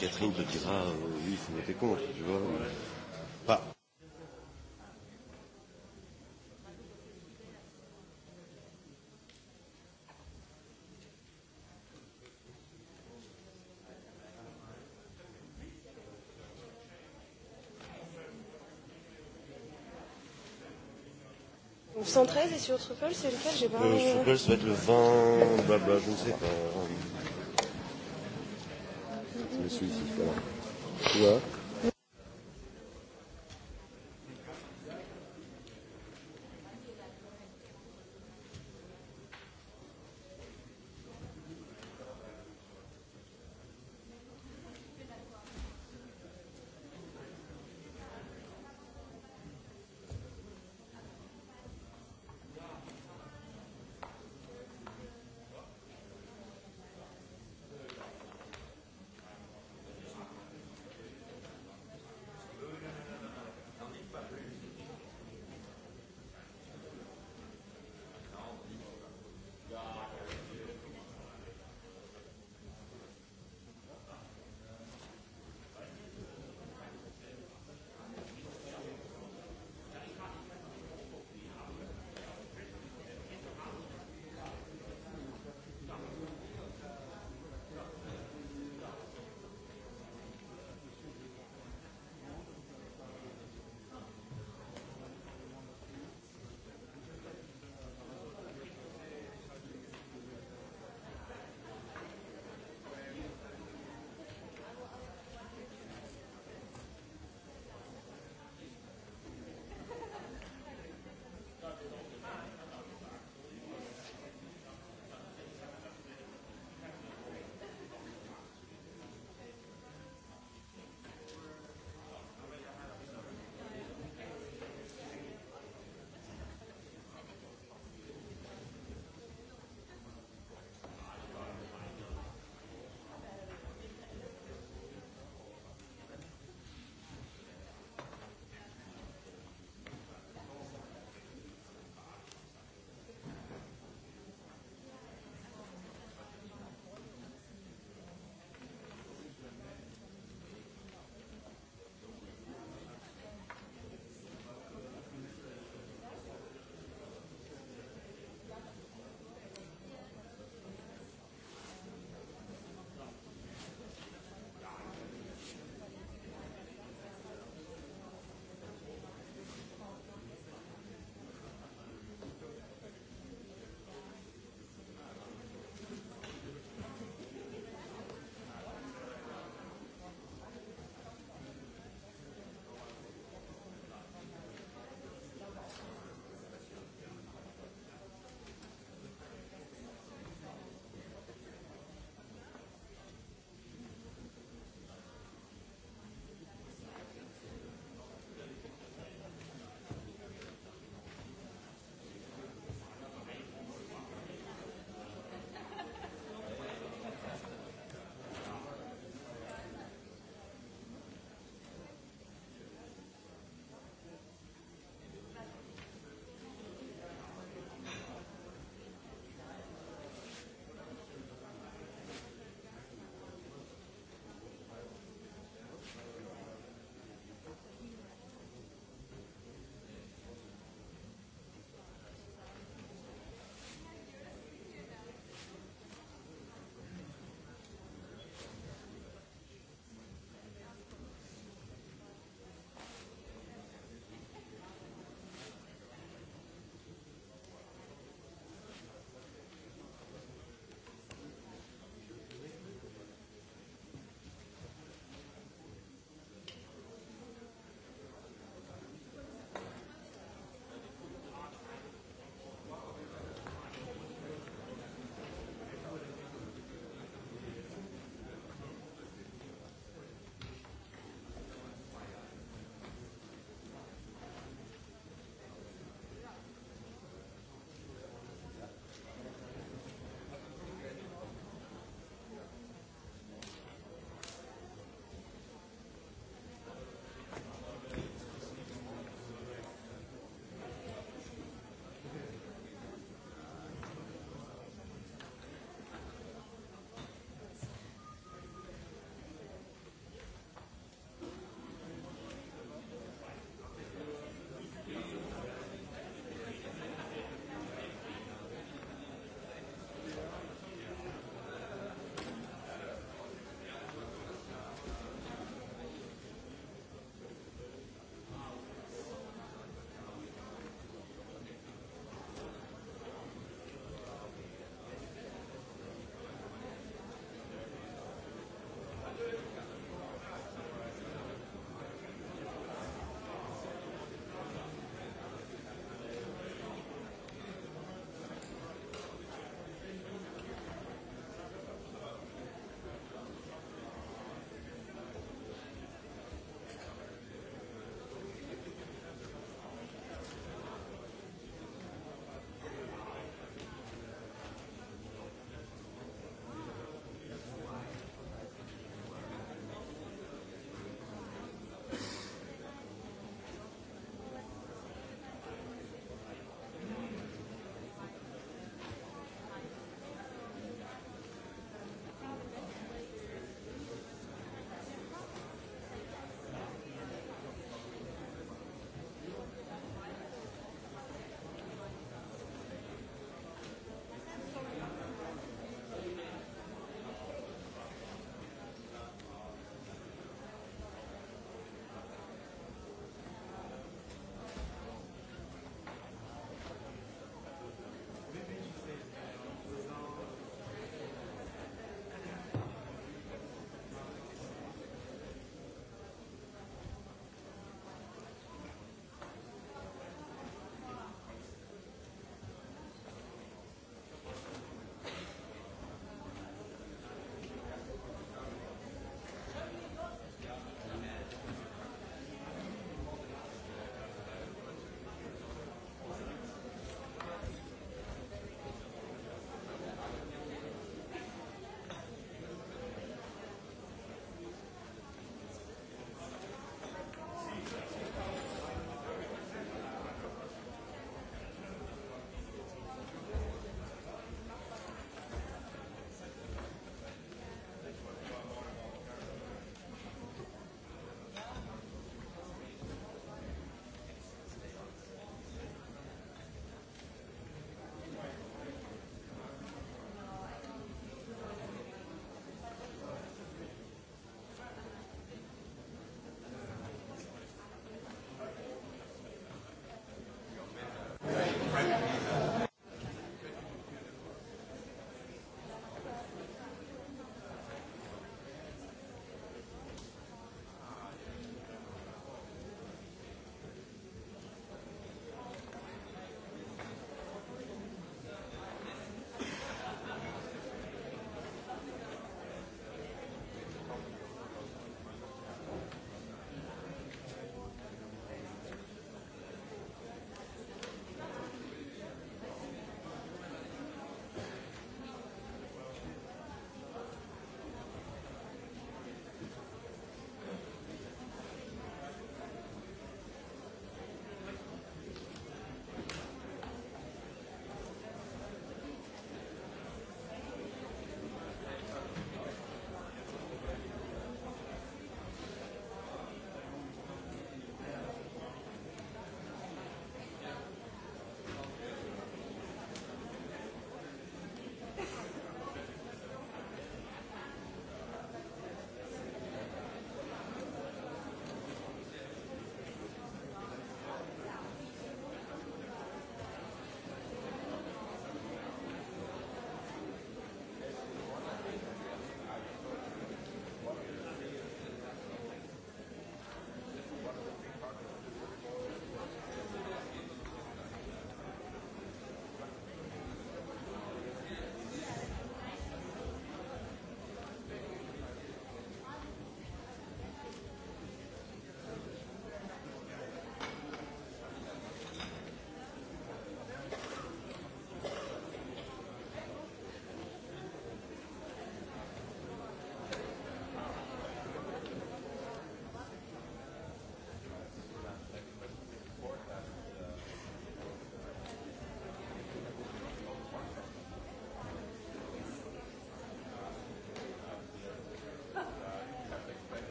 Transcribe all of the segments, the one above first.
Catherine te dira, euh, oui, il faut voter contre, tu vois. Ouais. Pas. Donc 113 et sur Truffle, c'est lequel J'ai pas. Euh, Truffle, ça va être le 20, blabla, je ne sais pas celui-ci. Voilà. Tu vois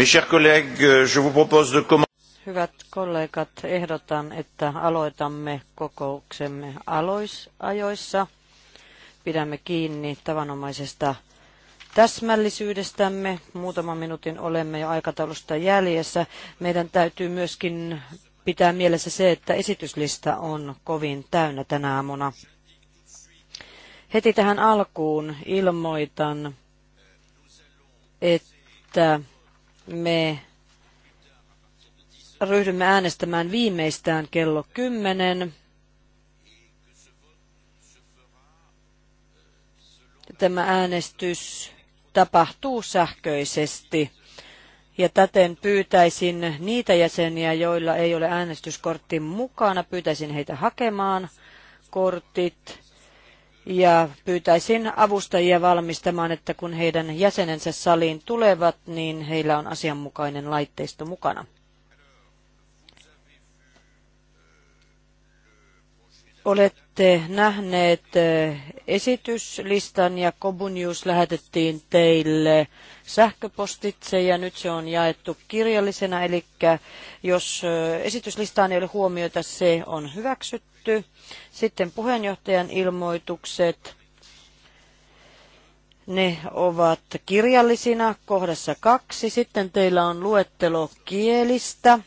Euh, Hyvät kollegat, ehdotan, että aloitamme kokouksemme aloisajoissa. Pidämme kiinni tavanomaisesta täsmällisyydestämme. Muutaman minuutin olemme jo aikataulusta jäljessä. Meidän täytyy myöskin pitää mielessä se, että esityslista on kovin täynnä tänä aamuna. Heti tähän alkuun ilmoitan, että me ryhdymme äänestämään viimeistään kello 10. Tämä äänestys tapahtuu sähköisesti. Ja täten pyytäisin niitä jäseniä, joilla ei ole äänestyskortti mukana, pyytäisin heitä hakemaan kortit ja pyytäisin avustajia valmistamaan, että kun heidän jäsenensä saliin tulevat, niin heillä on asianmukainen laitteisto mukana. Olette nähneet esityslistan ja Kobunius lähetettiin teille sähköpostitse ja nyt se on jaettu kirjallisena. Eli jos esityslistaan ei ole huomioita, se on hyväksytty. Sitten puheenjohtajan ilmoitukset. Ne ovat kirjallisina kohdassa kaksi. Sitten teillä on luettelo kielistä.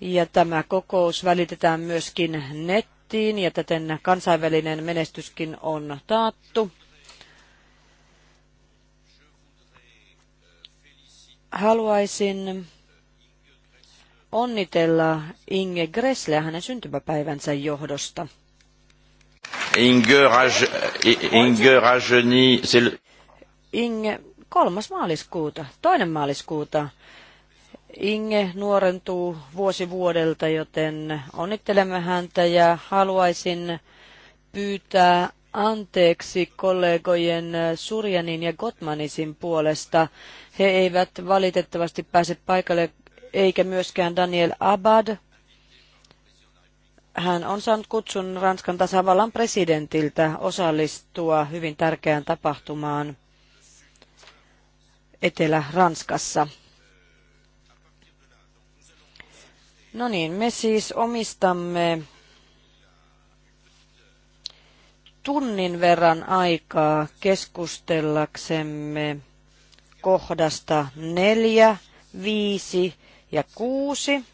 Ja tämä kokous välitetään myöskin net tehtiin ja täten kansainvälinen menestyskin on taattu. Haluaisin onnitella Inge Gressle hänen syntymäpäivänsä johdosta. Inge, Raje, Inge Rajeni, Inge, kolmas maaliskuuta, toinen maaliskuuta Inge nuorentuu vuosi vuodelta, joten onnittelemme häntä ja haluaisin pyytää anteeksi kollegojen Surjanin ja Gottmanisin puolesta. He eivät valitettavasti pääse paikalle, eikä myöskään Daniel Abad. Hän on saanut kutsun Ranskan tasavallan presidentiltä osallistua hyvin tärkeään tapahtumaan Etelä-Ranskassa. No niin, me siis omistamme tunnin verran aikaa keskustellaksemme kohdasta neljä, viisi ja kuusi.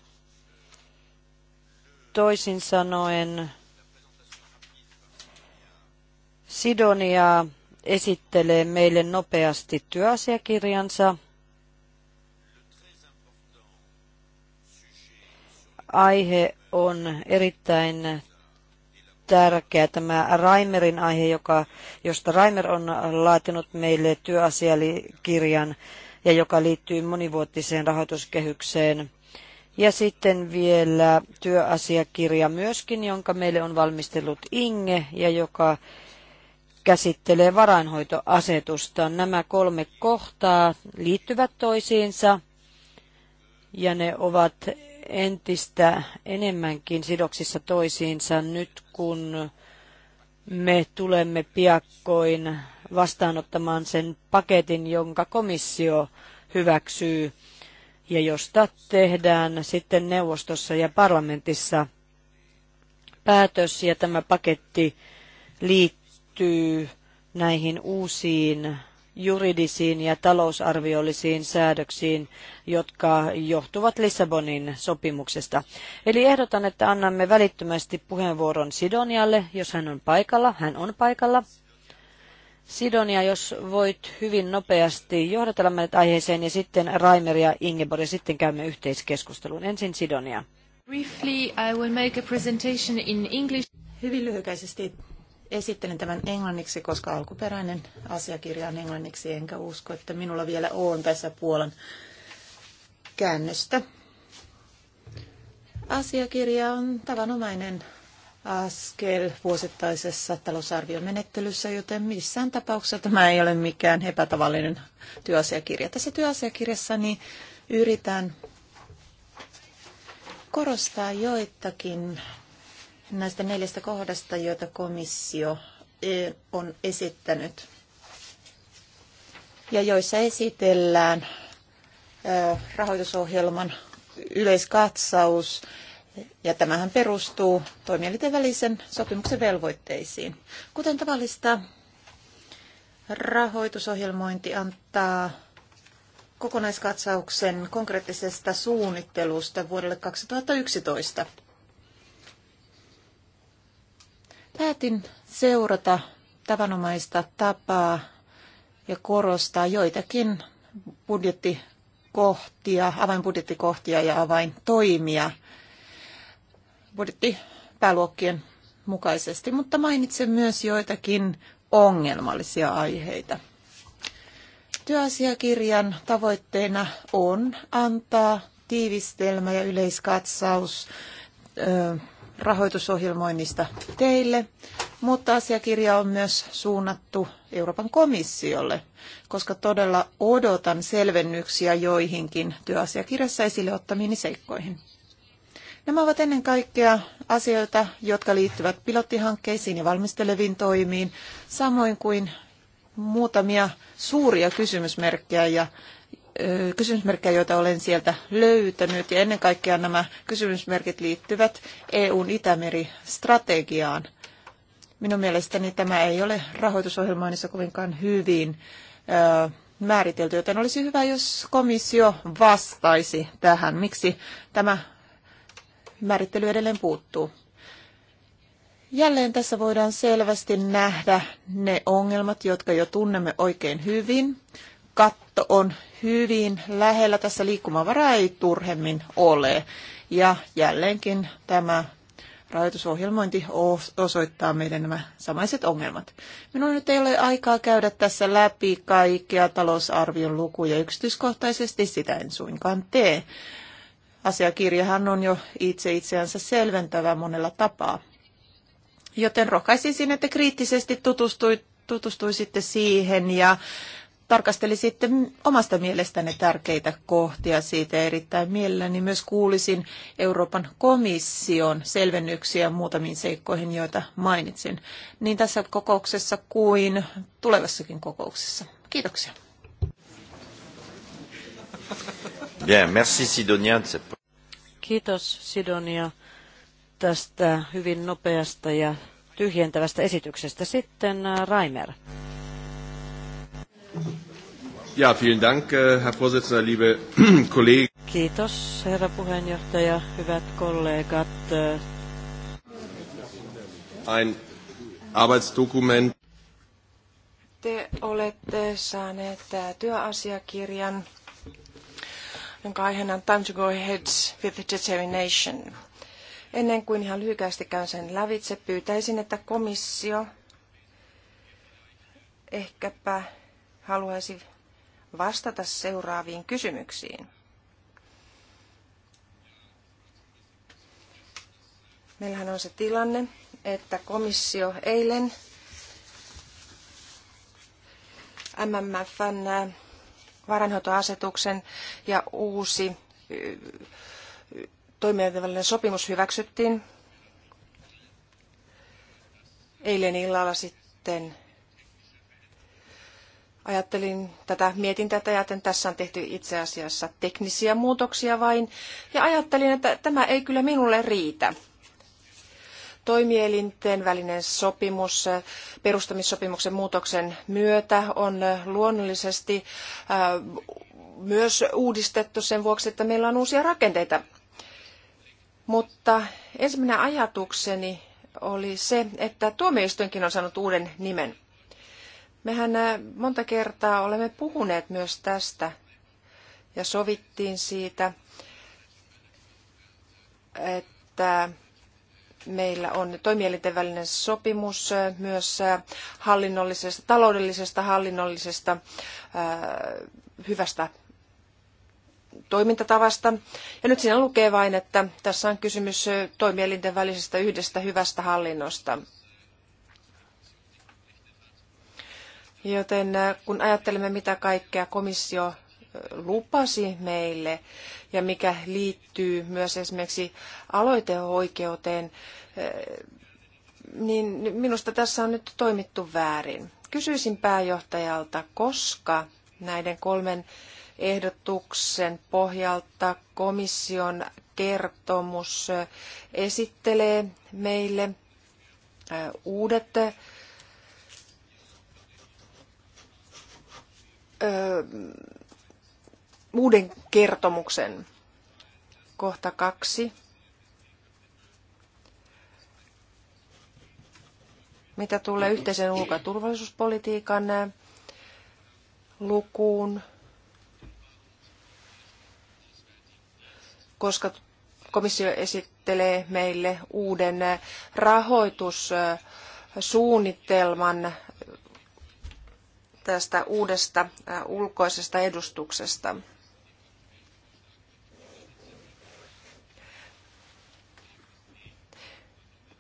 Toisin sanoen Sidonia esittelee meille nopeasti työasiakirjansa – aihe on erittäin tärkeä. Tämä Raimerin aihe, joka, josta Raimer on laatinut meille työasialikirjan ja joka liittyy monivuotiseen rahoituskehykseen. Ja sitten vielä työasiakirja myöskin, jonka meille on valmistellut Inge ja joka käsittelee varainhoitoasetusta. Nämä kolme kohtaa liittyvät toisiinsa ja ne ovat entistä enemmänkin sidoksissa toisiinsa nyt, kun me tulemme piakkoin vastaanottamaan sen paketin, jonka komissio hyväksyy ja josta tehdään sitten neuvostossa ja parlamentissa päätös ja tämä paketti liittyy näihin uusiin juridisiin ja talousarviollisiin säädöksiin, jotka johtuvat Lissabonin sopimuksesta. Eli ehdotan, että annamme välittömästi puheenvuoron Sidonialle, jos hän on paikalla. Hän on paikalla. Sidonia, jos voit hyvin nopeasti johdatella meidät aiheeseen ja sitten Raimer ja Ingeborg ja sitten käymme yhteiskeskusteluun. Ensin Sidonia. Briefly, I will make a presentation in English. Hyvin lyhykäisesti Esittelen tämän englanniksi, koska alkuperäinen asiakirja on englanniksi, enkä usko, että minulla vielä on tässä Puolan käännöstä. Asiakirja on tavanomainen askel vuosittaisessa talousarviomenettelyssä, joten missään tapauksessa tämä ei ole mikään epätavallinen työasiakirja. Tässä työasiakirjassa niin yritän korostaa joitakin näistä neljästä kohdasta, joita komissio e, on esittänyt ja joissa esitellään e, rahoitusohjelman yleiskatsaus. Ja tämähän perustuu toimielinten välisen sopimuksen velvoitteisiin. Kuten tavallista, rahoitusohjelmointi antaa kokonaiskatsauksen konkreettisesta suunnittelusta vuodelle 2011. Päätin seurata tavanomaista tapaa ja korostaa joitakin budjettikohtia, avainbudjettikohtia ja avaintoimia budjettipääluokkien mukaisesti, mutta mainitsen myös joitakin ongelmallisia aiheita. Työasiakirjan tavoitteena on antaa tiivistelmä ja yleiskatsaus rahoitusohjelmoinnista teille, mutta asiakirja on myös suunnattu Euroopan komissiolle, koska todella odotan selvennyksiä joihinkin työasiakirjassa esille ottamiini seikkoihin. Nämä ovat ennen kaikkea asioita, jotka liittyvät pilottihankkeisiin ja valmisteleviin toimiin, samoin kuin muutamia suuria kysymysmerkkejä ja kysymysmerkkejä, joita olen sieltä löytänyt. Ja ennen kaikkea nämä kysymysmerkit liittyvät EUn Itämeri-strategiaan. Minun mielestäni tämä ei ole rahoitusohjelmoinnissa kovinkaan hyvin määritelty, joten olisi hyvä, jos komissio vastaisi tähän, miksi tämä määrittely edelleen puuttuu. Jälleen tässä voidaan selvästi nähdä ne ongelmat, jotka jo tunnemme oikein hyvin. Kat- katto on hyvin lähellä. Tässä liikkumavaraa ei turhemmin ole. Ja jälleenkin tämä rajoitusohjelmointi osoittaa meidän nämä samaiset ongelmat. Minulla nyt ei ole aikaa käydä tässä läpi kaikkia talousarvion lukuja yksityiskohtaisesti, sitä en suinkaan tee. Asiakirjahan on jo itse itseänsä selventävä monella tapaa. Joten rohkaisisin, että kriittisesti tutustui, tutustuisitte siihen ja sitten omasta mielestäni tärkeitä kohtia siitä erittäin mielelläni. Myös kuulisin Euroopan komission selvennyksiä muutamiin seikkoihin, joita mainitsin, niin tässä kokouksessa kuin tulevassakin kokouksessa. Kiitoksia. Bien, merci Sidonia. Kiitos Sidonia tästä hyvin nopeasta ja tyhjentävästä esityksestä. Sitten äh, Raimer. Ja, vielen Dank, äh, Herr Vorsitzender, liebe Kollegen. Kiitos, herra puheenjohtaja, hyvät kollegat. Äh, Ein Arbeitsdokument. Te olette saaneet äh, työasiakirjan, jonka aiheena on Time to go ahead with determination. Ennen kuin ihan lyhykästi käyn sen lävitse, pyytäisin, että komissio ehkäpä haluaisi vastata seuraaviin kysymyksiin. Meillähän on se tilanne, että komissio eilen MMFn äh, varainhoitoasetuksen ja uusi äh, toimijoiden sopimus hyväksyttiin. Eilen illalla sitten Ajattelin tätä, mietin tätä ja tässä on tehty itse asiassa teknisiä muutoksia vain. Ja ajattelin, että tämä ei kyllä minulle riitä. Toimielinten välinen sopimus perustamissopimuksen muutoksen myötä on luonnollisesti äh, myös uudistettu sen vuoksi, että meillä on uusia rakenteita. Mutta ensimmäinen ajatukseni oli se, että tuomioistuinkin on saanut uuden nimen. Mehän äh, monta kertaa olemme puhuneet myös tästä ja sovittiin siitä, että meillä on toimielinten välinen sopimus äh, myös äh, hallinnollisesta, taloudellisesta, hallinnollisesta hyvästä toimintatavasta. Ja nyt siinä lukee vain, että tässä on kysymys toimielinten välisestä yhdestä hyvästä hallinnosta. Joten äh, kun ajattelemme, mitä kaikkea komissio äh, lupasi meille ja mikä liittyy myös esimerkiksi aloiteoikeuteen, äh, niin minusta tässä on nyt toimittu väärin. Kysyisin pääjohtajalta, koska näiden kolmen ehdotuksen pohjalta komission kertomus esittelee meille uudet ö, uuden kertomuksen. Kohta kaksi. Mitä tulee yhteisen ulko- ja turvallisuuspolitiikan lukuun, koska komissio esittelee meille uuden rahoitussuunnitelman tästä uudesta ulkoisesta edustuksesta.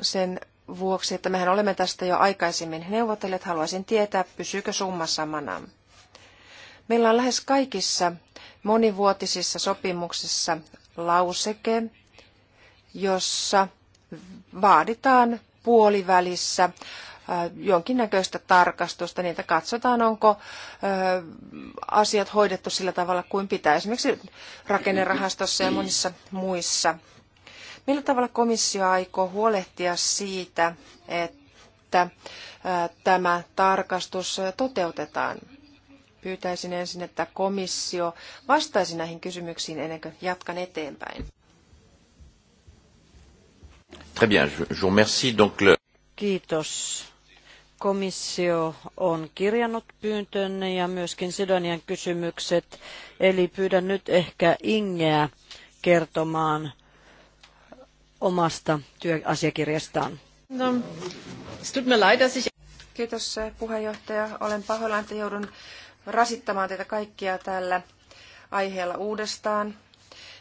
Sen vuoksi, että mehän olemme tästä jo aikaisemmin neuvotelleet, haluaisin tietää, pysyykö summa samana. Meillä on lähes kaikissa monivuotisissa sopimuksissa lauseke, jossa vaaditaan puolivälissä jonkinnäköistä tarkastusta, niitä katsotaan, onko asiat hoidettu sillä tavalla kuin pitää, esimerkiksi rakennerahastossa ja monissa muissa. Millä tavalla komissio aikoo huolehtia siitä, että tämä tarkastus toteutetaan? Pyytäisin ensin, että komissio vastaisi näihin kysymyksiin ennen kuin jatkan eteenpäin. Très bien, je vous remercie. Donc le... Kiitos komissio on kirjannut pyyntönne ja myöskin Sidonian kysymykset. Eli pyydän nyt ehkä Ingeä kertomaan omasta työasiakirjastaan. No, Kiitos puheenjohtaja. Olen pahoillani, että joudun rasittamaan teitä kaikkia tällä aiheella uudestaan.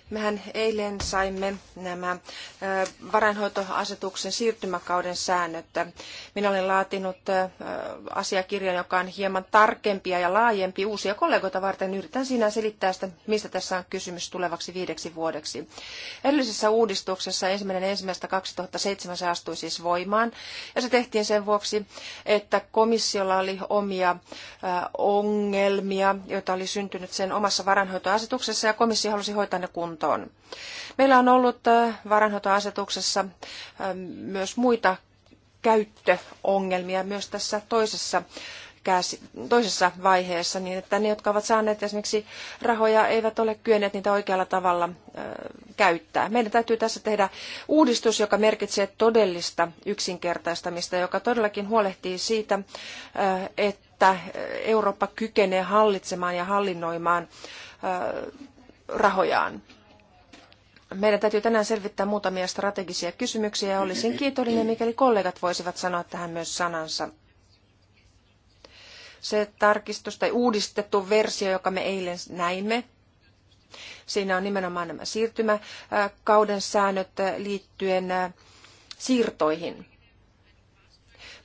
Mehän eilen saimme nämä varainhoitoasetuksen siirtymäkauden säännöt. Minä olen laatinut asiakirjan, joka on hieman tarkempia ja laajempi uusia kollegoita varten. Yritän siinä selittää sitä, mistä tässä on kysymys tulevaksi viideksi vuodeksi. Edellisessä uudistuksessa ensimmäinen ensimmäistä 2007 se astui siis voimaan. Ja se tehtiin sen vuoksi, että komissiolla oli omia ongelmia, joita oli syntynyt sen omassa varainhoitoasetuksessa ja komissio halusi hoitaa ne kuntoon tuotantoon. Meillä on ollut äh, varainhoitoasetuksessa äh, myös muita käyttöongelmia myös tässä toisessa toisessa vaiheessa, niin että ne, jotka ovat saaneet esimerkiksi rahoja, eivät ole kyenneet niitä oikealla tavalla äh, käyttää. Meidän täytyy tässä tehdä uudistus, joka merkitsee todellista yksinkertaistamista, joka todellakin huolehtii siitä, että Eurooppa kykenee hallitsemaan ja hallinnoimaan rahojaan. Meidän täytyy tänään selvittää muutamia strategisia kysymyksiä ja olisin kiitollinen, mikäli kollegat voisivat sanoa tähän myös sanansa. Se tarkistus tai uudistettu versio, joka me eilen näimme, siinä on nimenomaan nämä siirtymäkauden säännöt liittyen äh, siirtoihin.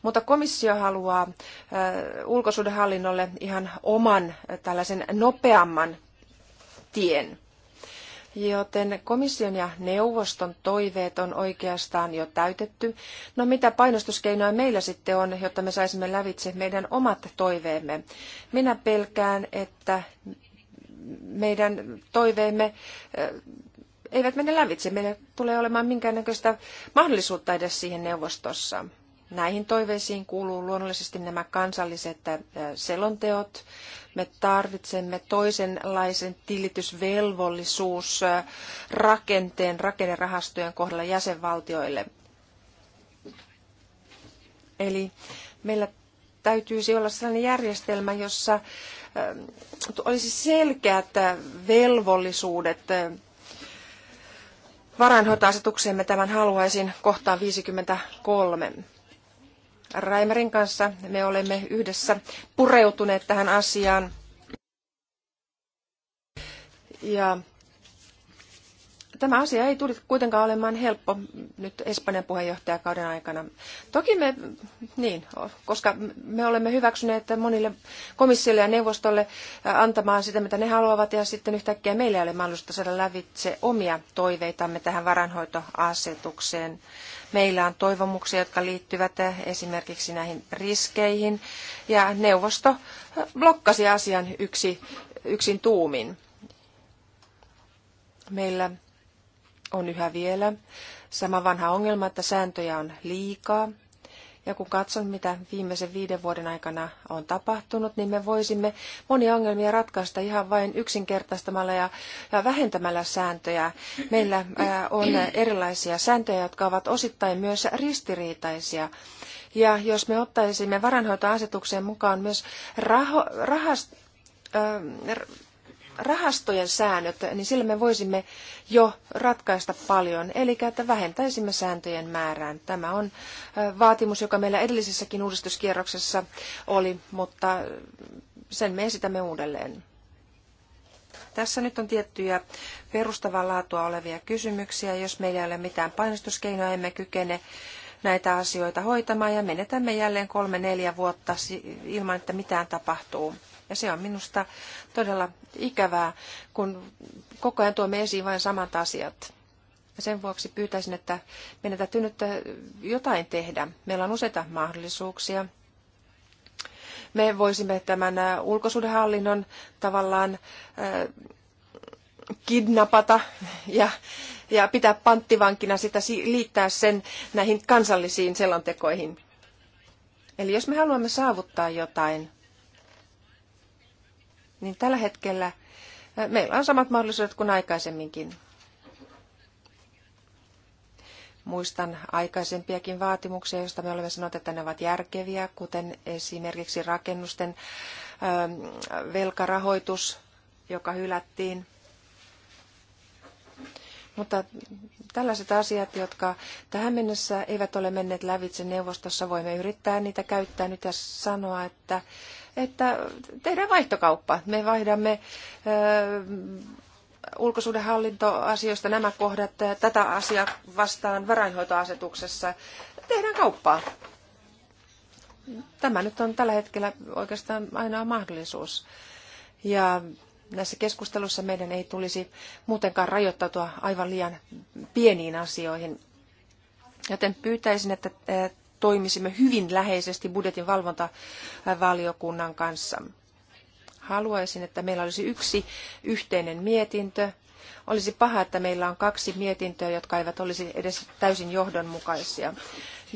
Mutta komissio haluaa äh, ulkosuudenhallinnolle ihan oman äh, tällaisen nopeamman tien – joten komission ja neuvoston toiveet on oikeastaan jo täytetty. No mitä painostuskeinoja meillä sitten on, jotta me saisimme lävitse meidän omat toiveemme? Minä pelkään, että meidän toiveemme eh, eivät mene lävitse. Meillä tulee olemaan minkäännäköistä mahdollisuutta edes siihen neuvostossa. Näihin toiveisiin kuuluu luonnollisesti nämä kansalliset äh, selonteot. Me tarvitsemme toisenlaisen tilitysvelvollisuus äh, rakenteen rakennerahastojen kohdalla jäsenvaltioille. Eli meillä täytyisi olla sellainen järjestelmä, jossa äh, olisi selkeät velvollisuudet varainhoitoasetukseemme tämän haluaisin kohtaan 53. Raimerin kanssa. Me olemme yhdessä pureutuneet tähän asiaan. Ja tämä asia ei tule kuitenkaan olemaan helppo nyt Espanjan puheenjohtajakauden aikana. Toki me, niin, koska me olemme hyväksyneet monille komissiolle ja neuvostolle antamaan sitä, mitä ne haluavat, ja sitten yhtäkkiä meillä ei ole mahdollista saada lävitse omia toiveitamme tähän varanhoitoasetukseen. Meillä on toivomuksia, jotka liittyvät eh, esimerkiksi näihin riskeihin, ja neuvosto eh, blokkasi asian yksi, yksin tuumin. Meillä on yhä vielä sama vanha ongelma, että sääntöjä on liikaa ja kun katson, mitä viimeisen viiden vuoden aikana on tapahtunut, niin me voisimme monia ongelmia ratkaista ihan vain yksinkertaistamalla ja, ja vähentämällä sääntöjä. Meillä äh, on erilaisia sääntöjä, jotka ovat osittain myös ristiriitaisia. Ja jos me ottaisimme varanhoitoasetukseen mukaan myös raho, rahast, äh, rahastojen säännöt, niin sillä me voisimme jo ratkaista paljon, eli että vähentäisimme sääntöjen määrään. Tämä on vaatimus, joka meillä edellisessäkin uudistuskierroksessa oli, mutta sen me esitämme uudelleen. Tässä nyt on tiettyjä perustavaa laatua olevia kysymyksiä. Jos meillä ei ole mitään painostuskeinoja, emme kykene näitä asioita hoitamaan ja menetämme jälleen kolme neljä vuotta ilman, että mitään tapahtuu. Ja se on minusta todella ikävää, kun koko ajan tuomme esiin vain samat asiat. Ja sen vuoksi pyytäisin, että meidän täytyy nyt äh, jotain tehdä. Meillä on useita mahdollisuuksia. Me voisimme tämän äh, ulkosuhdehallinnon tavallaan äh, kidnapata ja, ja pitää panttivankina sitä, liittää sen näihin kansallisiin selontekoihin. Eli jos me haluamme saavuttaa jotain, niin tällä hetkellä meillä on samat mahdollisuudet kuin aikaisemminkin. Muistan aikaisempiakin vaatimuksia, joista me olemme sanoneet, että ne ovat järkeviä, kuten esimerkiksi rakennusten velkarahoitus, joka hylättiin. Mutta tällaiset asiat, jotka tähän mennessä eivät ole menneet lävitse neuvostossa, voimme yrittää niitä käyttää nyt ja sanoa, että että tehdään vaihtokauppa. Me vaihdamme ulkosuhdehallintoasioista nämä kohdat tätä asiaa vastaan varainhoitoasetuksessa. Tehdään kauppaa. Tämä nyt on tällä hetkellä oikeastaan ainoa mahdollisuus. Ja näissä keskusteluissa meidän ei tulisi muutenkaan rajoittautua aivan liian pieniin asioihin. Joten pyytäisin, että toimisimme hyvin läheisesti budjetin valvontavaliokunnan kanssa. Haluaisin, että meillä olisi yksi yhteinen mietintö. Olisi paha, että meillä on kaksi mietintöä, jotka eivät olisi edes täysin johdonmukaisia.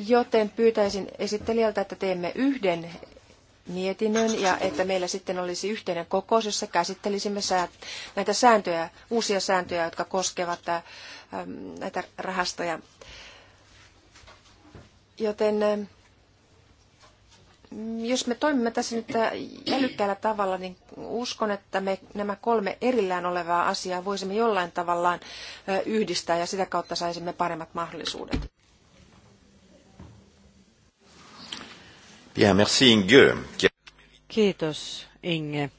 Joten pyytäisin esittelijältä, että teemme yhden mietinnön ja että meillä sitten olisi yhteinen kokous, jossa käsittelisimme näitä sääntöjä, uusia sääntöjä, jotka koskevat näitä rahastoja. Joten ähm, jos me toimimme tässä nyt äh, älykkäällä tavalla, niin uskon, että me nämä kolme erillään olevaa asiaa voisimme jollain tavallaan äh, yhdistää ja sitä kautta saisimme paremmat mahdollisuudet. Bien, merci Inge. Kiitos Inge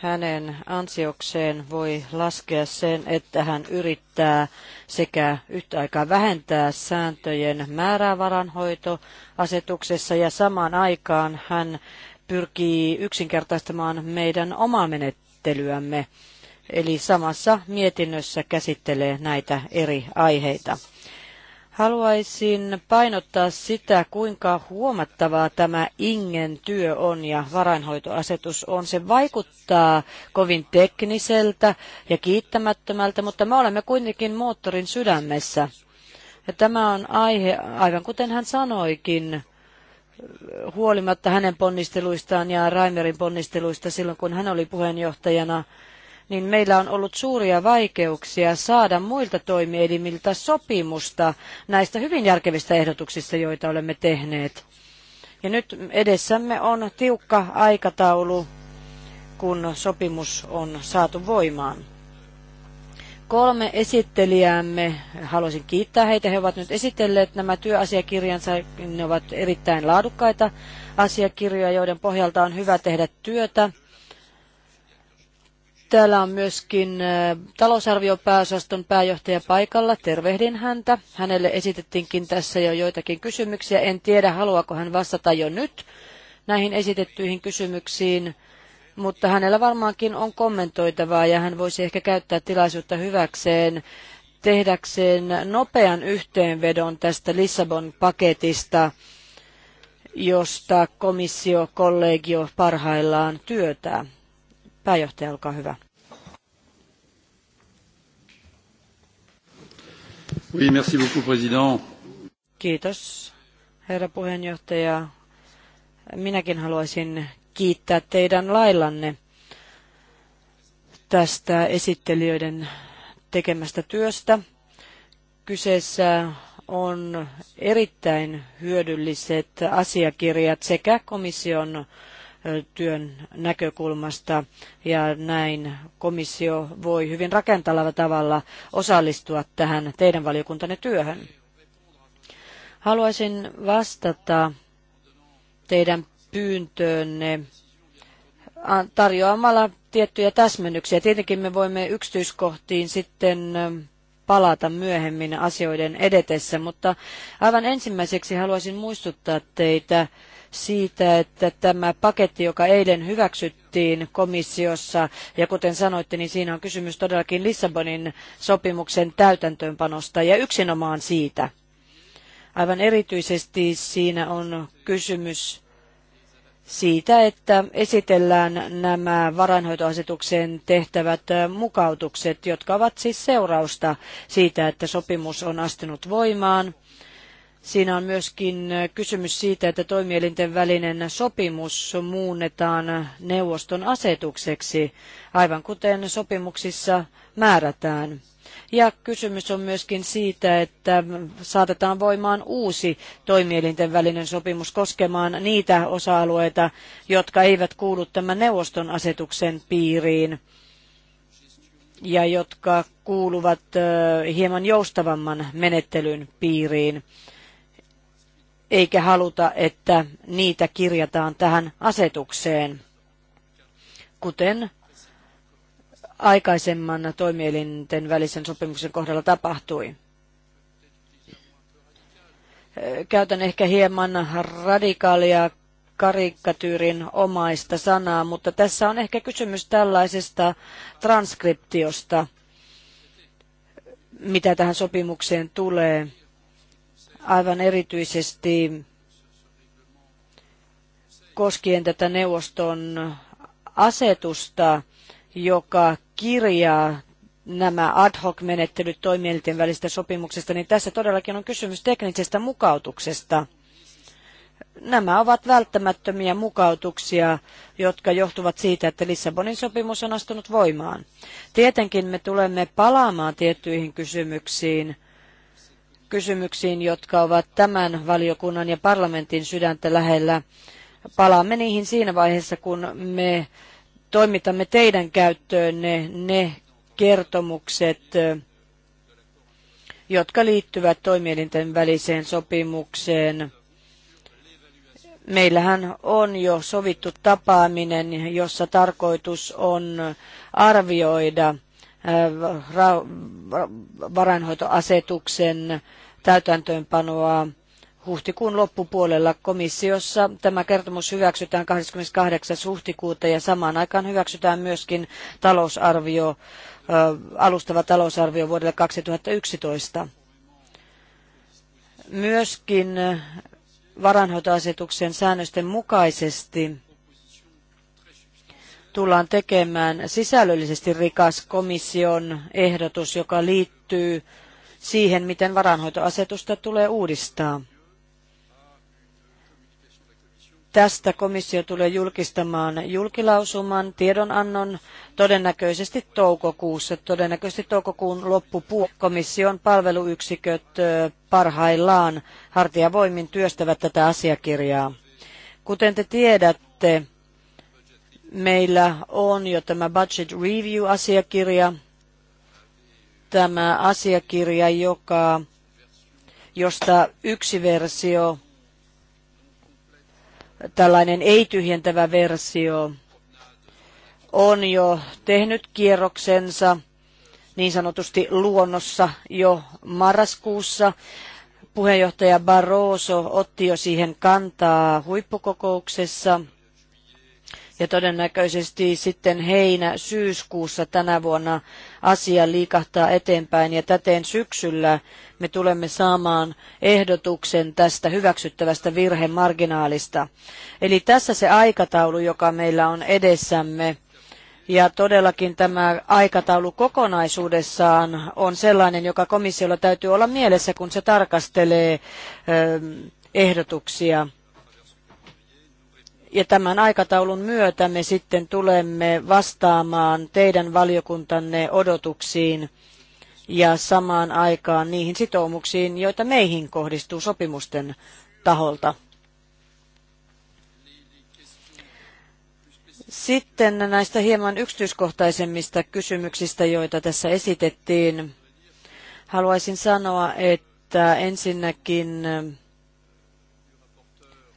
hänen ansiokseen voi laskea sen, että hän yrittää sekä yhtä aikaa vähentää sääntöjen määrää varanhoitoasetuksessa ja samaan aikaan hän pyrkii yksinkertaistamaan meidän omaa menettelyämme. Eli samassa mietinnössä käsittelee näitä eri aiheita. Haluaisin painottaa sitä, kuinka huomattavaa tämä Ingen työ on ja varainhoitoasetus on. Se vaikuttaa kovin tekniseltä ja kiittämättömältä, mutta me olemme kuitenkin moottorin sydämessä. Ja tämä on aihe, aivan kuten hän sanoikin, huolimatta hänen ponnisteluistaan ja Raimerin ponnisteluista silloin, kun hän oli puheenjohtajana, niin meillä on ollut suuria vaikeuksia saada muilta toimielimiltä sopimusta näistä hyvin järkevistä ehdotuksista, joita olemme tehneet. Ja nyt edessämme on tiukka aikataulu, kun sopimus on saatu voimaan kolme esittelijäämme. Haluaisin kiittää heitä. He ovat nyt esitelleet nämä työasiakirjansa. Ne ovat erittäin laadukkaita asiakirjoja, joiden pohjalta on hyvä tehdä työtä. Täällä on myöskin talousarviopääosaston pääjohtaja paikalla. Tervehdin häntä. Hänelle esitettiinkin tässä jo joitakin kysymyksiä. En tiedä, haluaako hän vastata jo nyt näihin esitettyihin kysymyksiin, mutta hänellä varmaankin on kommentoitavaa ja hän voisi ehkä käyttää tilaisuutta hyväkseen tehdäkseen nopean yhteenvedon tästä Lissabon-paketista, josta komissio kollegio parhaillaan työtää. Pääjohtaja, olkaa hyvä. Oui, merci beaucoup, président. Kiitos, herra puheenjohtaja. Minäkin haluaisin kiittää teidän laillanne tästä esittelijöiden tekemästä työstä. Kyseessä on erittäin hyödylliset asiakirjat sekä komission työn näkökulmasta ja näin komissio voi hyvin rakentavalla tavalla osallistua tähän teidän valiokuntanne työhön. Haluaisin vastata teidän pyyntöönne tarjoamalla tiettyjä täsmennyksiä. Tietenkin me voimme yksityiskohtiin sitten palata myöhemmin asioiden edetessä, mutta aivan ensimmäiseksi haluaisin muistuttaa teitä siitä, että tämä paketti, joka eilen hyväksyttiin komissiossa, ja kuten sanoitte, niin siinä on kysymys todellakin Lissabonin sopimuksen täytäntöönpanosta ja yksinomaan siitä. Aivan erityisesti siinä on kysymys siitä, että esitellään nämä varainhoitoasetukseen tehtävät mukautukset, jotka ovat siis seurausta siitä, että sopimus on astunut voimaan – Siinä on myöskin kysymys siitä, että toimielinten välinen sopimus muunnetaan neuvoston asetukseksi, aivan kuten sopimuksissa määrätään. Ja kysymys on myöskin siitä, että saatetaan voimaan uusi toimielinten välinen sopimus koskemaan niitä osa-alueita, jotka eivät kuulu tämän neuvoston asetuksen piiriin ja jotka kuuluvat hieman joustavamman menettelyn piiriin eikä haluta, että niitä kirjataan tähän asetukseen, kuten aikaisemman toimielinten välisen sopimuksen kohdalla tapahtui. Käytän ehkä hieman radikaalia karikatyyrin omaista sanaa, mutta tässä on ehkä kysymys tällaisesta transkriptiosta, mitä tähän sopimukseen tulee aivan erityisesti koskien tätä neuvoston asetusta, joka kirjaa nämä ad hoc-menettelyt toimielinten välistä sopimuksesta, niin tässä todellakin on kysymys teknisestä mukautuksesta. Nämä ovat välttämättömiä mukautuksia, jotka johtuvat siitä, että Lissabonin sopimus on astunut voimaan. Tietenkin me tulemme palaamaan tiettyihin kysymyksiin – kysymyksiin, jotka ovat tämän valiokunnan ja parlamentin sydäntä lähellä. Palaamme niihin siinä vaiheessa, kun me toimitamme teidän käyttöönne ne kertomukset, jotka liittyvät toimielinten väliseen sopimukseen. Meillähän on jo sovittu tapaaminen, jossa tarkoitus on arvioida – varainhoitoasetuksen täytäntöönpanoa huhtikuun loppupuolella komissiossa. Tämä kertomus hyväksytään 28. huhtikuuta ja samaan aikaan hyväksytään myöskin talousarvio, alustava talousarvio vuodelle 2011. Myöskin varainhoitoasetuksen säännösten mukaisesti tullaan tekemään sisällöllisesti rikas komission ehdotus, joka liittyy siihen, miten varanhoitoasetusta tulee uudistaa. Tästä komissio tulee julkistamaan julkilausuman tiedonannon todennäköisesti toukokuussa, todennäköisesti toukokuun loppupuolella. Komission palveluyksiköt parhaillaan hartiavoimin työstävät tätä asiakirjaa. Kuten te tiedätte, Meillä on jo tämä budget review-asiakirja, tämä asiakirja, joka, josta yksi versio, tällainen ei-tyhjentävä versio, on jo tehnyt kierroksensa niin sanotusti luonnossa jo marraskuussa. Puheenjohtaja Barroso otti jo siihen kantaa huippukokouksessa – ja todennäköisesti sitten heinä-syyskuussa tänä vuonna asia liikahtaa eteenpäin ja täten syksyllä me tulemme saamaan ehdotuksen tästä hyväksyttävästä virhemarginaalista. Eli tässä se aikataulu, joka meillä on edessämme. Ja todellakin tämä aikataulu kokonaisuudessaan on sellainen, joka komissiolla täytyy olla mielessä, kun se tarkastelee ehdotuksia. Ja tämän aikataulun myötä me sitten tulemme vastaamaan teidän valiokuntanne odotuksiin ja samaan aikaan niihin sitoumuksiin, joita meihin kohdistuu sopimusten taholta. Sitten näistä hieman yksityiskohtaisemmista kysymyksistä, joita tässä esitettiin. Haluaisin sanoa, että ensinnäkin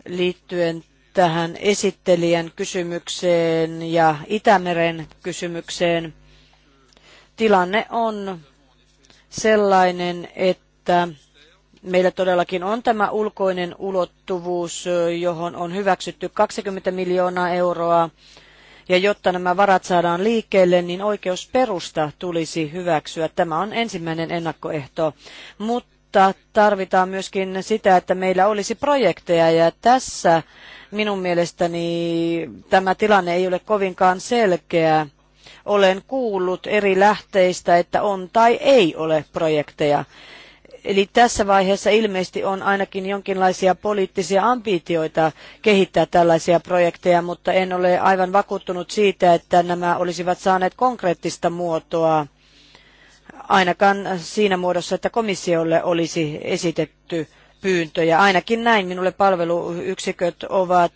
liittyen tähän esittelijän kysymykseen ja Itämeren kysymykseen. Tilanne on sellainen, että meillä todellakin on tämä ulkoinen ulottuvuus, johon on hyväksytty 20 miljoonaa euroa. Ja jotta nämä varat saadaan liikkeelle, niin oikeusperusta tulisi hyväksyä. Tämä on ensimmäinen ennakkoehto. Mutta mutta tarvitaan myöskin sitä, että meillä olisi projekteja ja tässä minun mielestäni tämä tilanne ei ole kovinkaan selkeä. Olen kuullut eri lähteistä, että on tai ei ole projekteja. Eli tässä vaiheessa ilmeisesti on ainakin jonkinlaisia poliittisia ambitioita kehittää tällaisia projekteja, mutta en ole aivan vakuuttunut siitä, että nämä olisivat saaneet konkreettista muotoa ainakaan siinä muodossa, että komissiolle olisi esitetty pyyntöjä. Ainakin näin minulle palveluyksiköt ovat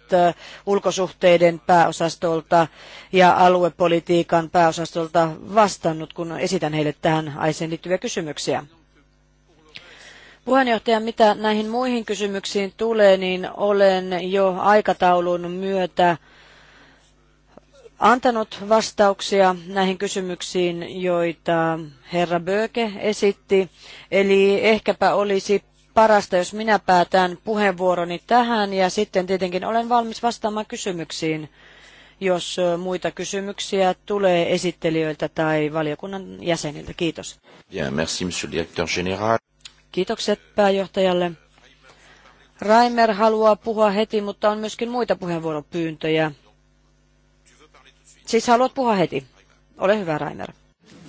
ulkosuhteiden pääosastolta ja aluepolitiikan pääosastolta vastannut, kun esitän heille tähän aiheeseen liittyviä kysymyksiä. Puheenjohtaja, mitä näihin muihin kysymyksiin tulee, niin olen jo aikataulun myötä antanut vastauksia näihin kysymyksiin, joita herra Böke esitti. Eli ehkäpä olisi parasta, jos minä päätän puheenvuoroni tähän ja sitten tietenkin olen valmis vastaamaan kysymyksiin, jos muita kysymyksiä tulee esittelijöiltä tai valiokunnan jäseniltä. Kiitos. Bien, merci, monsieur directeur général. Kiitokset pääjohtajalle. Raimer haluaa puhua heti, mutta on myöskin muita puheenvuoropyyntöjä. Siis haluat puhua heti. Ole hyvä, Rainer.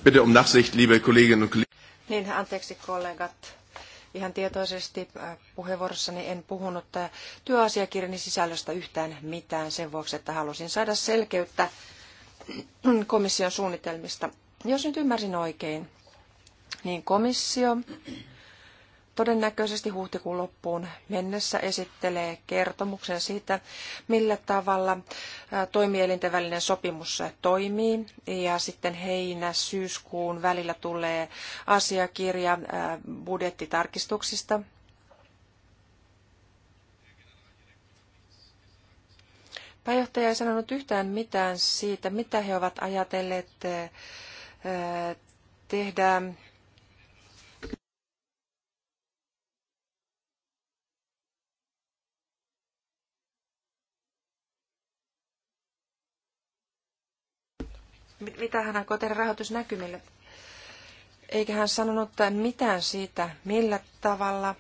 Bitte um Nachsicht, liebe Kolleginnen und Kollegen. Niin, anteeksi kollegat. Ihan tietoisesti äh, puheenvuorossani en puhunut äh, työasiakirjani sisällöstä yhtään mitään sen vuoksi, että halusin saada selkeyttä komission suunnitelmista. Jos nyt ymmärsin oikein, niin komissio todennäköisesti huhtikuun loppuun mennessä esittelee kertomuksen siitä, millä tavalla toimielinten välinen sopimus toimii. Ja sitten heinä-syyskuun välillä tulee asiakirja budjettitarkistuksista. Pääjohtaja ei sanonut yhtään mitään siitä, mitä he ovat ajatelleet tehdä mitä hän aikoo tehdä rahoitusnäkymille. Eikä hän sanonut mitään siitä, millä tavalla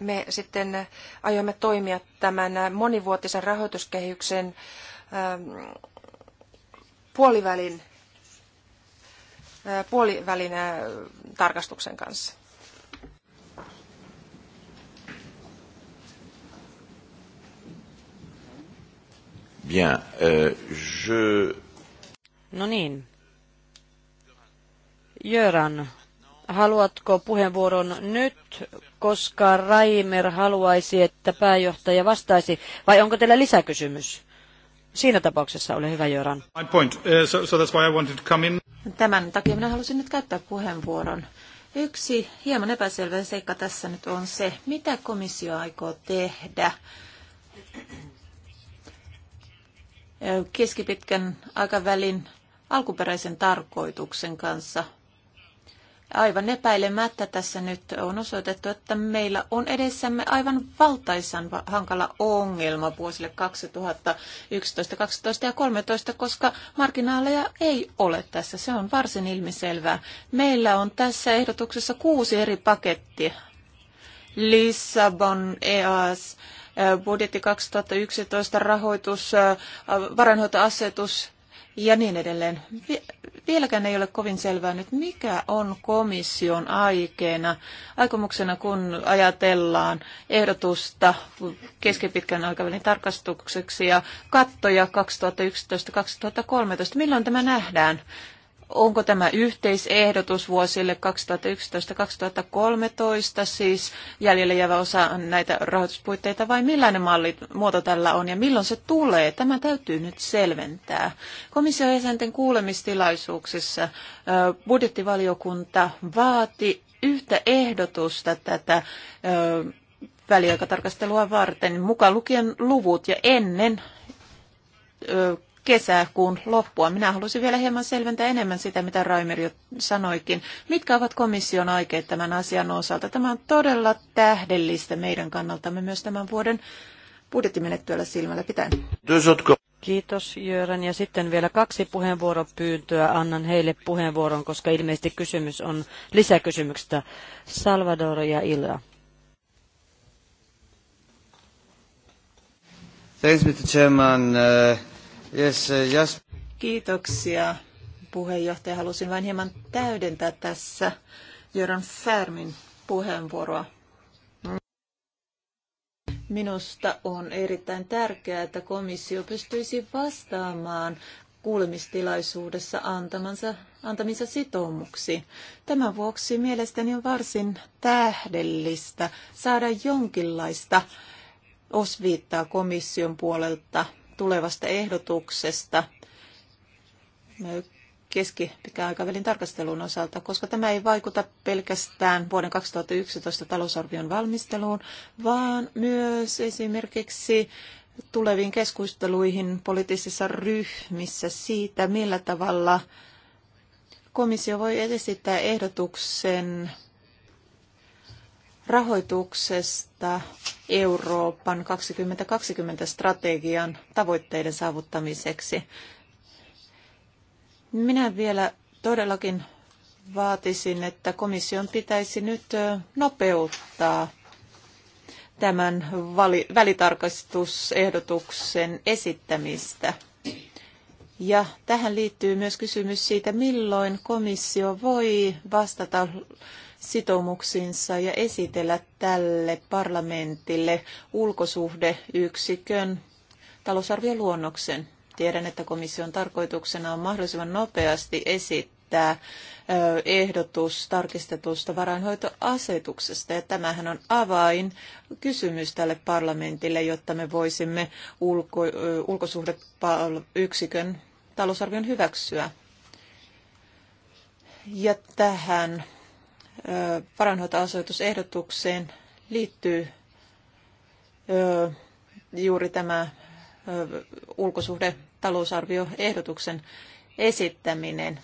me sitten aiomme toimia tämän monivuotisen rahoituskehyksen ähm, puolivälin, äh, puolivälin äh, tarkastuksen kanssa. Bien, euh, je... No niin. Jöran, haluatko puheenvuoron nyt, koska Raimer haluaisi, että pääjohtaja vastaisi, vai onko teillä lisäkysymys? Siinä tapauksessa ole hyvä, Jöran. Uh, Tämän takia minä halusin nyt käyttää puheenvuoron. Yksi hieman epäselvä seikka tässä nyt on se, mitä komissio aikoo tehdä keskipitkän aikavälin alkuperäisen tarkoituksen kanssa. Aivan epäilemättä tässä nyt on osoitettu, että meillä on edessämme aivan valtaisan hankala ongelma vuosille 2011, 12 ja 13, koska marginaaleja ei ole tässä. Se on varsin ilmiselvää. Meillä on tässä ehdotuksessa kuusi eri pakettia. Lissabon, EAS, budjetti 2011, rahoitus, varainhoitoasetus ja niin edelleen. Vieläkään ei ole kovin selvää nyt, mikä on komission aikeena, aikomuksena, kun ajatellaan ehdotusta keskipitkän aikavälin tarkastukseksi ja kattoja 2011-2013. Milloin tämä nähdään? onko tämä yhteisehdotus vuosille 2011-2013, siis jäljelle jäävä osa näitä rahoituspuitteita, vai millainen malli, muoto tällä on ja milloin se tulee? Tämä täytyy nyt selventää. Komission jäsenten kuulemistilaisuuksissa budjettivaliokunta vaati yhtä ehdotusta tätä väliaikatarkastelua varten, mukaan lukien luvut ja ennen kesäkuun loppua. Minä halusin vielä hieman selventää enemmän sitä, mitä Raimer jo sanoikin. Mitkä ovat komission aikeet tämän asian osalta? Tämä on todella tähdellistä meidän kannaltamme myös tämän vuoden budjettimenettyöllä silmällä pitäen. Kiitos Jörän. Ja sitten vielä kaksi puheenvuoropyyntöä. Annan heille puheenvuoron, koska ilmeisesti kysymys on lisäkysymyksestä. Salvador ja Ilja. Thanks, Mr. Chairman. Uh... Yes, yes. Uh, Kiitoksia. Puheenjohtaja, halusin vain hieman täydentää tässä Jöran Färmin puheenvuoroa. Minusta on erittäin tärkeää, että komissio pystyisi vastaamaan kuulemistilaisuudessa antamansa, antamissa sitoumuksiin. Tämän vuoksi mielestäni on varsin tähdellistä saada jonkinlaista osviittaa komission puolelta tulevasta ehdotuksesta keskipitkän aikavälin tarkastelun osalta, koska tämä ei vaikuta pelkästään vuoden 2011 talousarvion valmisteluun, vaan myös esimerkiksi tuleviin keskusteluihin poliittisissa ryhmissä siitä, millä tavalla komissio voi esittää ehdotuksen rahoituksesta Euroopan 2020-strategian tavoitteiden saavuttamiseksi. Minä vielä todellakin vaatisin, että komission pitäisi nyt nopeuttaa tämän vali- välitarkastusehdotuksen esittämistä. Ja tähän liittyy myös kysymys siitä, milloin komissio voi vastata sitoumuksiinsa ja esitellä tälle parlamentille ulkosuhdeyksikön talousarvioluonnoksen. Tiedän, että komission tarkoituksena on mahdollisimman nopeasti esittää ehdotus tarkistetusta varainhoitoasetuksesta. Ja tämähän on avain kysymys tälle parlamentille, jotta me voisimme ulko, ulkosuhdeyksikön talousarvion hyväksyä. Ja tähän paranhoitoasetusehdotukseen liittyy juuri tämä ulkosuhde talousarvioehdotuksen esittäminen.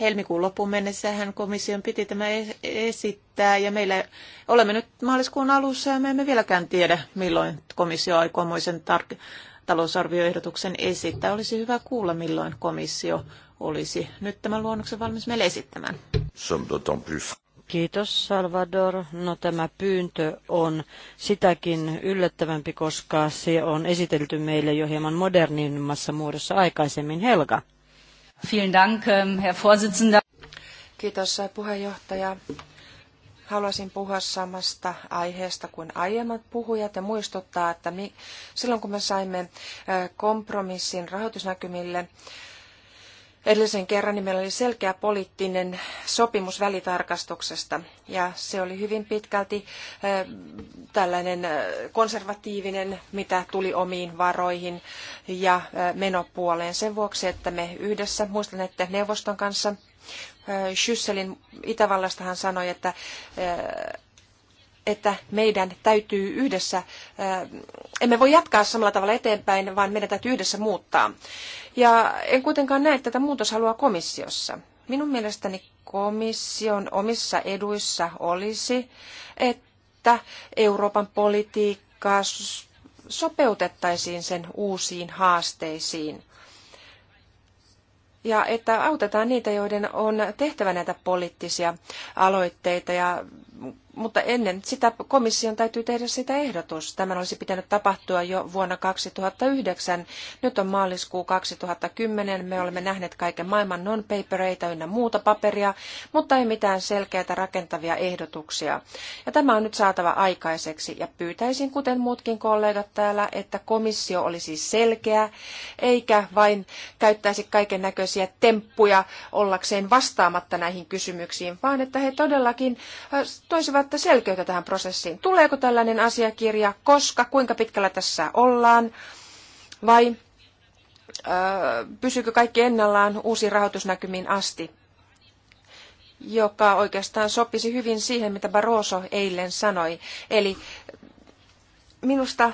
Helmikuun loppuun mennessähän komission piti tämä e-, esittää ja meillä olemme nyt maaliskuun alussa ja me emme vieläkään tiedä milloin komissio aikoo tar- talousarvioehdotuksen esittää. Olisi hyvä kuulla milloin komissio olisi nyt tämän luonnoksen valmis meille esittämään. Kiitos Salvador. No tämä pyyntö on sitäkin yllättävämpi, koska se on esitelty meille jo hieman modernimmassa muodossa aikaisemmin. Helga. Dank, ähm, Herr Vorsitzender. Kiitos äh, puheenjohtaja. Haluaisin puhua samasta aiheesta kuin aiemmat puhujat ja muistuttaa, että silloin kun me saimme äh, kompromissin rahoitusnäkymille, Edellisen kerran niin meillä oli selkeä poliittinen sopimus välitarkastuksesta ja se oli hyvin pitkälti tällainen konservatiivinen, mitä tuli omiin varoihin ja menopuoleen sen vuoksi, että me yhdessä, muistan, että neuvoston kanssa Schüsselin Itävallasta hän sanoi, että että meidän täytyy yhdessä, emme voi jatkaa samalla tavalla eteenpäin, vaan meidän täytyy yhdessä muuttaa. Ja en kuitenkaan näe tätä muutoshalua komissiossa. Minun mielestäni komission omissa eduissa olisi, että Euroopan politiikkaa sopeutettaisiin sen uusiin haasteisiin. Ja että autetaan niitä, joiden on tehtävä näitä poliittisia aloitteita ja mutta ennen sitä komission täytyy tehdä sitä ehdotus. Tämän olisi pitänyt tapahtua jo vuonna 2009. Nyt on maaliskuu 2010. Me olemme nähneet kaiken maailman non-papereita ynnä muuta paperia, mutta ei mitään selkeitä rakentavia ehdotuksia. Ja tämä on nyt saatava aikaiseksi. Ja pyytäisin, kuten muutkin kollegat täällä, että komissio olisi selkeä, eikä vain käyttäisi kaiken näköisiä temppuja ollakseen vastaamatta näihin kysymyksiin, vaan että he todellakin äh, toisivat saatte selkeyttä tähän prosessiin. Tuleeko tällainen asiakirja, koska, kuinka pitkällä tässä ollaan, vai pysyykö kaikki ennallaan uusiin rahoitusnäkymiin asti, joka oikeastaan sopisi hyvin siihen, mitä Barroso eilen sanoi. Eli minusta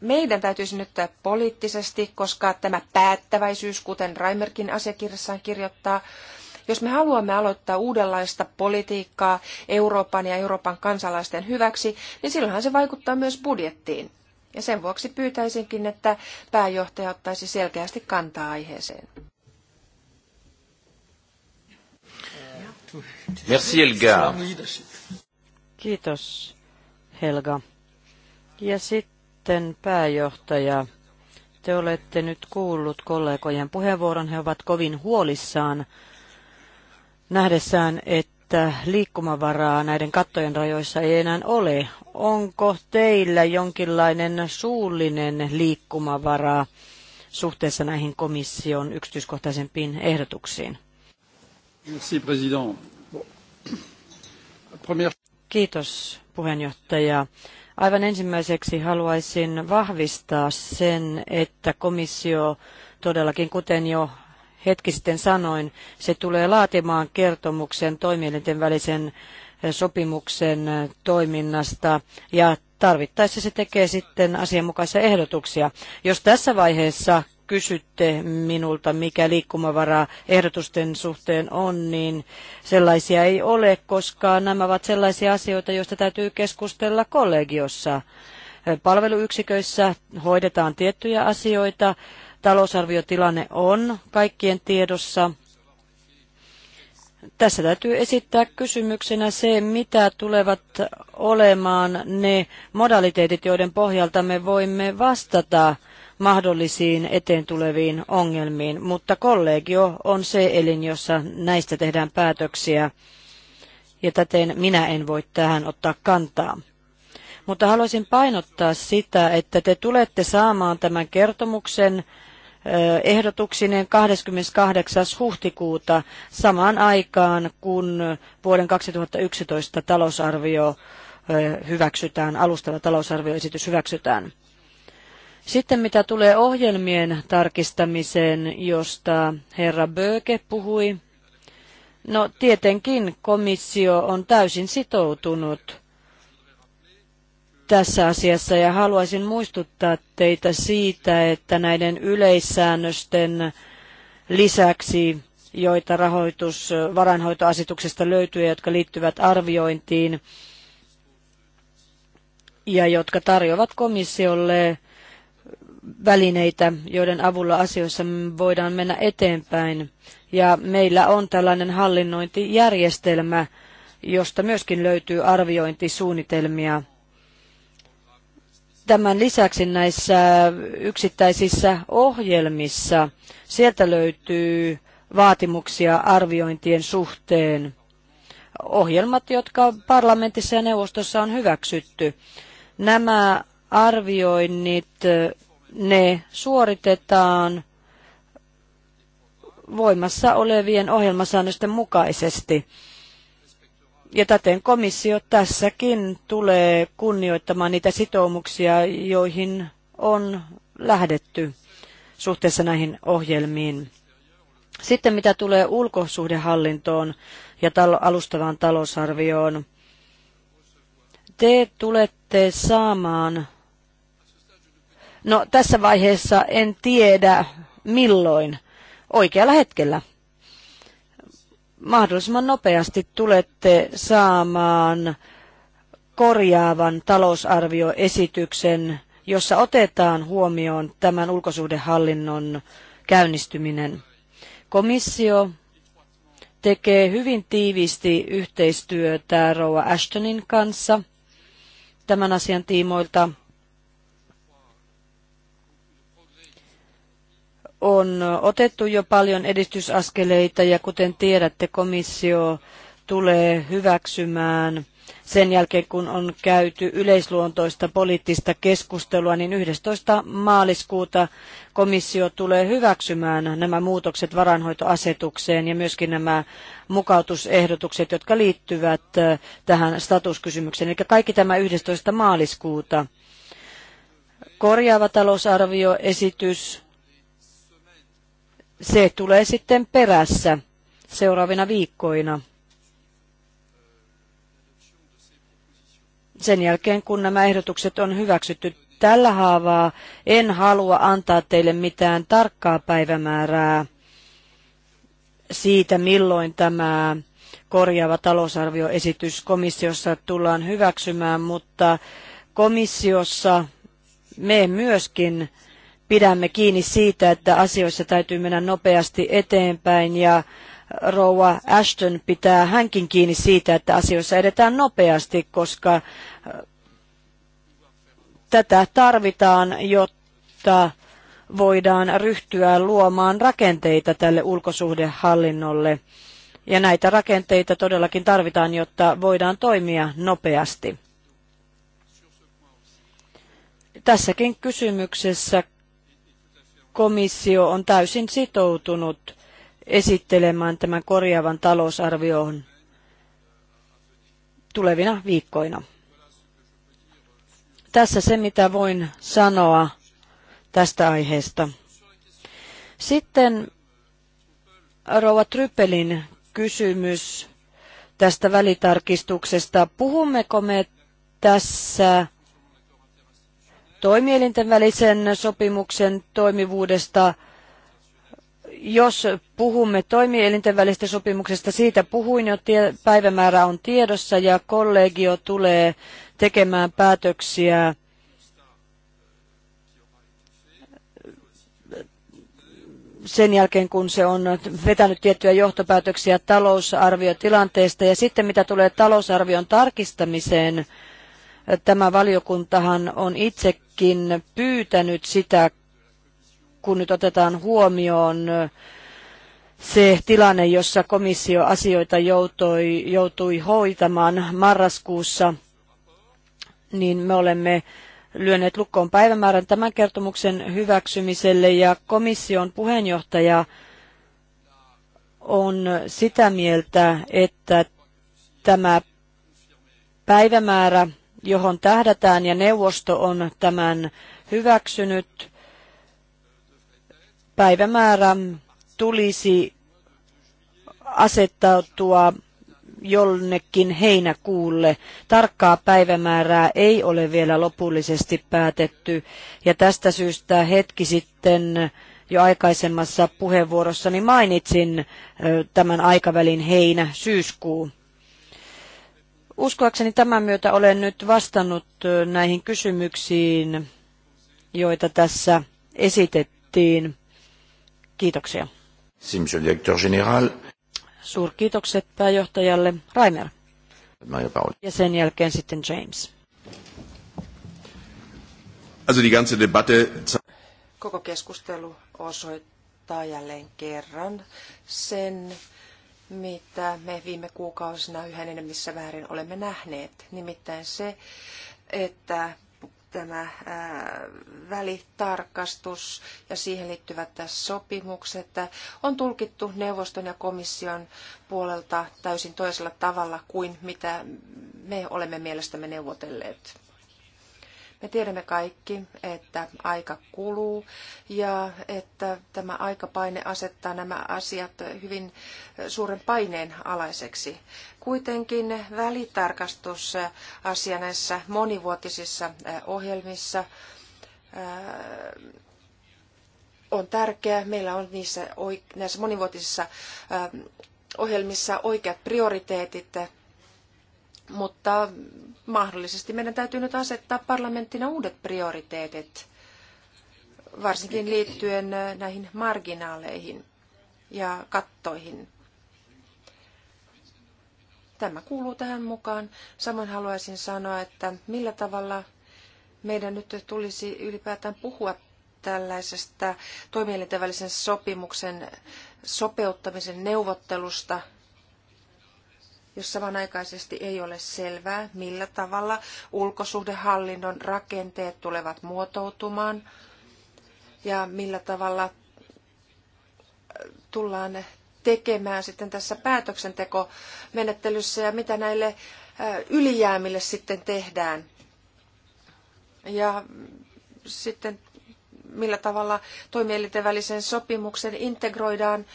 meidän täytyisi nyt poliittisesti, koska tämä päättäväisyys, kuten Raimerkin asiakirjassaan kirjoittaa, jos me haluamme aloittaa uudenlaista politiikkaa Euroopan ja Euroopan kansalaisten hyväksi, niin silloinhan se vaikuttaa myös budjettiin. Ja sen vuoksi pyytäisinkin, että pääjohtaja ottaisi selkeästi kantaa aiheeseen. Merci Helga. Kiitos Helga. Ja sitten pääjohtaja. Te olette nyt kuullut kollegojen puheenvuoron. He ovat kovin huolissaan nähdessään, että liikkumavaraa näiden kattojen rajoissa ei enää ole. Onko teillä jonkinlainen suullinen liikkumavara suhteessa näihin komission yksityiskohtaisempiin ehdotuksiin? Merci, president. Kiitos, puheenjohtaja. Aivan ensimmäiseksi haluaisin vahvistaa sen, että komissio todellakin, kuten jo hetki sitten sanoin, se tulee laatimaan kertomuksen toimielinten välisen eh, sopimuksen eh, toiminnasta ja tarvittaessa se tekee sitten asianmukaisia ehdotuksia. Jos tässä vaiheessa kysytte minulta, mikä liikkumavara ehdotusten suhteen on, niin sellaisia ei ole, koska nämä ovat sellaisia asioita, joista täytyy keskustella kollegiossa. Eh, palveluyksiköissä hoidetaan tiettyjä asioita, talousarviotilanne on kaikkien tiedossa. Tässä täytyy esittää kysymyksenä se, mitä tulevat olemaan ne modaliteetit, joiden pohjalta me voimme vastata mahdollisiin eteen tuleviin ongelmiin, mutta kollegio on se elin, jossa näistä tehdään päätöksiä, ja täten minä en voi tähän ottaa kantaa. Mutta haluaisin painottaa sitä, että te tulette saamaan tämän kertomuksen ehdotuksineen 28. huhtikuuta samaan aikaan, kun vuoden 2011 talousarvio hyväksytään, alustava talousarvioesitys hyväksytään. Sitten mitä tulee ohjelmien tarkistamiseen, josta herra Böke puhui, no tietenkin komissio on täysin sitoutunut tässä asiassa ja haluaisin muistuttaa teitä siitä, että näiden yleissäännösten lisäksi, joita rahoitus varainhoitoasetuksesta löytyy ja jotka liittyvät arviointiin ja jotka tarjoavat komissiolle välineitä, joiden avulla asioissa voidaan mennä eteenpäin. Ja meillä on tällainen hallinnointijärjestelmä, josta myöskin löytyy arviointisuunnitelmia – Tämän lisäksi näissä yksittäisissä ohjelmissa sieltä löytyy vaatimuksia arviointien suhteen. Ohjelmat, jotka parlamentissa ja neuvostossa on hyväksytty. Nämä arvioinnit, ne suoritetaan voimassa olevien ohjelmasäännösten mukaisesti. Ja täten komissio tässäkin tulee kunnioittamaan niitä sitoumuksia, joihin on lähdetty suhteessa näihin ohjelmiin. Sitten mitä tulee ulkosuhdehallintoon ja alustavaan talousarvioon, te tulette saamaan, no tässä vaiheessa en tiedä milloin, oikealla hetkellä mahdollisimman nopeasti tulette saamaan korjaavan talousarvioesityksen, jossa otetaan huomioon tämän ulkosuhdehallinnon käynnistyminen. Komissio tekee hyvin tiiviisti yhteistyötä Rouva Ashtonin kanssa tämän asian tiimoilta. on otettu jo paljon edistysaskeleita ja kuten tiedätte, komissio tulee hyväksymään sen jälkeen, kun on käyty yleisluontoista poliittista keskustelua, niin 11. maaliskuuta komissio tulee hyväksymään nämä muutokset varainhoitoasetukseen ja myöskin nämä mukautusehdotukset, jotka liittyvät äh, tähän statuskysymykseen. Eli kaikki tämä 11. maaliskuuta. Korjaava talousarvioesitys se tulee sitten perässä seuraavina viikkoina. Sen jälkeen, kun nämä ehdotukset on hyväksytty tällä haavaa, en halua antaa teille mitään tarkkaa päivämäärää siitä, milloin tämä korjaava talousarvioesitys komissiossa tullaan hyväksymään, mutta komissiossa me myöskin pidämme kiinni siitä, että asioissa täytyy mennä nopeasti eteenpäin ja rouva Ashton pitää hänkin kiinni siitä, että asioissa edetään nopeasti, koska äh, tätä tarvitaan, jotta voidaan ryhtyä luomaan rakenteita tälle ulkosuhdehallinnolle. Ja näitä rakenteita todellakin tarvitaan, jotta voidaan toimia nopeasti. Tässäkin kysymyksessä komissio on täysin sitoutunut esittelemään tämän korjaavan talousarvioon tulevina viikkoina. Tässä se, mitä voin sanoa tästä aiheesta. Sitten Rouva Tryppelin kysymys tästä välitarkistuksesta. Puhummeko me tässä toimielinten välisen sopimuksen toimivuudesta. Jos puhumme toimielinten välisestä sopimuksesta, siitä puhuin jo, päivämäärä on tiedossa ja kollegio tulee tekemään päätöksiä sen jälkeen, kun se on vetänyt tiettyjä johtopäätöksiä talousarviotilanteesta. Ja sitten mitä tulee talousarvion tarkistamiseen, Tämä valiokuntahan on itsekin pyytänyt sitä, kun nyt otetaan huomioon se tilanne, jossa komissio asioita joutui, joutui hoitamaan marraskuussa, niin me olemme lyöneet lukkoon päivämäärän tämän kertomuksen hyväksymiselle ja komission puheenjohtaja on sitä mieltä, että tämä päivämäärä johon tähdätään ja neuvosto on tämän hyväksynyt. Päivämäärä tulisi asettautua jonnekin heinäkuulle. Tarkkaa päivämäärää ei ole vielä lopullisesti päätetty ja tästä syystä hetki sitten jo aikaisemmassa puheenvuorossani mainitsin tämän aikavälin heinä-syyskuu. Uskoakseni tämän myötä olen nyt vastannut näihin kysymyksiin, joita tässä esitettiin. Kiitoksia. Monsieur le directeur général. Suurkiitokset pääjohtajalle Rainer. Ja sen jälkeen sitten James. Also die ganze Debatte... Koko keskustelu osoittaa jälleen kerran sen, mitä me viime kuukausina yhä enemmissä väärin olemme nähneet. Nimittäin se, että tämä välitarkastus ja siihen liittyvät tässä sopimukset on tulkittu neuvoston ja komission puolelta täysin toisella tavalla kuin mitä me olemme mielestämme neuvotelleet. Me tiedämme kaikki, että aika kuluu ja että tämä aikapaine asettaa nämä asiat hyvin suuren paineen alaiseksi. Kuitenkin välitarkastusasia näissä monivuotisissa ohjelmissa on tärkeä. Meillä on niissä, näissä monivuotisissa ohjelmissa oikeat prioriteetit mutta mahdollisesti meidän täytyy nyt asettaa parlamenttina uudet prioriteetit, varsinkin liittyen näihin marginaaleihin ja kattoihin. Tämä kuuluu tähän mukaan. Samoin haluaisin sanoa, että millä tavalla meidän nyt tulisi ylipäätään puhua tällaisesta toimielinten välisen sopimuksen sopeuttamisen neuvottelusta – jos samanaikaisesti ei ole selvää, millä tavalla ulkosuhdehallinnon rakenteet tulevat muotoutumaan ja millä tavalla äh, tullaan tekemään sitten tässä päätöksentekomenettelyssä ja mitä näille äh, ylijäämille sitten tehdään. Ja sitten millä tavalla toimielinten välisen sopimuksen integroidaan äh,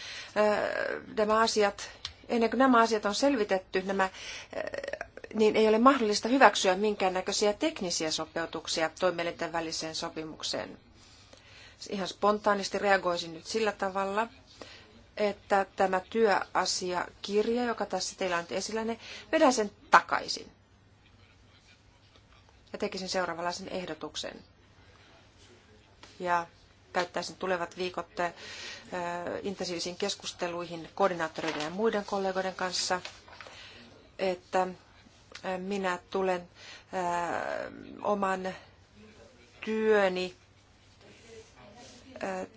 nämä asiat ennen kuin nämä asiat on selvitetty, nämä, äh, niin ei ole mahdollista hyväksyä minkäännäköisiä teknisiä sopeutuksia toimielinten väliseen sopimukseen. Ihan spontaanisti reagoisin nyt sillä tavalla, että tämä työasiakirja, joka tässä teillä on esillä, ne vedän sen takaisin. Ja tekisin seuraavanlaisen ehdotuksen. Ja käyttäisin tulevat viikot intensiivisiin keskusteluihin koordinaattoreiden ja muiden kollegoiden kanssa, että minä tulen oman työni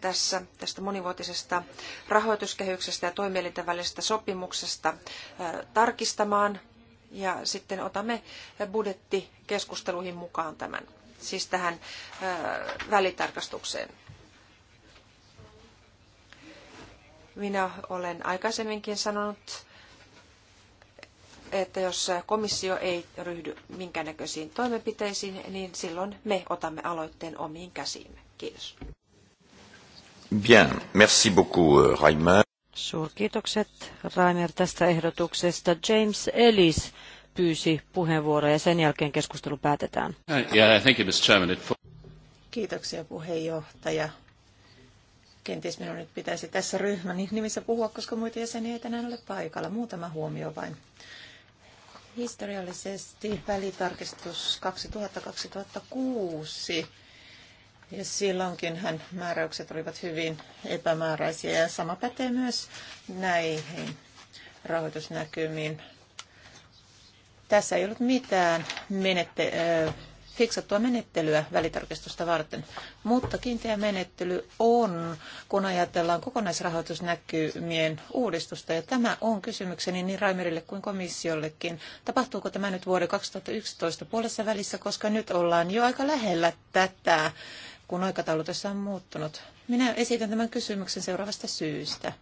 tässä, tästä monivuotisesta rahoituskehyksestä ja toimielinten välisestä sopimuksesta tarkistamaan ja sitten otamme budjettikeskusteluihin mukaan tämän, siis tähän välitarkastukseen. Minä olen aikaisemminkin sanonut, että jos komissio ei ryhdy minkäännäköisiin toimenpiteisiin, niin silloin me otamme aloitteen omiin käsiimme. Kiitos. Bien, merci beaucoup, euh, Raimer. Suurkiitokset Raimer tästä ehdotuksesta. James Ellis pyysi puheenvuoroa ja sen jälkeen keskustelu päätetään. Uh, yeah, thank you, Mr. Chairman. Kiitoksia puheenjohtaja. Kenties minun nyt pitäisi tässä ryhmän nimissä puhua, koska muita jäseniä ei tänään ole paikalla. Muutama huomio vain. Historiallisesti välitarkistus 2000-2006. Ja silloinkin hän määräykset olivat hyvin epämääräisiä ja sama pätee myös näihin rahoitusnäkymiin. Tässä ei ollut mitään menette, fiksattua menettelyä välitarkistusta varten. Mutta kiinteä menettely on, kun ajatellaan kokonaisrahoitusnäkymien uudistusta, ja tämä on kysymykseni niin Raimerille kuin komissiollekin. Tapahtuuko tämä nyt vuoden 2011 puolessa välissä, koska nyt ollaan jo aika lähellä tätä, kun aikataulu tässä on muuttunut. Minä esitän tämän kysymyksen seuraavasta syystä.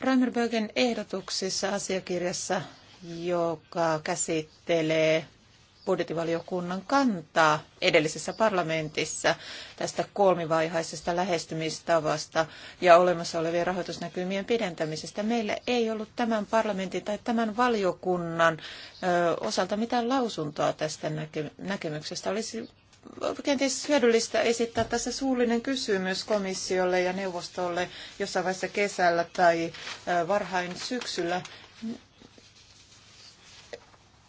Raimerbergen ehdotuksissa asiakirjassa, joka käsittelee budjettivaliokunnan kantaa edellisessä parlamentissa tästä kolmivaihaisesta lähestymistavasta ja olemassa olevien rahoitusnäkymien pidentämisestä. Meillä ei ollut tämän parlamentin tai tämän valiokunnan osalta mitään lausuntoa tästä näkemyksestä. Olisi kenties hyödyllistä esittää tässä suullinen kysymys komissiolle ja neuvostolle jossain vaiheessa kesällä tai varhain syksyllä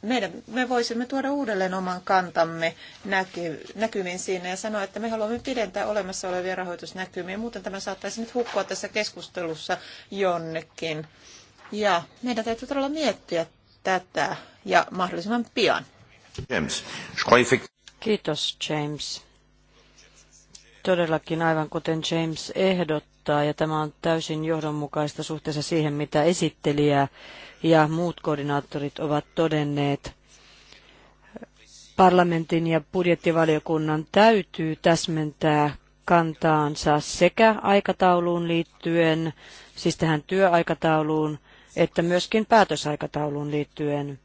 meidän, me voisimme tuoda uudelleen oman kantamme näky, näkymiin siinä ja sanoa, että me haluamme pidentää olemassa olevia rahoitusnäkymiä. Muuten tämä saattaisi nyt hukkua tässä keskustelussa jonnekin. Ja meidän täytyy todella miettiä tätä ja mahdollisimman pian. James. Kiitos James. Todellakin aivan kuten James ehdottaa, ja tämä on täysin johdonmukaista suhteessa siihen, mitä esittelijä ja muut koordinaattorit ovat todenneet, parlamentin ja budjettivaliokunnan täytyy täsmentää kantaansa sekä aikatauluun liittyen, siis tähän työaikatauluun, että myöskin päätösaikatauluun liittyen,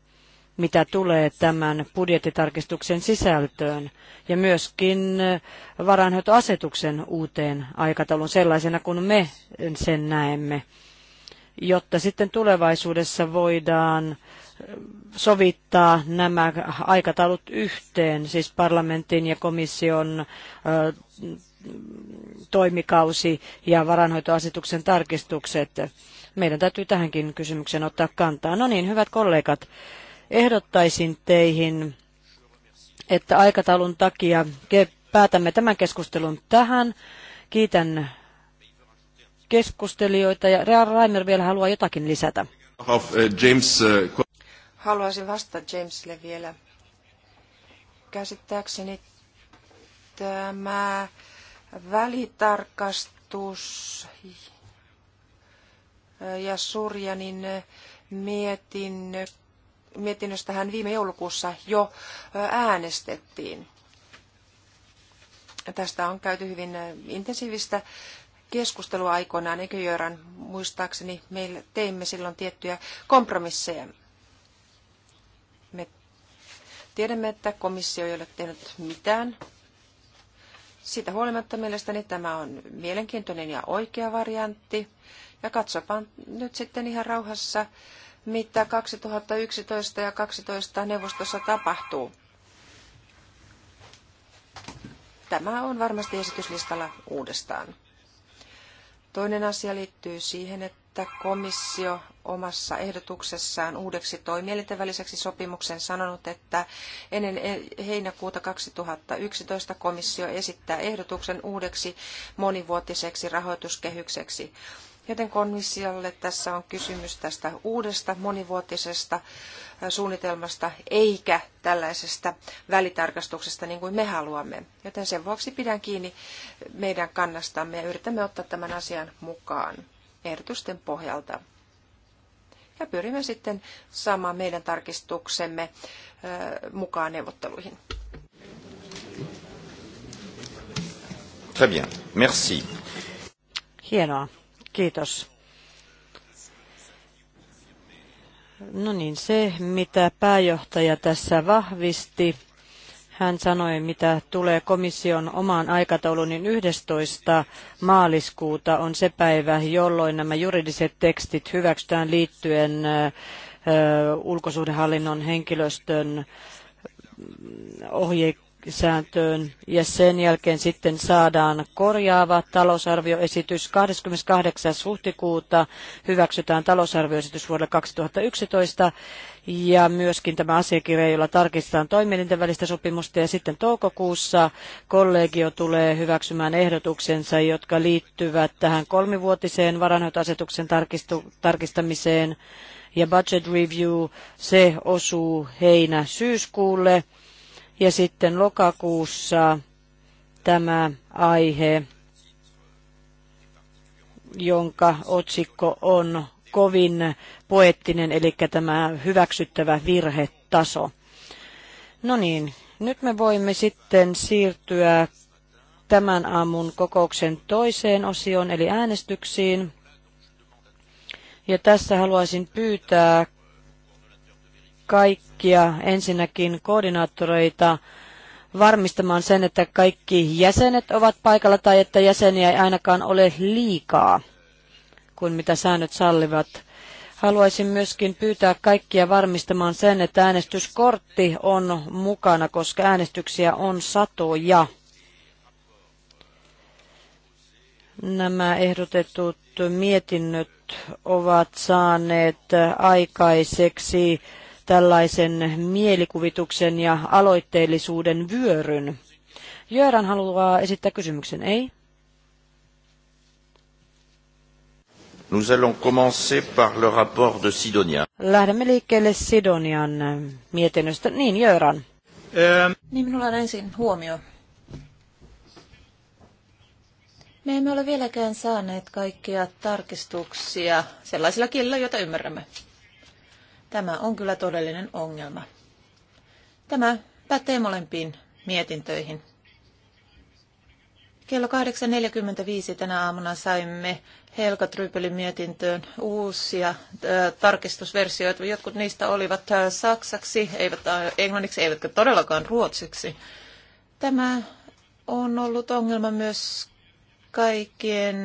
mitä tulee tämän budjettitarkistuksen sisältöön ja myöskin varainhoitoasetuksen uuteen aikatauluun sellaisena kuin me sen näemme jotta sitten tulevaisuudessa voidaan sovittaa nämä aikataulut yhteen, siis parlamentin ja komission toimikausi ja varanhoitoasetuksen tarkistukset. Meidän täytyy tähänkin kysymykseen ottaa kantaa. No niin, hyvät kollegat, ehdottaisin teihin, että aikataulun takia päätämme tämän keskustelun tähän. Kiitän keskustelijoita. Ja Rainer vielä haluaa jotakin lisätä. Uh, James, uh, Haluaisin vastata Jamesille vielä. Käsittääkseni tämä välitarkastus ja Surjanin mietin, mietinnöstähän viime joulukuussa jo äänestettiin. Tästä on käyty hyvin intensiivistä keskustelua aikoinaan Ekyjöran muistaakseni, meillä teimme silloin tiettyjä kompromisseja. Me tiedämme, että komissio ei ole tehnyt mitään. Siitä huolimatta mielestäni tämä on mielenkiintoinen ja oikea variantti. Ja katsopa nyt sitten ihan rauhassa, mitä 2011 ja 2012 neuvostossa tapahtuu. Tämä on varmasti esityslistalla uudestaan. Toinen asia liittyy siihen, että komissio omassa ehdotuksessaan uudeksi toimielinten väliseksi sopimuksen sanonut, että ennen e- heinäkuuta 2011 komissio esittää ehdotuksen uudeksi monivuotiseksi rahoituskehykseksi. Joten komissiolle tässä on kysymys tästä uudesta monivuotisesta suunnitelmasta, eikä tällaisesta välitarkastuksesta niin kuin me haluamme. Joten sen vuoksi pidän kiinni meidän kannastamme ja yritämme ottaa tämän asian mukaan ehdotusten pohjalta. Ja pyrimme sitten saamaan meidän tarkistuksemme mukaan neuvotteluihin. Très bien. Merci. Hienoa. Kiitos. No niin, se mitä pääjohtaja tässä vahvisti, hän sanoi, mitä tulee komission omaan aikatauluun, niin 11. maaliskuuta on se päivä, jolloin nämä juridiset tekstit hyväksytään liittyen ulkosuhdehallinnon henkilöstön ohje sääntöön ja sen jälkeen sitten saadaan korjaava talousarvioesitys. 28. huhtikuuta hyväksytään talousarvioesitys vuodelle 2011 ja myöskin tämä asiakirja, jolla tarkistetaan toimielinten välistä sopimusta ja sitten toukokuussa kollegio tulee hyväksymään ehdotuksensa, jotka liittyvät tähän kolmivuotiseen varanhoitoasetuksen tarkistamiseen ja budget review, se osuu heinä-syyskuulle ja sitten lokakuussa tämä aihe, jonka otsikko on kovin poettinen, eli tämä hyväksyttävä virhetaso. No niin, nyt me voimme sitten siirtyä tämän aamun kokouksen toiseen osioon, eli äänestyksiin. Ja tässä haluaisin pyytää kaikkia ensinnäkin koordinaattoreita varmistamaan sen, että kaikki jäsenet ovat paikalla tai että jäseniä ei ainakaan ole liikaa kuin mitä säännöt sallivat. Haluaisin myöskin pyytää kaikkia varmistamaan sen, että äänestyskortti on mukana, koska äänestyksiä on satoja. Nämä ehdotetut mietinnöt ovat saaneet aikaiseksi tällaisen mielikuvituksen ja aloitteellisuuden vyöryn. Jöran haluaa esittää kysymyksen, ei? Nous allons commencer par le rapport de Sidonia. Lähdemme liikkeelle Sidonian mietinnöstä. Niin, Jöran. Ähm. Niin, minulla on ensin huomio. Me emme ole vieläkään saaneet kaikkia tarkistuksia sellaisilla kielillä, joita ymmärrämme. Tämä on kyllä todellinen ongelma. Tämä pätee molempiin mietintöihin. Kello 8.45 tänä aamuna saimme Helka Trypelin mietintöön uusia ö, tarkistusversioita. Jotkut niistä olivat ö, saksaksi, eivät ö, englanniksi, eivätkä todellakaan ruotsiksi. Tämä on ollut ongelma myös kaikkien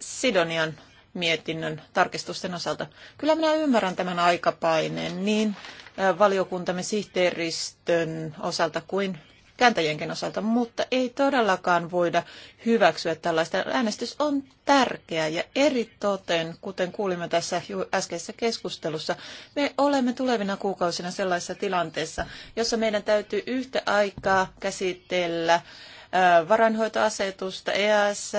Sidonian mietinnön tarkistusten osalta. Kyllä minä ymmärrän tämän aikapaineen niin valiokuntamme sihteeristön osalta kuin kääntäjienkin osalta, mutta ei todellakaan voida hyväksyä tällaista. Äänestys on tärkeä ja eritoten, kuten kuulimme tässä äskeisessä keskustelussa, me olemme tulevina kuukausina sellaisessa tilanteessa, jossa meidän täytyy yhtä aikaa käsitellä varainhoitoasetusta, EAS,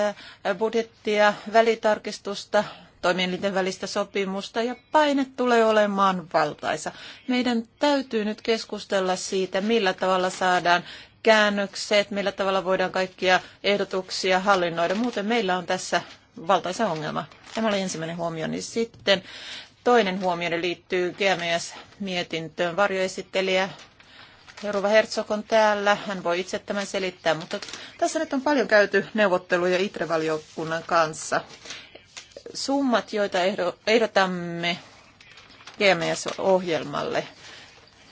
budjettia, välitarkistusta, toimielinten välistä sopimusta ja paine tulee olemaan valtaisa. Meidän täytyy nyt keskustella siitä, millä tavalla saadaan käännökset, millä tavalla voidaan kaikkia ehdotuksia hallinnoida. Muuten meillä on tässä valtaisa ongelma. Tämä oli ensimmäinen huomio. Niin sitten toinen huomio liittyy GMS-mietintöön. Varjoesittelijä Ruva Herzog on täällä, hän voi itse tämän selittää, mutta tässä nyt on paljon käyty neuvotteluja ITRE-valiokunnan kanssa. Summat, joita ehdotamme GMS-ohjelmalle,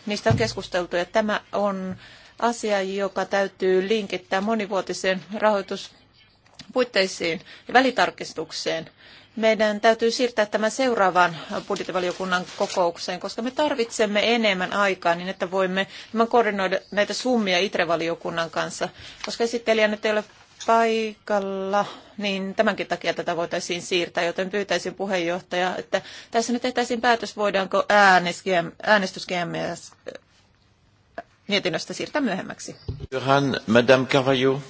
niistä on keskusteltu ja tämä on asia, joka täytyy linkittää monivuotiseen rahoituspuitteisiin ja välitarkistukseen meidän täytyy siirtää tämä seuraavaan budjettivaliokunnan kokoukseen, koska me tarvitsemme enemmän aikaa niin, että voimme koordinoida näitä summia ITRE-valiokunnan kanssa, koska esittelijä nyt ei ole paikalla, niin tämänkin takia tätä voitaisiin siirtää, joten pyytäisin puheenjohtajaa, että tässä nyt tehtäisiin päätös, voidaanko äänestys GMS äh, mietinnöstä siirtää myöhemmäksi. Johan, Madame Carvalho.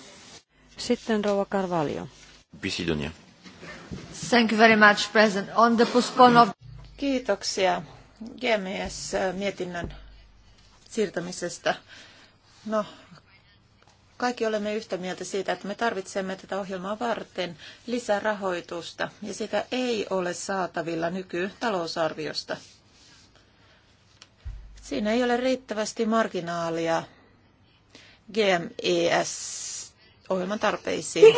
Sitten rouva Carvalho. Pisidonia. Thank you very much, President. On the postpone of... Kiitoksia GMS-mietinnön äh, siirtämisestä. No, kaikki olemme yhtä mieltä siitä, että me tarvitsemme tätä ohjelmaa varten lisärahoitusta, ja sitä ei ole saatavilla nykytalousarviosta. Siinä ei ole riittävästi marginaalia GMES-ohjelman tarpeisiin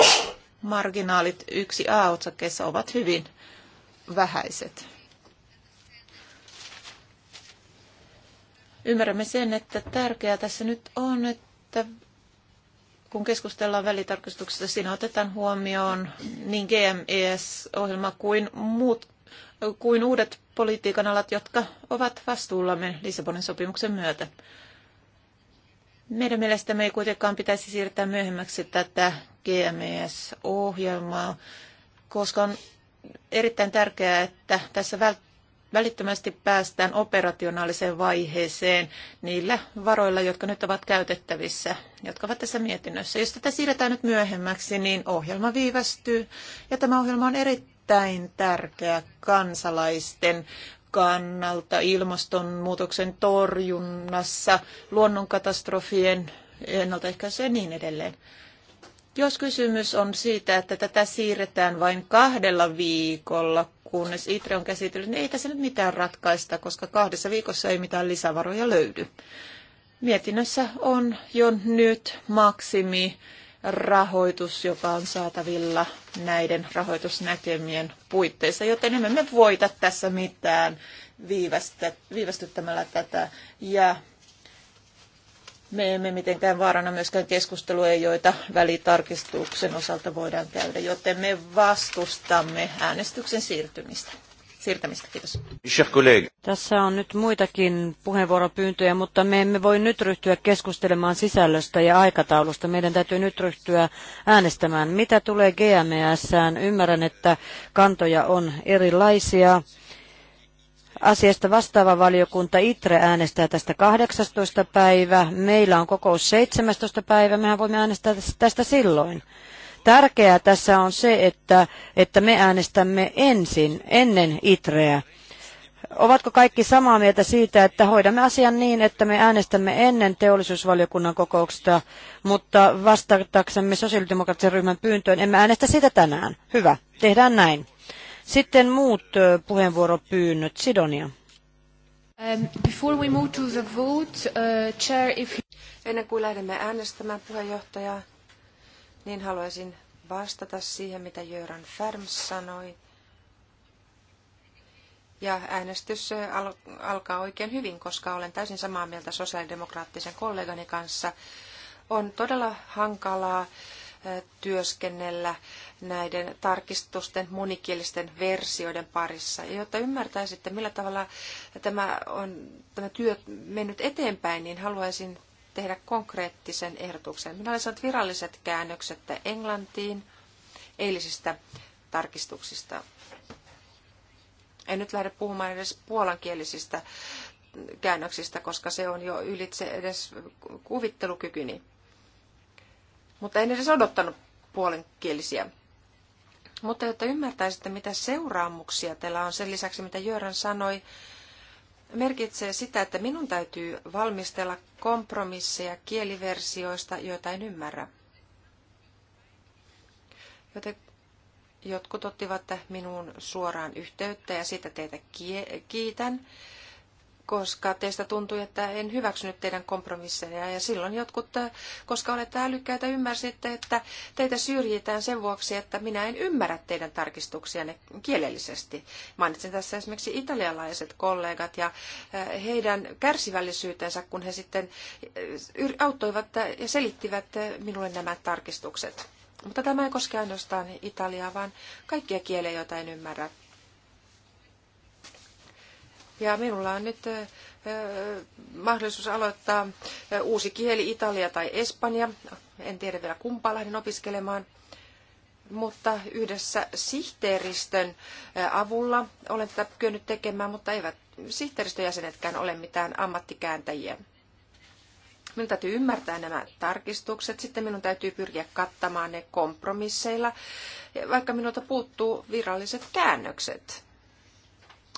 marginaalit 1A-otsakkeessa ovat hyvin vähäiset. Ymmärrämme sen, että tärkeää tässä nyt on, että kun keskustellaan välitarkastuksesta, siinä otetaan huomioon niin GMES-ohjelma kuin, muut, kuin uudet politiikan alat, jotka ovat vastuullamme Lissabonin sopimuksen myötä. Meidän mielestämme ei kuitenkaan pitäisi siirtää myöhemmäksi tätä GMES-ohjelmaa, koska on erittäin tärkeää, että tässä välittömästi päästään operationaaliseen vaiheeseen niillä varoilla, jotka nyt ovat käytettävissä, jotka ovat tässä mietinnössä. Jos tätä siirretään nyt myöhemmäksi, niin ohjelma viivästyy ja tämä ohjelma on erittäin tärkeä kansalaisten kannalta, ilmastonmuutoksen torjunnassa, luonnonkatastrofien ennaltaehkäisyä ja niin edelleen. Jos kysymys on siitä, että tätä siirretään vain kahdella viikolla, kunnes ITRE on käsitellyt, niin ei tässä nyt mitään ratkaista, koska kahdessa viikossa ei mitään lisävaroja löydy. Mietinnössä on jo nyt maksimi rahoitus, joka on saatavilla näiden rahoitusnäkemien puitteissa, joten emme me voita tässä mitään viivästyttämällä tätä. Ja me emme mitenkään vaarana myöskään keskusteluja, joita välitarkistuksen osalta voidaan käydä, joten me vastustamme äänestyksen siirtymistä siirtämistä. Kiitos. Tässä on nyt muitakin puheenvuoropyyntöjä, mutta me emme voi nyt ryhtyä keskustelemaan sisällöstä ja aikataulusta. Meidän täytyy nyt ryhtyä äänestämään. Mitä tulee GMS-ään? Ymmärrän, että kantoja on erilaisia. Asiasta vastaava valiokunta ITRE äänestää tästä 18. päivä. Meillä on kokous 17. päivä. Mehän voimme äänestää tästä silloin. Tärkeää tässä on se, että, että me äänestämme ensin, ennen ITREä. Ovatko kaikki samaa mieltä siitä, että hoidamme asian niin, että me äänestämme ennen teollisuusvaliokunnan kokousta, mutta vastataksemme sosiaalidemokraattisen ryhmän pyyntöön emme äänestä sitä tänään? Hyvä, tehdään näin. Sitten muut puheenvuoropyynnöt. Sidonia. Um, uh, Ennen kuin lähdemme äänestämään puheenjohtajaa, niin haluaisin vastata siihen, mitä Jöran Färms sanoi. Ja äänestys alkaa oikein hyvin, koska olen täysin samaa mieltä sosiaalidemokraattisen kollegani kanssa. On todella hankalaa työskennellä näiden tarkistusten monikielisten versioiden parissa. Ja jotta ymmärtäisitte, millä tavalla tämä, on, tämä työ mennyt eteenpäin, niin haluaisin tehdä konkreettisen ehdotuksen. Minä olen saanut viralliset käännökset Englantiin eilisistä tarkistuksista. En nyt lähde puhumaan edes puolankielisistä käännöksistä, koska se on jo ylitse edes kuvittelukykyni mutta en edes odottanut puolenkielisiä. Mutta jotta ymmärtäisitte, mitä seuraamuksia teillä on sen lisäksi, mitä Jörän sanoi, merkitsee sitä, että minun täytyy valmistella kompromisseja kieliversioista, joita en ymmärrä. Joten jotkut ottivat minuun suoraan yhteyttä ja siitä teitä kiitän koska teistä tuntui, että en hyväksynyt teidän kompromisseja. Ja silloin jotkut, äh, koska olette älykkäitä, ymmärsitte, että teitä syrjitään sen vuoksi, että minä en ymmärrä teidän tarkistuksianne kielellisesti. Mainitsin tässä esimerkiksi italialaiset kollegat ja äh, heidän kärsivällisyytensä, kun he sitten äh, auttoivat ja selittivät minulle nämä tarkistukset. Mutta tämä ei koske ainoastaan Italiaa, vaan kaikkia kieliä, joita en ymmärrä. Ja minulla on nyt mahdollisuus aloittaa uusi kieli, Italia tai Espanja. En tiedä vielä kumpaa lähden opiskelemaan. Mutta yhdessä sihteeristön avulla olen tätä kyennyt tekemään, mutta eivät sihteeristön jäsenetkään ole mitään ammattikääntäjiä. Minun täytyy ymmärtää nämä tarkistukset, sitten minun täytyy pyrkiä kattamaan ne kompromisseilla, vaikka minulta puuttuu viralliset käännökset.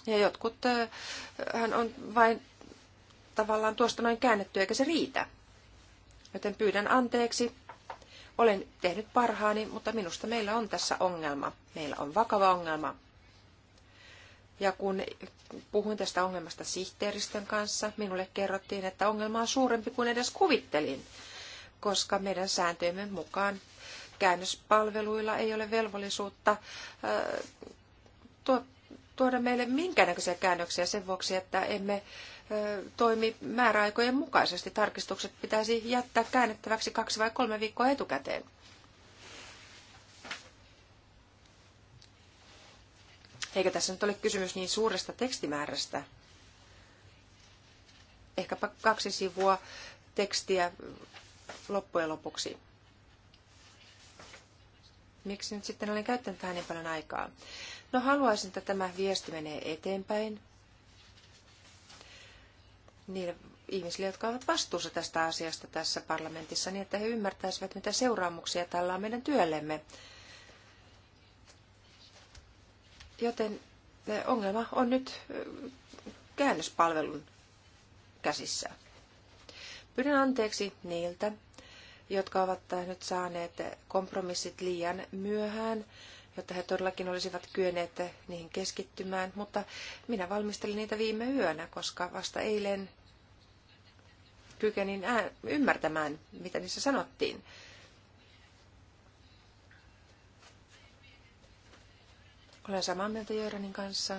Ja jotkut, hän on vain tavallaan tuosta noin käännetty, eikä se riitä. Joten pyydän anteeksi. Olen tehnyt parhaani, mutta minusta meillä on tässä ongelma. Meillä on vakava ongelma. Ja kun puhuin tästä ongelmasta sihteeristön kanssa, minulle kerrottiin, että ongelma on suurempi kuin edes kuvittelin, koska meidän sääntöjemme mukaan käännöspalveluilla ei ole velvollisuutta äh, tuottaa tuoda meille minkäännäköisiä käännöksiä sen vuoksi, että emme toimi määräaikojen mukaisesti. Tarkistukset pitäisi jättää käännettäväksi kaksi vai kolme viikkoa etukäteen. Eikä tässä nyt ole kysymys niin suuresta tekstimäärästä. Ehkäpä kaksi sivua tekstiä loppujen lopuksi. Miksi nyt sitten olen käyttänyt tähän niin paljon aikaa? No haluaisin, että tämä viesti menee eteenpäin niille ihmisille, jotka ovat vastuussa tästä asiasta tässä parlamentissa, niin että he ymmärtäisivät, mitä seuraamuksia tällä on meidän työllemme. Joten eh, ongelma on nyt eh, käännöspalvelun käsissä. Pyydän anteeksi niiltä, jotka ovat nyt saaneet kompromissit liian myöhään jotta he todellakin olisivat kyenneet niihin keskittymään, mutta minä valmistelin niitä viime yönä, koska vasta eilen kykenin ymmärtämään, mitä niissä sanottiin. Olen samaa mieltä Jöranin kanssa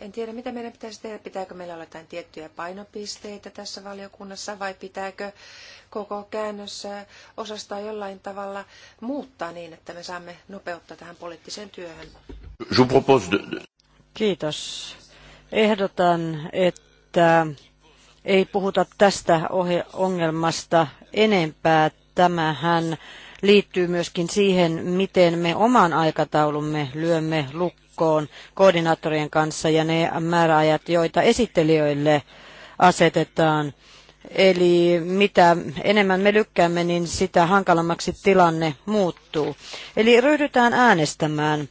en tiedä, mitä meidän pitäisi tehdä. Pitääkö meillä olla jotain tiettyjä painopisteitä tässä valiokunnassa vai pitääkö koko käännössä osastaa jollain tavalla muuttaa niin, että me saamme nopeutta tähän poliittiseen työhön? Kiitos. Ehdotan, että ei puhuta tästä ongelmasta enempää. Tämähän liittyy myöskin siihen, miten me oman aikataulumme lyömme lukkoon kokoon koordinaattorien kanssa ja ne määräajat, joita esittelijöille asetetaan. Eli mitä enemmän me lykkäämme, niin sitä hankalammaksi tilanne muuttuu. Eli ryhdytään äänestämään.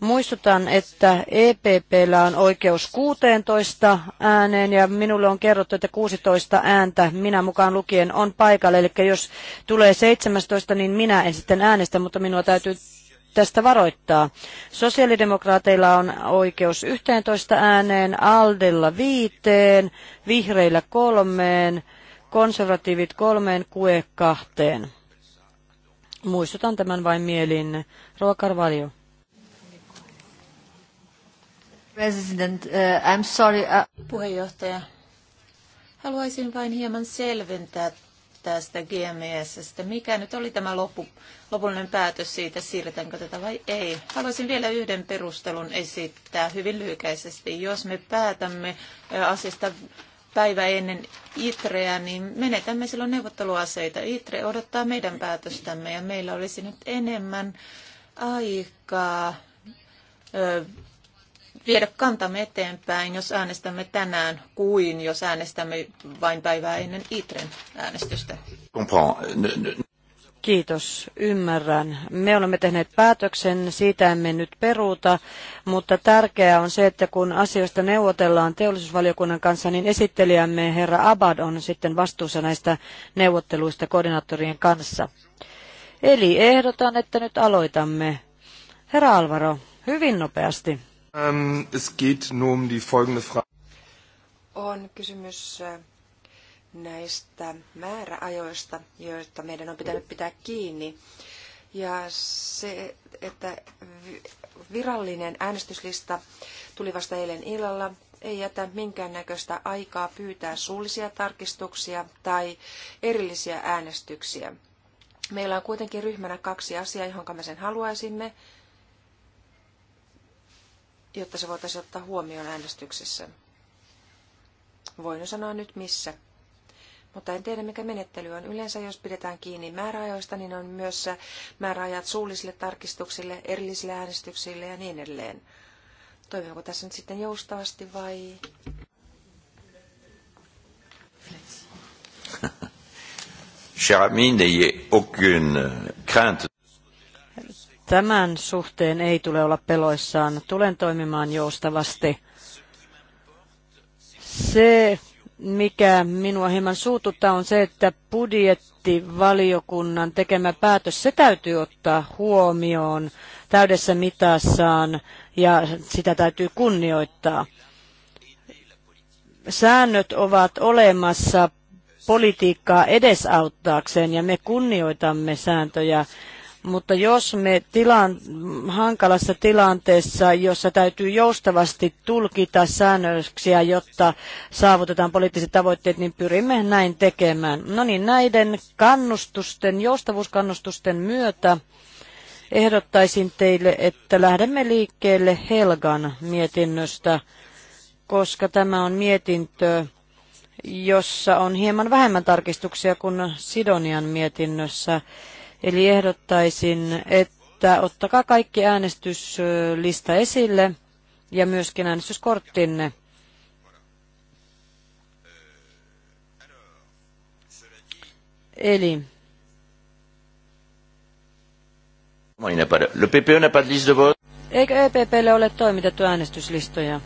Muistutan, että EPPllä on oikeus 16 ääneen ja minulle on kerrottu, että 16 ääntä minä mukaan lukien on paikalla. Eli jos tulee 17, niin minä en sitten äänestä, mutta minua täytyy tästä varoittaa. Sosiaalidemokraateilla on oikeus 11 ääneen, Aldella viiteen, vihreillä kolmeen, konservatiivit kolmeen, kue kahteen. Muistutan tämän vain mielin. Rova Carvalho. President, uh, I'm sorry. Uh... Puheenjohtaja, haluaisin vain hieman selventää tästä GMSstä. Mikä nyt oli tämä lopu, lopullinen päätös siitä, siirretäänkö tätä vai ei? Haluaisin vielä yhden perustelun esittää hyvin lyhykäisesti. Jos me päätämme asiasta päivä ennen ITREä, niin menetämme silloin neuvotteluaseita. ITRE odottaa meidän päätöstämme ja meillä olisi nyt enemmän aikaa viedä kantamme eteenpäin, jos äänestämme tänään, kuin jos äänestämme vain päivää ennen ITREn äänestystä. Kiitos, ymmärrän. Me olemme tehneet päätöksen, siitä emme nyt peruuta, mutta tärkeää on se, että kun asioista neuvotellaan teollisuusvaliokunnan kanssa, niin esittelijämme herra Abad on sitten vastuussa näistä neuvotteluista koordinaattorien kanssa. Eli ehdotan, että nyt aloitamme. Herra Alvaro, hyvin nopeasti. Ähm, es geht nur um die folgende Frage. On kysymys äh, näistä määräajoista, joista meidän on pitänyt pitää kiinni. Ja se, että virallinen äänestyslista tuli vasta eilen illalla, ei jätä minkäännäköistä aikaa pyytää suullisia tarkistuksia tai erillisiä äänestyksiä. Meillä on kuitenkin ryhmänä kaksi asiaa, johon me sen haluaisimme jotta se voitaisiin ottaa huomioon äänestyksessä. Voin jo sanoa nyt missä. Mutta en tiedä, mikä menettely on. Yleensä jos pidetään kiinni määräajoista, niin on myös määräajat suullisille tarkistuksille, erillisille äänestyksille ja niin edelleen. Toimiiko tässä nyt sitten joustavasti vai... Cher ami, n'ayez aucune crainte. Tämän suhteen ei tule olla peloissaan. Tulen toimimaan joustavasti. Se, mikä minua hieman suututtaa, on se, että budjettivaliokunnan tekemä päätös, se täytyy ottaa huomioon täydessä mitassaan ja sitä täytyy kunnioittaa. Säännöt ovat olemassa politiikkaa edesauttaakseen ja me kunnioitamme sääntöjä mutta jos me tilan, hankalassa tilanteessa, jossa täytyy joustavasti tulkita säännöksiä, jotta saavutetaan poliittiset tavoitteet, niin pyrimme näin tekemään. No niin, näiden kannustusten, joustavuuskannustusten myötä ehdottaisin teille, että lähdemme liikkeelle Helgan mietinnöstä, koska tämä on mietintö, jossa on hieman vähemmän tarkistuksia kuin Sidonian mietinnössä. Eli ehdottaisin, että ottakaa kaikki äänestyslista esille ja myöskin äänestyskorttinne. Eli. E eikö EPPlle ole toimitettu äänestyslistoja?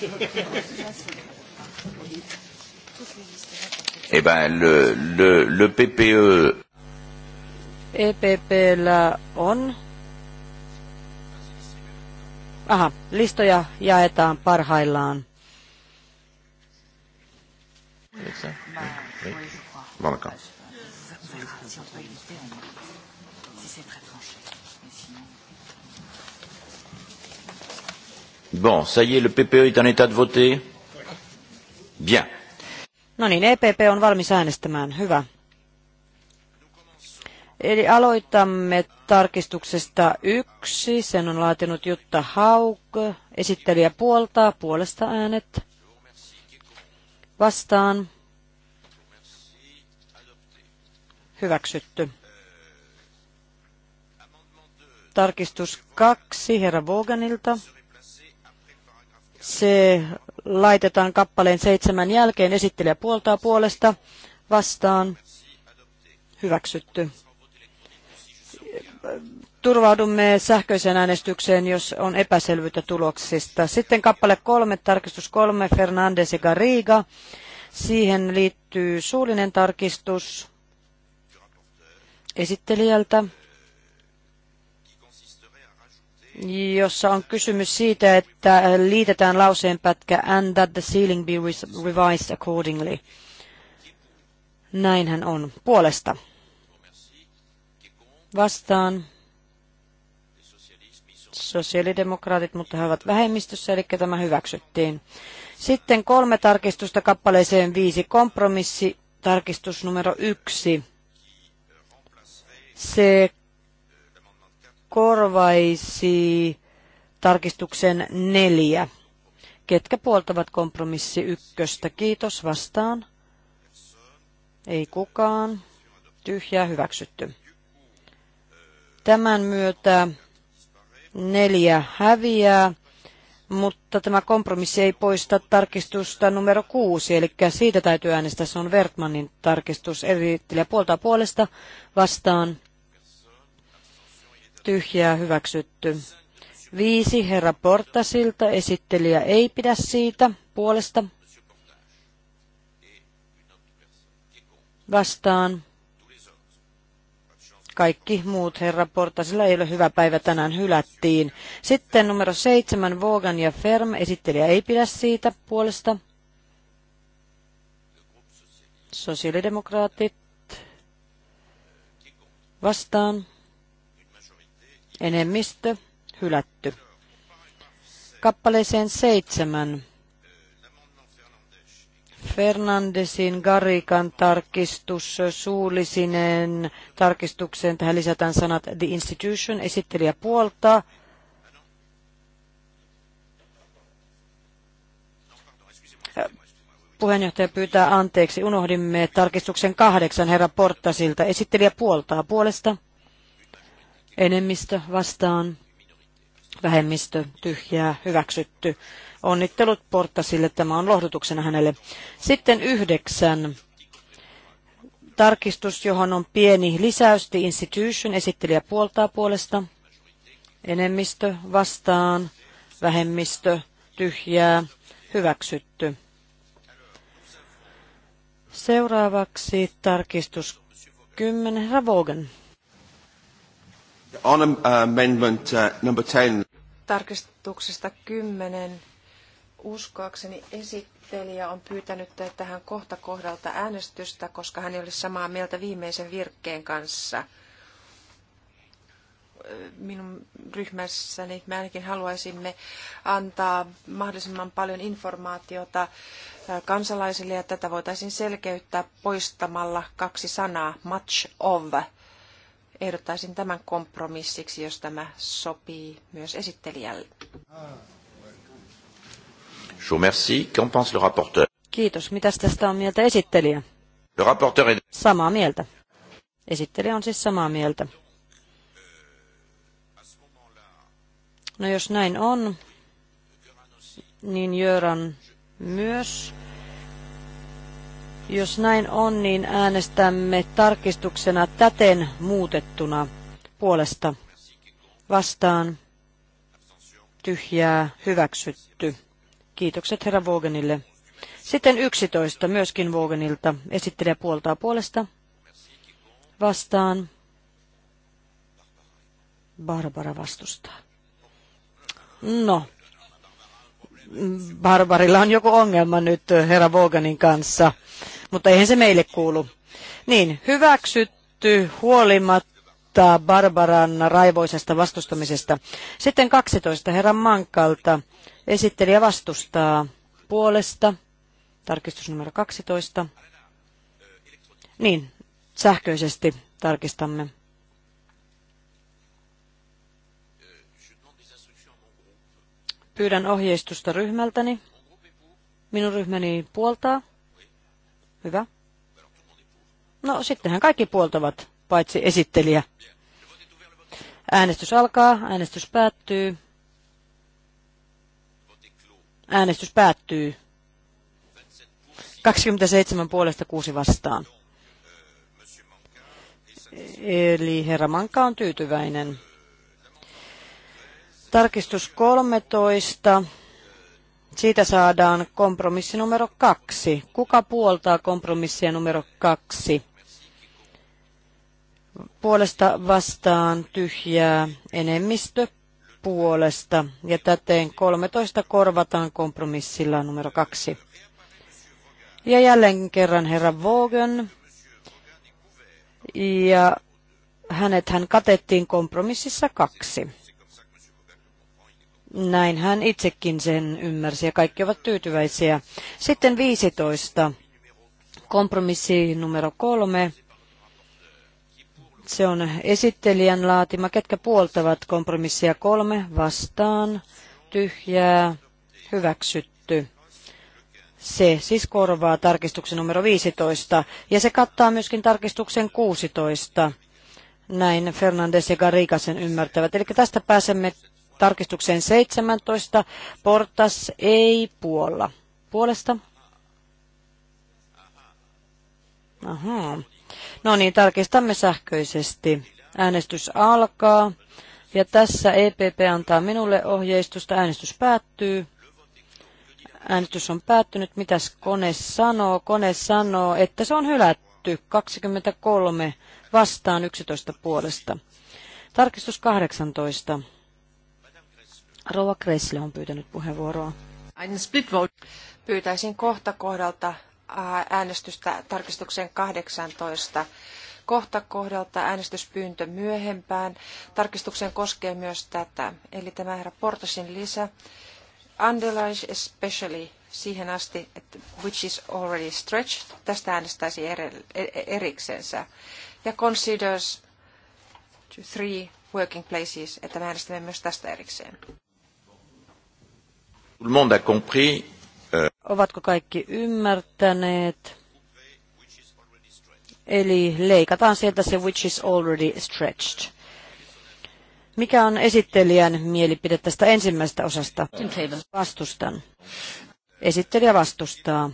eh ben, le, le, le PPE... EPPllä on... Aha, listoja jaetaan parhaillaan. Bon, ça y est, le PPE est en état de voter Bien. No niin, EPP on valmis äänestämään. Hyvä. Eli aloitamme tarkistuksesta yksi. Sen on laatinut Jutta Haug. Esittelijä puoltaa. Puolesta äänet. Vastaan. Hyväksytty. Tarkistus kaksi herra Voganilta se laitetaan kappaleen seitsemän jälkeen. Esittelijä puoltaa puolesta vastaan. Hyväksytty. Turvaudumme sähköiseen äänestykseen, jos on epäselvyyttä tuloksista. Sitten kappale kolme, tarkistus kolme, Fernandes ja Garriga. Siihen liittyy suullinen tarkistus esittelijältä jossa on kysymys siitä, että liitetään lauseenpätkä and that the ceiling be revised accordingly. Näinhän on. Puolesta. Vastaan. Sosiaalidemokraatit, mutta he ovat vähemmistössä, eli tämä hyväksyttiin. Sitten kolme tarkistusta kappaleeseen viisi. Kompromissi, tarkistus numero yksi. Se korvaisi tarkistuksen neljä. Ketkä puoltavat kompromissi ykköstä? Kiitos vastaan. Ei kukaan. Tyhjää hyväksytty. Tämän myötä neljä häviää, mutta tämä kompromissi ei poista tarkistusta numero kuusi, eli siitä täytyy äänestää. Se on Vertmanin tarkistus. Eli puoltaa puolesta vastaan tyhjää hyväksytty. Viisi herra Portasilta, esittelijä ei pidä siitä puolesta. Vastaan. Kaikki muut herra Portasilla ei ole hyvä päivä tänään hylättiin. Sitten numero seitsemän Vogan ja Ferm, esittelijä ei pidä siitä puolesta. Sosiaalidemokraatit vastaan enemmistö hylätty. Kappaleeseen seitsemän. Fernandesin Garikan tarkistus suullisinen tarkistukseen. Tähän lisätään sanat The Institution. Esittelijä puolta. Puheenjohtaja pyytää anteeksi. Unohdimme tarkistuksen kahdeksan herra Portasilta. Esittelijä puoltaa puolesta enemmistö vastaan, vähemmistö tyhjää hyväksytty. Onnittelut Portasille, tämä on lohdutuksena hänelle. Sitten yhdeksän tarkistus, johon on pieni lisäys, The Institution, esittelijä puoltaa puolesta, enemmistö vastaan, vähemmistö tyhjää, hyväksytty. Seuraavaksi tarkistus 10, Ravogen. On um, uh, amendment uh, number 10. Tarkistuksesta 10. Uskoakseni esittelijä on pyytänyt tähän kohta kohdalta äänestystä, koska hän ei ole samaa mieltä viimeisen virkkeen kanssa. Minun ryhmässäni me ainakin haluaisimme antaa mahdollisimman paljon informaatiota kansalaisille ja tätä voitaisiin selkeyttää poistamalla kaksi sanaa, much of ehdottaisin tämän kompromissiksi, jos tämä sopii myös esittelijälle. Kiitos. Mitäs tästä on mieltä esittelijä? Samaa mieltä. Esittelijä on siis samaa mieltä. No jos näin on, niin Jöran myös. Jos näin on, niin äänestämme tarkistuksena täten muutettuna puolesta vastaan tyhjää hyväksytty. Kiitokset herra Vogenille. Sitten 11 myöskin Vogenilta. esittelee puoltaa puolesta. Vastaan. Barbara vastustaa. No, Barbarilla on joku ongelma nyt eh, herra Voganin kanssa mutta eihän se meille kuulu. Niin, hyväksytty huolimatta Barbaran raivoisesta vastustamisesta. Sitten 12 herran Mankalta. Esittelijä vastustaa puolesta. Tarkistus numero 12. Niin, sähköisesti tarkistamme. Pyydän ohjeistusta ryhmältäni. Minun ryhmäni puoltaa. Hyvä. No sittenhän kaikki puoltavat, paitsi esittelijä. Äänestys alkaa, äänestys päättyy. Äänestys päättyy. 27 puolesta 6 vastaan. Eli herra Manka on tyytyväinen. Tarkistus 13 siitä saadaan kompromissi numero kaksi. Kuka puoltaa kompromissia numero kaksi? Puolesta vastaan tyhjää enemmistö puolesta ja täten 13 korvataan kompromissilla numero kaksi. Ja jälleen kerran herra Vogen ja hänet hän katettiin kompromississa kaksi. Näin hän itsekin sen ymmärsi ja kaikki ovat tyytyväisiä. Sitten 15. Kompromissi numero kolme. Se on esittelijän laatima. Ketkä puoltavat kompromissia kolme? Vastaan. Tyhjää. Hyväksytty. Se siis korvaa tarkistuksen numero 15 ja se kattaa myöskin tarkistuksen 16. Näin Fernandes ja Garriga sen ymmärtävät. Eli tästä pääsemme tarkistukseen 17. Portas ei puolla. Puolesta? Ahaa. No niin, tarkistamme sähköisesti. Äänestys alkaa. Ja tässä EPP antaa minulle ohjeistusta. Äänestys päättyy. Äänestys on päättynyt. Mitäs kone sanoo? Kone sanoo, että se on hylätty. 23 vastaan 11 puolesta. Tarkistus 18. Rouva Kressle on pyytänyt puheenvuoroa. Pyytäisin kohta kohdalta äänestystä tarkistukseen 18. Kohta kohdalta äänestyspyyntö myöhempään. Tarkistuksen koskee myös tätä, eli tämä herra Portasin lisä. Underlies especially siihen asti, että which is already stretched, tästä äänestäisi e, e, eriksensä. Ja considers to three working places, että me äänestämme myös tästä erikseen. Euh, Ovatko kaikki ymmärtäneet? Eli leikataan sieltä se which is already stretched. Mikä on esittelijän mielipide tästä ensimmäisestä osasta? Vastustan. Esittelijä vastustaa.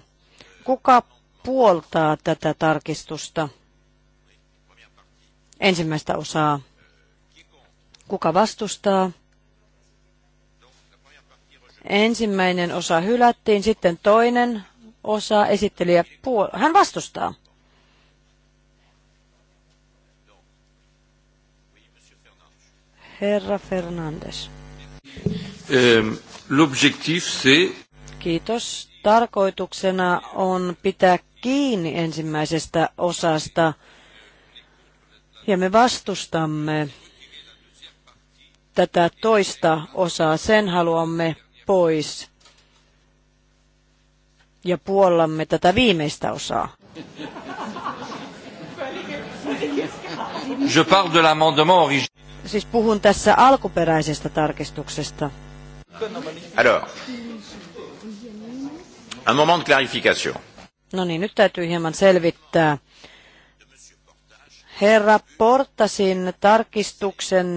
Kuka puoltaa tätä tarkistusta? Ensimmäistä osaa. Kuka vastustaa? Ensimmäinen osa hylättiin, sitten toinen osa esittelijä puol- Hän vastustaa. Herra Fernandes. Ähm, l'objectif c'est... Kiitos. Tarkoituksena on pitää kiinni ensimmäisestä osasta ja me vastustamme tätä toista osaa. Sen haluamme pois ja puollamme tätä viimeistä osaa. Je parle de l'amendement Siis puhun tässä alkuperäisestä tarkistuksesta. Alors, un moment de clarification. No niin, nyt täytyy hieman selvittää. Herra Portasin tarkistuksen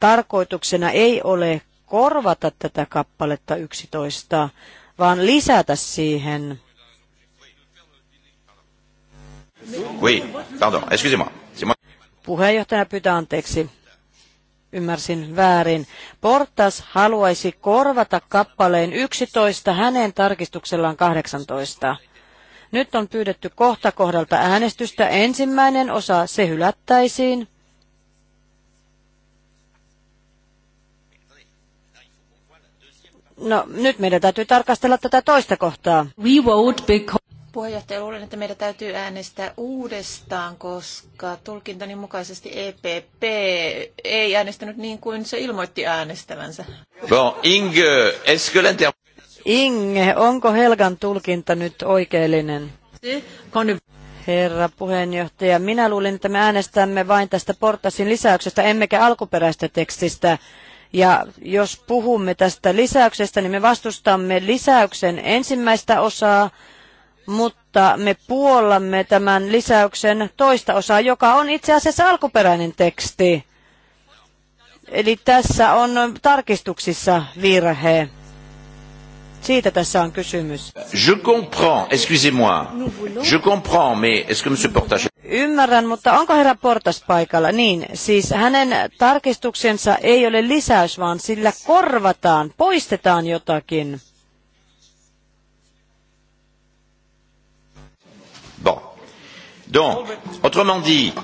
tarkoituksena ei ole korvata tätä kappaletta 11, vaan lisätä siihen. Oui, pardon, excusez-moi. Puheenjohtaja pyytää anteeksi. Ymmärsin väärin. Portas haluaisi korvata kappaleen 11 hänen tarkistuksellaan 18. Nyt on pyydetty kohta kohdalta äänestystä. Ensimmäinen osa, se hylättäisiin. No nyt meidän täytyy tarkastella tätä toista kohtaa. We vote because... Puheenjohtaja, luulen, että meidän täytyy äänestää uudestaan, koska tulkintani mukaisesti EPP ei äänestänyt niin kuin se ilmoitti äänestävänsä. Bon, Inge, que Inge, onko Helgan tulkinta nyt oikeellinen? Herra puheenjohtaja, minä luulin, että me äänestämme vain tästä portasin lisäyksestä, emmekä alkuperäistä tekstistä. Ja jos puhumme tästä lisäyksestä, niin me vastustamme lisäyksen ensimmäistä osaa, mutta me puollamme tämän lisäyksen toista osaa, joka on itse asiassa alkuperäinen teksti. Eli tässä on tarkistuksissa virhe. Siitä tässä on kysymys. Je comprends, excusez-moi. Je comprends, mais est-ce que monsieur Portage... Ymmärrän, mutta onko herra Portas paikalla? Niin, siis hänen tarkistuksensa ei ole lisäys, vaan sillä korvataan, poistetaan jotakin. Bon. Donc, autrement dit...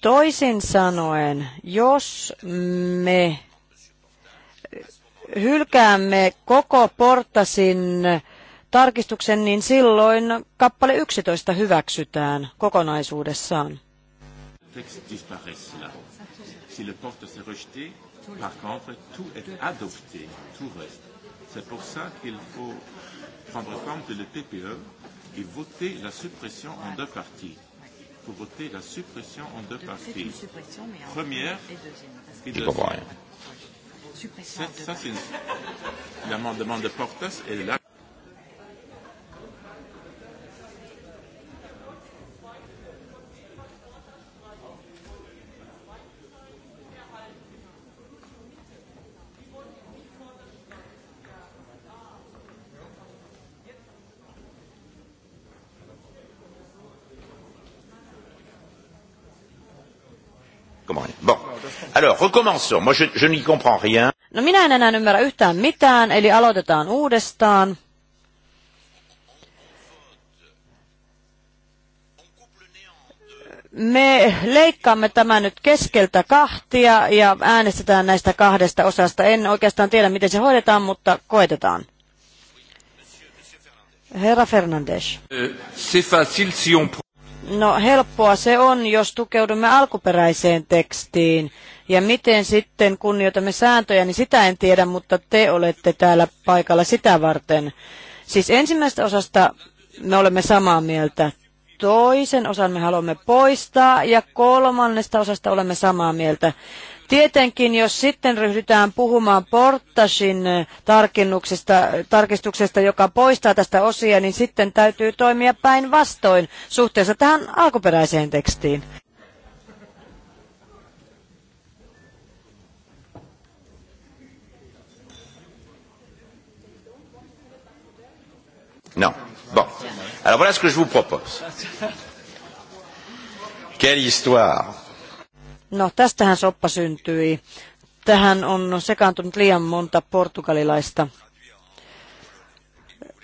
Toisin sanoen, jos me hylkäämme koko Portasin tarkistuksen, niin silloin kappale 11 hyväksytään kokonaisuudessaan. par contre, tout est adopté, tout reste. C'est pour ça qu'il faut prendre compte le et voter la suppression en deux parties. Pour voter la suppression en deux parties. Première et deuxième. Ça, c'est l'amendement de Portas est là. Alors, recommençons. Moi, je, je n'y comprends rien. No minä en enää ymmärrä yhtään mitään, eli aloitetaan uudestaan. me leikkaamme tämän nyt keskeltä kahtia ja äänestetään näistä kahdesta osasta. En oikeastaan tiedä, miten se hoidetaan, mutta koetetaan. Herra Fernandes. Euh, no helppoa se on, jos tukeudumme alkuperäiseen tekstiin. Ja miten sitten kunnioitamme sääntöjä, niin sitä en tiedä, mutta te olette täällä paikalla sitä varten. Siis ensimmäisestä osasta me olemme samaa mieltä. Toisen osan me haluamme poistaa ja kolmannesta osasta olemme samaa mieltä. Tietenkin, jos sitten ryhdytään puhumaan Portasin eh, tarkistuksesta, joka poistaa tästä osia, niin sitten täytyy toimia päinvastoin suhteessa tähän alkuperäiseen tekstiin. Non. Bon. Alors voilà ce que je vous propose. Quelle histoire. No, tästähän soppa syntyi. Tähän on sekaantunut liian monta portugalilaista.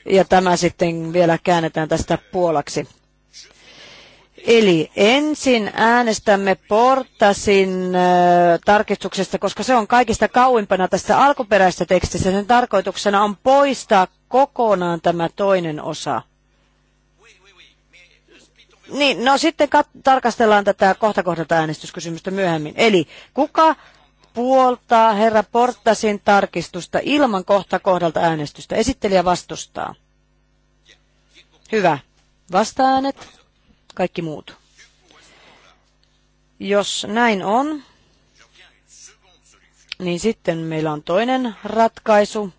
Ja tämä sitten vielä käännetään tästä puolaksi. Eli ensin äänestämme Portasin äh, tarkistuksesta, koska se on kaikista kauimpana tästä alkuperäisestä tekstistä. Sen tarkoituksena on poistaa kokonaan tämä toinen osa. Niin, no sitten kat- tarkastellaan tätä kohta kohdalta äänestyskysymystä myöhemmin. Eli kuka puoltaa herra Portasin tarkistusta ilman kohta kohdalta äänestystä? Esittelijä vastustaa. Hyvä. Vasta-äänet, kaikki muut. Jos näin on, niin sitten meillä on toinen ratkaisu.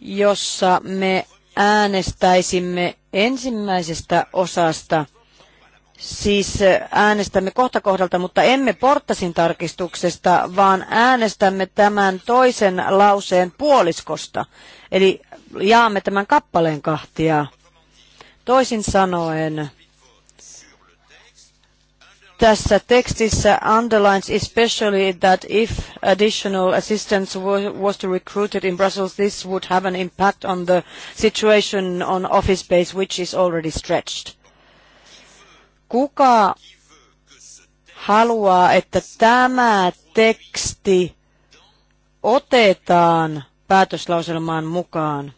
jossa me äänestäisimme ensimmäisestä osasta, siis äänestämme kohta kohdalta, mutta emme porttasin tarkistuksesta, vaan äänestämme tämän toisen lauseen puoliskosta. Eli jaamme tämän kappaleen kahtia. Toisin sanoen, tässä tekstissä underlines especially that if additional assistance was to recruited in Brussels, this would have an impact on the situation on office space, which is already stretched. Kuka haluaa, että tämä teksti otetaan päätöslauselmaan mukaan?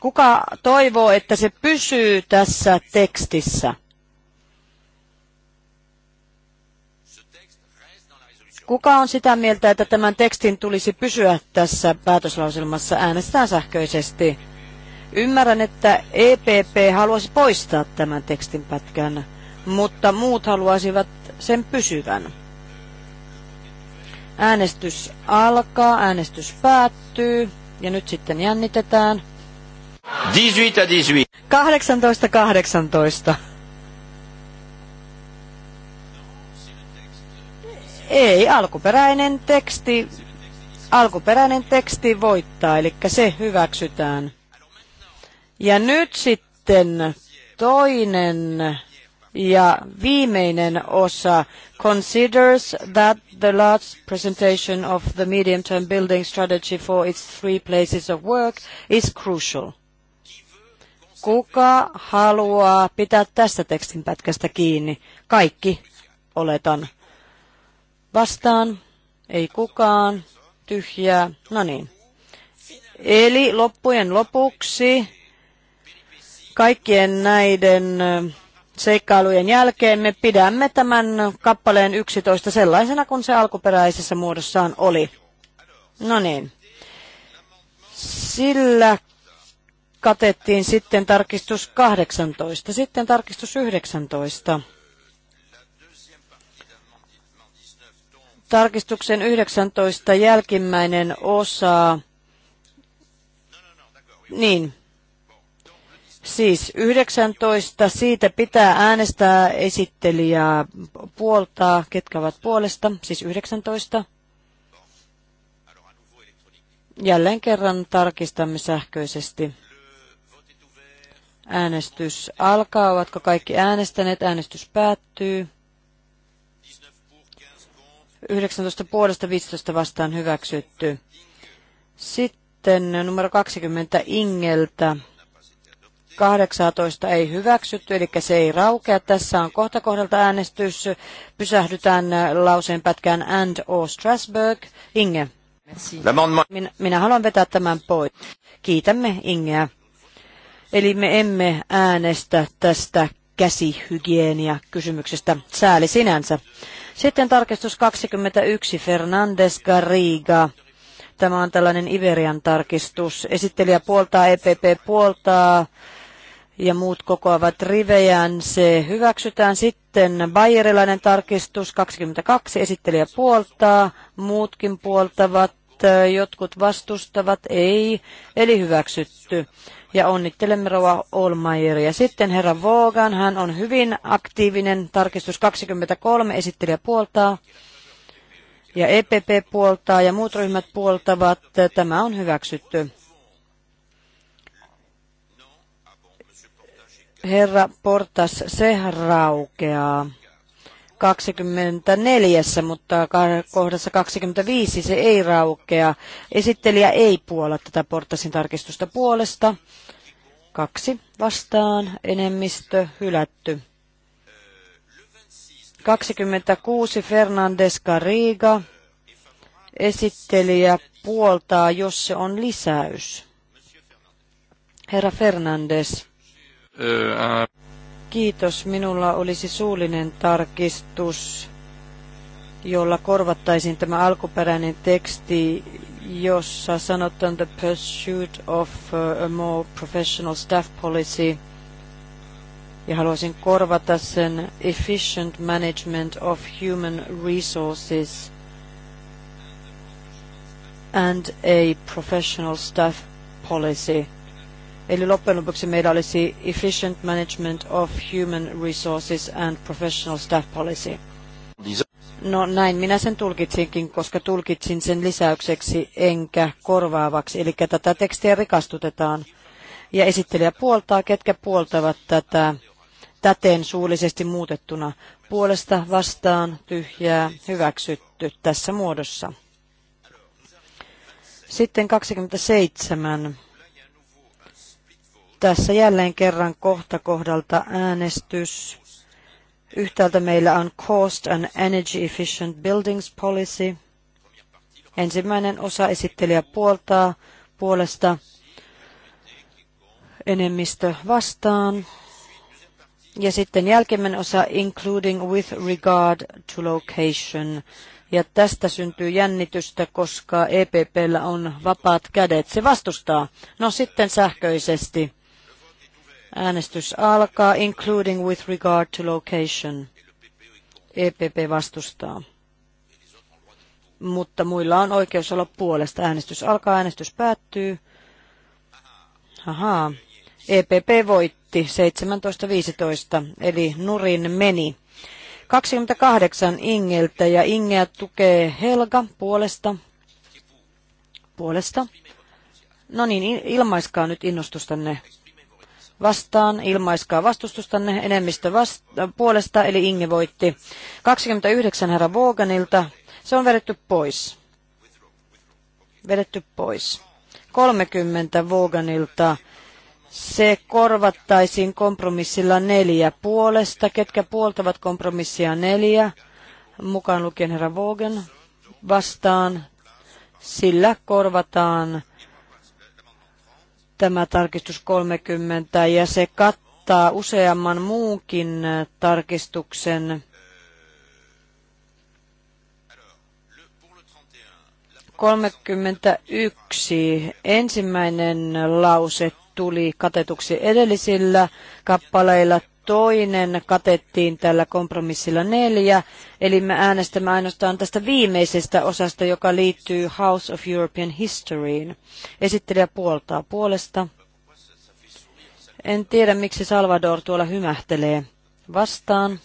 Kuka toivoo, että se pysyy tässä tekstissä? Kuka on sitä mieltä, että tämän tekstin tulisi pysyä tässä päätöslauselmassa äänestää sähköisesti? Ymmärrän, että EPP haluaisi poistaa tämän tekstin pätkän, mutta muut haluaisivat sen pysyvän. Äänestys alkaa, äänestys päättyy ja nyt sitten jännitetään. 18 18. 18 18. Ei, alkuperäinen teksti, alkuperäinen teksti voittaa, eli se hyväksytään. Ja nyt sitten toinen ja viimeinen osa considers that the last presentation of the medium-term building strategy for its three places of work is crucial. Kuka haluaa pitää tästä tekstinpätkästä kiinni? Kaikki, oletan. Vastaan. Ei kukaan. Tyhjää. No niin. Eli loppujen lopuksi kaikkien näiden seikkailujen jälkeen me pidämme tämän kappaleen 11 sellaisena kuin se alkuperäisessä muodossaan oli. No niin. Sillä katettiin sitten tarkistus 18, sitten tarkistus 19. Tarkistuksen 19 jälkimmäinen osa. Niin. Siis 19, siitä pitää äänestää esittelijää puoltaa, ketkä ovat puolesta, siis 19. Jälleen kerran tarkistamme sähköisesti. Äänestys alkaa, ovatko kaikki äänestäneet, äänestys päättyy. 19 puolesta 15 vastaan hyväksytty. Sitten numero 20 Ingeltä. 18 ei hyväksytty, eli se ei raukea. Tässä on kohta kohdalta äänestys. Pysähdytään lauseen pätkään and or Strasbourg. Inge. Minä, minä haluan vetää tämän pois. Kiitämme Ingeä. Eli me emme äänestä tästä käsihygienia kysymyksestä. Sääli sinänsä. Sitten tarkistus 21, Fernandes Garriga. Tämä on tällainen Iberian tarkistus. Esittelijä puoltaa, EPP puoltaa ja muut kokoavat rivejään. Se hyväksytään sitten. Bayerilainen tarkistus 22, esittelijä puoltaa, muutkin puoltavat, jotkut vastustavat, ei, eli hyväksytty ja onnittelemme Roa Olmairia. Sitten herra Vogan, hän on hyvin aktiivinen, tarkistus 23, esittelijä puoltaa ja EPP puoltaa ja muut ryhmät puoltavat. Tämä on hyväksytty. Herra Portas, se raukeaa. 24, mutta kohdassa 25 se ei raukea. Esittelijä ei puolla tätä portasin tarkistusta puolesta. Kaksi vastaan, enemmistö hylätty. 26 Fernandes Garriga. Esittelijä puoltaa, jos se on lisäys. Herra Fernandes. Kiitos. Minulla olisi suullinen tarkistus, jolla korvattaisiin tämä alkuperäinen teksti, jossa sanotaan the pursuit of uh, a more professional staff policy. Ja haluaisin korvata sen efficient management of human resources and a professional staff policy. Eli loppujen lopuksi meillä olisi efficient management of human resources and professional staff policy. No näin minä sen tulkitsinkin, koska tulkitsin sen lisäykseksi enkä korvaavaksi. Eli tätä tekstiä rikastutetaan. Ja esittelijä puoltaa, ketkä puoltavat tätä täten suullisesti muutettuna. Puolesta vastaan tyhjää hyväksytty tässä muodossa. Sitten 27. Tässä jälleen kerran kohta kohdalta äänestys. Yhtäältä meillä on Cost and Energy Efficient Buildings Policy. Ensimmäinen osa esittelijä puoltaa puolesta enemmistö vastaan. Ja sitten jälkimmäinen osa Including with regard to location. Ja tästä syntyy jännitystä, koska EPPllä on vapaat kädet. Se vastustaa. No sitten sähköisesti. Äänestys alkaa, including with regard to location. EPP vastustaa. Mutta muilla on oikeus olla puolesta. Äänestys alkaa, äänestys päättyy. Ahaa. EPP voitti 17.15, eli nurin meni. 28 Ingeltä ja Ingeä tukee Helga puolesta. Puolesta. No niin, ilmaiskaa nyt innostustanne vastaan, ilmaiskaa vastustustanne, enemmistö vasta- puolesta, eli Inge voitti. 29 herra Voganilta, se on vedetty pois. Vedetty pois. 30 Voganilta, se korvattaisiin kompromissilla neljä puolesta. Ketkä puoltavat kompromissia neljä, mukaan lukien herra Vogan, vastaan, sillä korvataan tämä tarkistus 30 ja se kattaa useamman muunkin tarkistuksen. 31. Ensimmäinen lause tuli katetuksi edellisillä kappaleilla toinen katettiin tällä kompromissilla neljä, eli me äänestämme ainoastaan tästä viimeisestä osasta, joka liittyy House of European Historyin. Esittelijä puoltaa puolesta. En tiedä, miksi Salvador tuolla hymähtelee. Vastaan.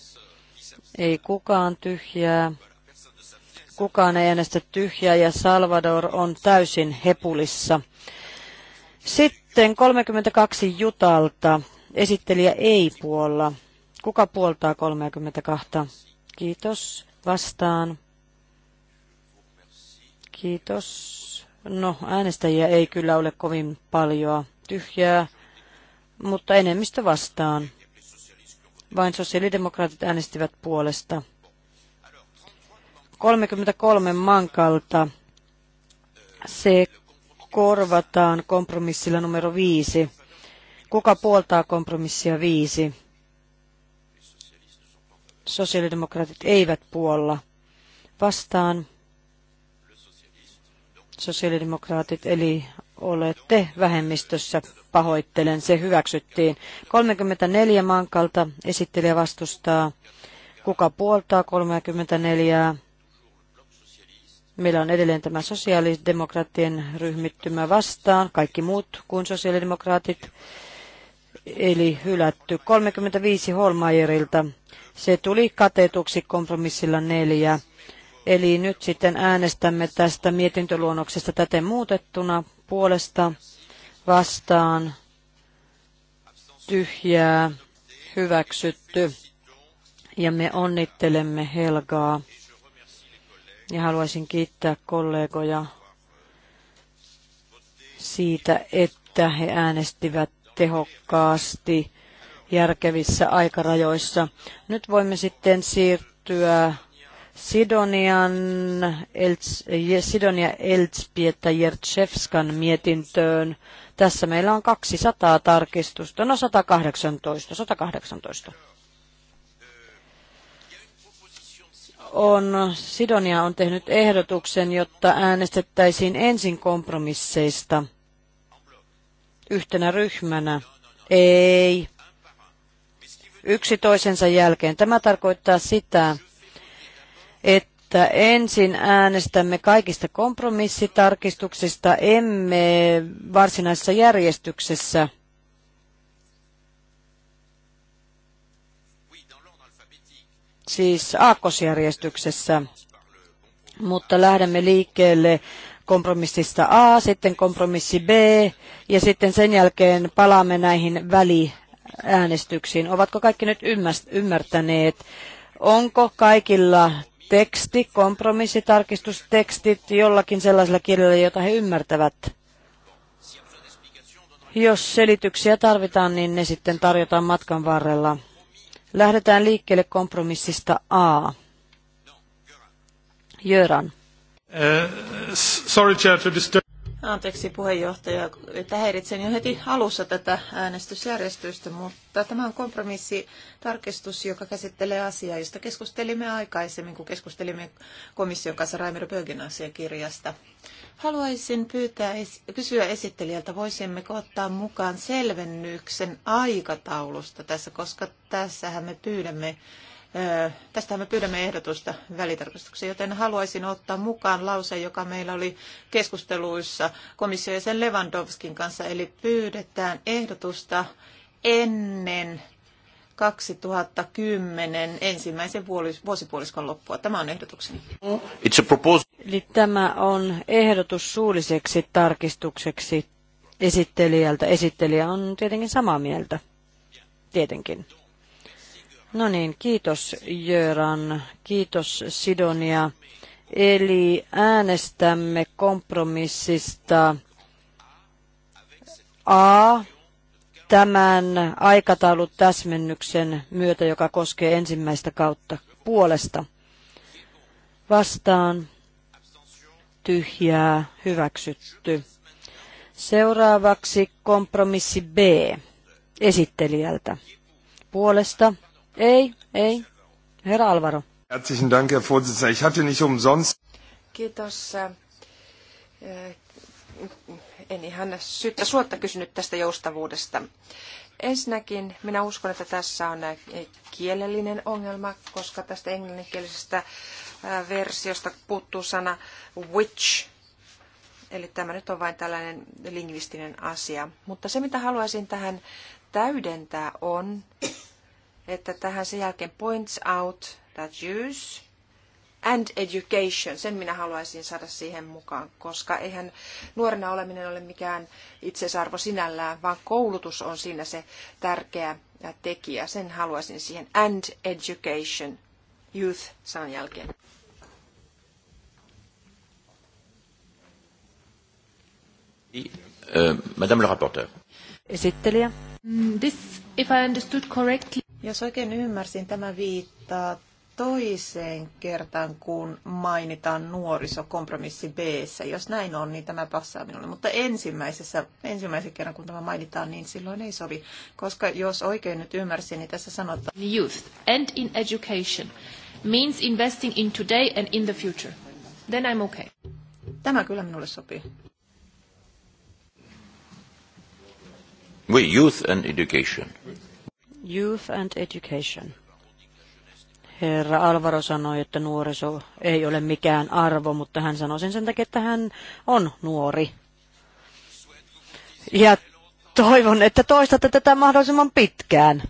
Ei kukaan tyhjää. Kukaan ei äänestä tyhjää ja Salvador on täysin hepulissa. Sitten 32 Jutalta esittelijä ei puolla. Kuka puoltaa 32? Kiitos. Vastaan. Kiitos. No, äänestäjiä ei kyllä ole kovin paljon tyhjää, mutta enemmistö vastaan. Vain sosiaalidemokraatit äänestivät puolesta. 33 mankalta se korvataan kompromissilla numero 5. Kuka puoltaa kompromissia viisi? Sosiaalidemokraatit eivät puolla. Vastaan sosiaalidemokraatit, eli olette vähemmistössä. Pahoittelen, se hyväksyttiin. 34 mankalta esittelijä vastustaa. Kuka puoltaa 34? Meillä on edelleen tämä sosiaalidemokraattien ryhmittymä vastaan, kaikki muut kuin sosiaalidemokraatit eli hylätty. 35 Holmajerilta. Se tuli katetuksi kompromissilla neljä. Eli nyt sitten äänestämme tästä mietintöluonnoksesta täten muutettuna puolesta vastaan tyhjää hyväksytty. Ja me onnittelemme Helgaa. Ja haluaisin kiittää kollegoja siitä, että he äänestivät tehokkaasti järkevissä aikarajoissa. Nyt voimme sitten siirtyä Sidonian Elts, Sidonia Eltspieta Jertsevskan mietintöön. Tässä meillä on 200 tarkistusta, no 118, 118. On, Sidonia on tehnyt ehdotuksen, jotta äänestettäisiin ensin kompromisseista – yhtenä ryhmänä. Ei. Yksi toisensa jälkeen. Tämä tarkoittaa sitä, että ensin äänestämme kaikista kompromissitarkistuksista, emme varsinaisessa järjestyksessä. Siis aakkosjärjestyksessä, mutta lähdemme liikkeelle kompromissista A, sitten kompromissi B ja sitten sen jälkeen palaamme näihin väliäänestyksiin. Ovatko kaikki nyt ymmärtäneet? Onko kaikilla teksti, kompromissitarkistustekstit jollakin sellaisella kirjalla, jota he ymmärtävät? Jos selityksiä tarvitaan, niin ne sitten tarjotaan matkan varrella. Lähdetään liikkeelle kompromissista A. Jöran. Uh, sorry, chair, to disturb. Anteeksi puheenjohtaja, että häiritsen jo heti alussa tätä äänestysjärjestystä, mutta tämä on kompromissitarkistus, joka käsittelee asiaa, josta keskustelimme aikaisemmin, kun keskustelimme komission kanssa Raimer Bögen asiakirjasta. Haluaisin pyytää, kysyä esittelijältä, voisimmeko ottaa mukaan selvennyksen aikataulusta tässä, koska tässähän me pyydämme Tästähän me pyydämme ehdotusta välitarkastukseen, joten haluaisin ottaa mukaan lauseen, joka meillä oli keskusteluissa komission jäsen Lewandowskin kanssa, eli pyydetään ehdotusta ennen 2010 ensimmäisen vuosipuoliskon loppua. Tämä on ehdotukseni. Eli tämä on ehdotus suulliseksi tarkistukseksi esittelijältä. Esittelijä on tietenkin samaa mieltä. Tietenkin. No niin, kiitos Jöran, kiitos Sidonia. Eli äänestämme kompromissista A tämän aikataulutäsmennyksen myötä, joka koskee ensimmäistä kautta puolesta. Vastaan tyhjää hyväksytty. Seuraavaksi kompromissi B esittelijältä. Puolesta ei, ei. Herra Alvaro. Herzlichen Dank, Herr Vorsitzender. Ich hatte nicht umsonst... Kiitos. Äh, en ihan syyttä suotta kysynyt tästä joustavuudesta. Ensinnäkin minä uskon, että tässä on äh, kielellinen ongelma, koska tästä englanninkielisestä äh, versiosta puuttuu sana which. Eli tämä nyt on vain tällainen lingvistinen asia. Mutta se, mitä haluaisin tähän täydentää, on, että tähän sen jälkeen points out that use and education, sen minä haluaisin saada siihen mukaan, koska eihän nuorena oleminen ole mikään itsesarvo sinällään, vaan koulutus on siinä se tärkeä tekijä. Sen haluaisin siihen and education, youth sanan jälkeen. Euh, madame le rapporteur. Esittelijä. Mm, this, if I understood correctly... Jos oikein ymmärsin, tämä viittaa toiseen kertaan, kun mainitaan nuorisokompromissi b Jos näin on, niin tämä passaa minulle. Mutta ensimmäisessä, ensimmäisen kerran, kun tämä mainitaan, niin silloin ei sovi. Koska jos oikein nyt ymmärsin, niin tässä sanotaan... Youth and in education means investing in today and in the future. Then I'm okay. Tämä kyllä minulle sopii. We youth and education. Youth and Education. Herra Alvaro sanoi, että nuoriso ei ole mikään arvo, mutta hän sanoi sen sen takia, että hän on nuori. Ja toivon, että toistatte tätä mahdollisimman pitkään.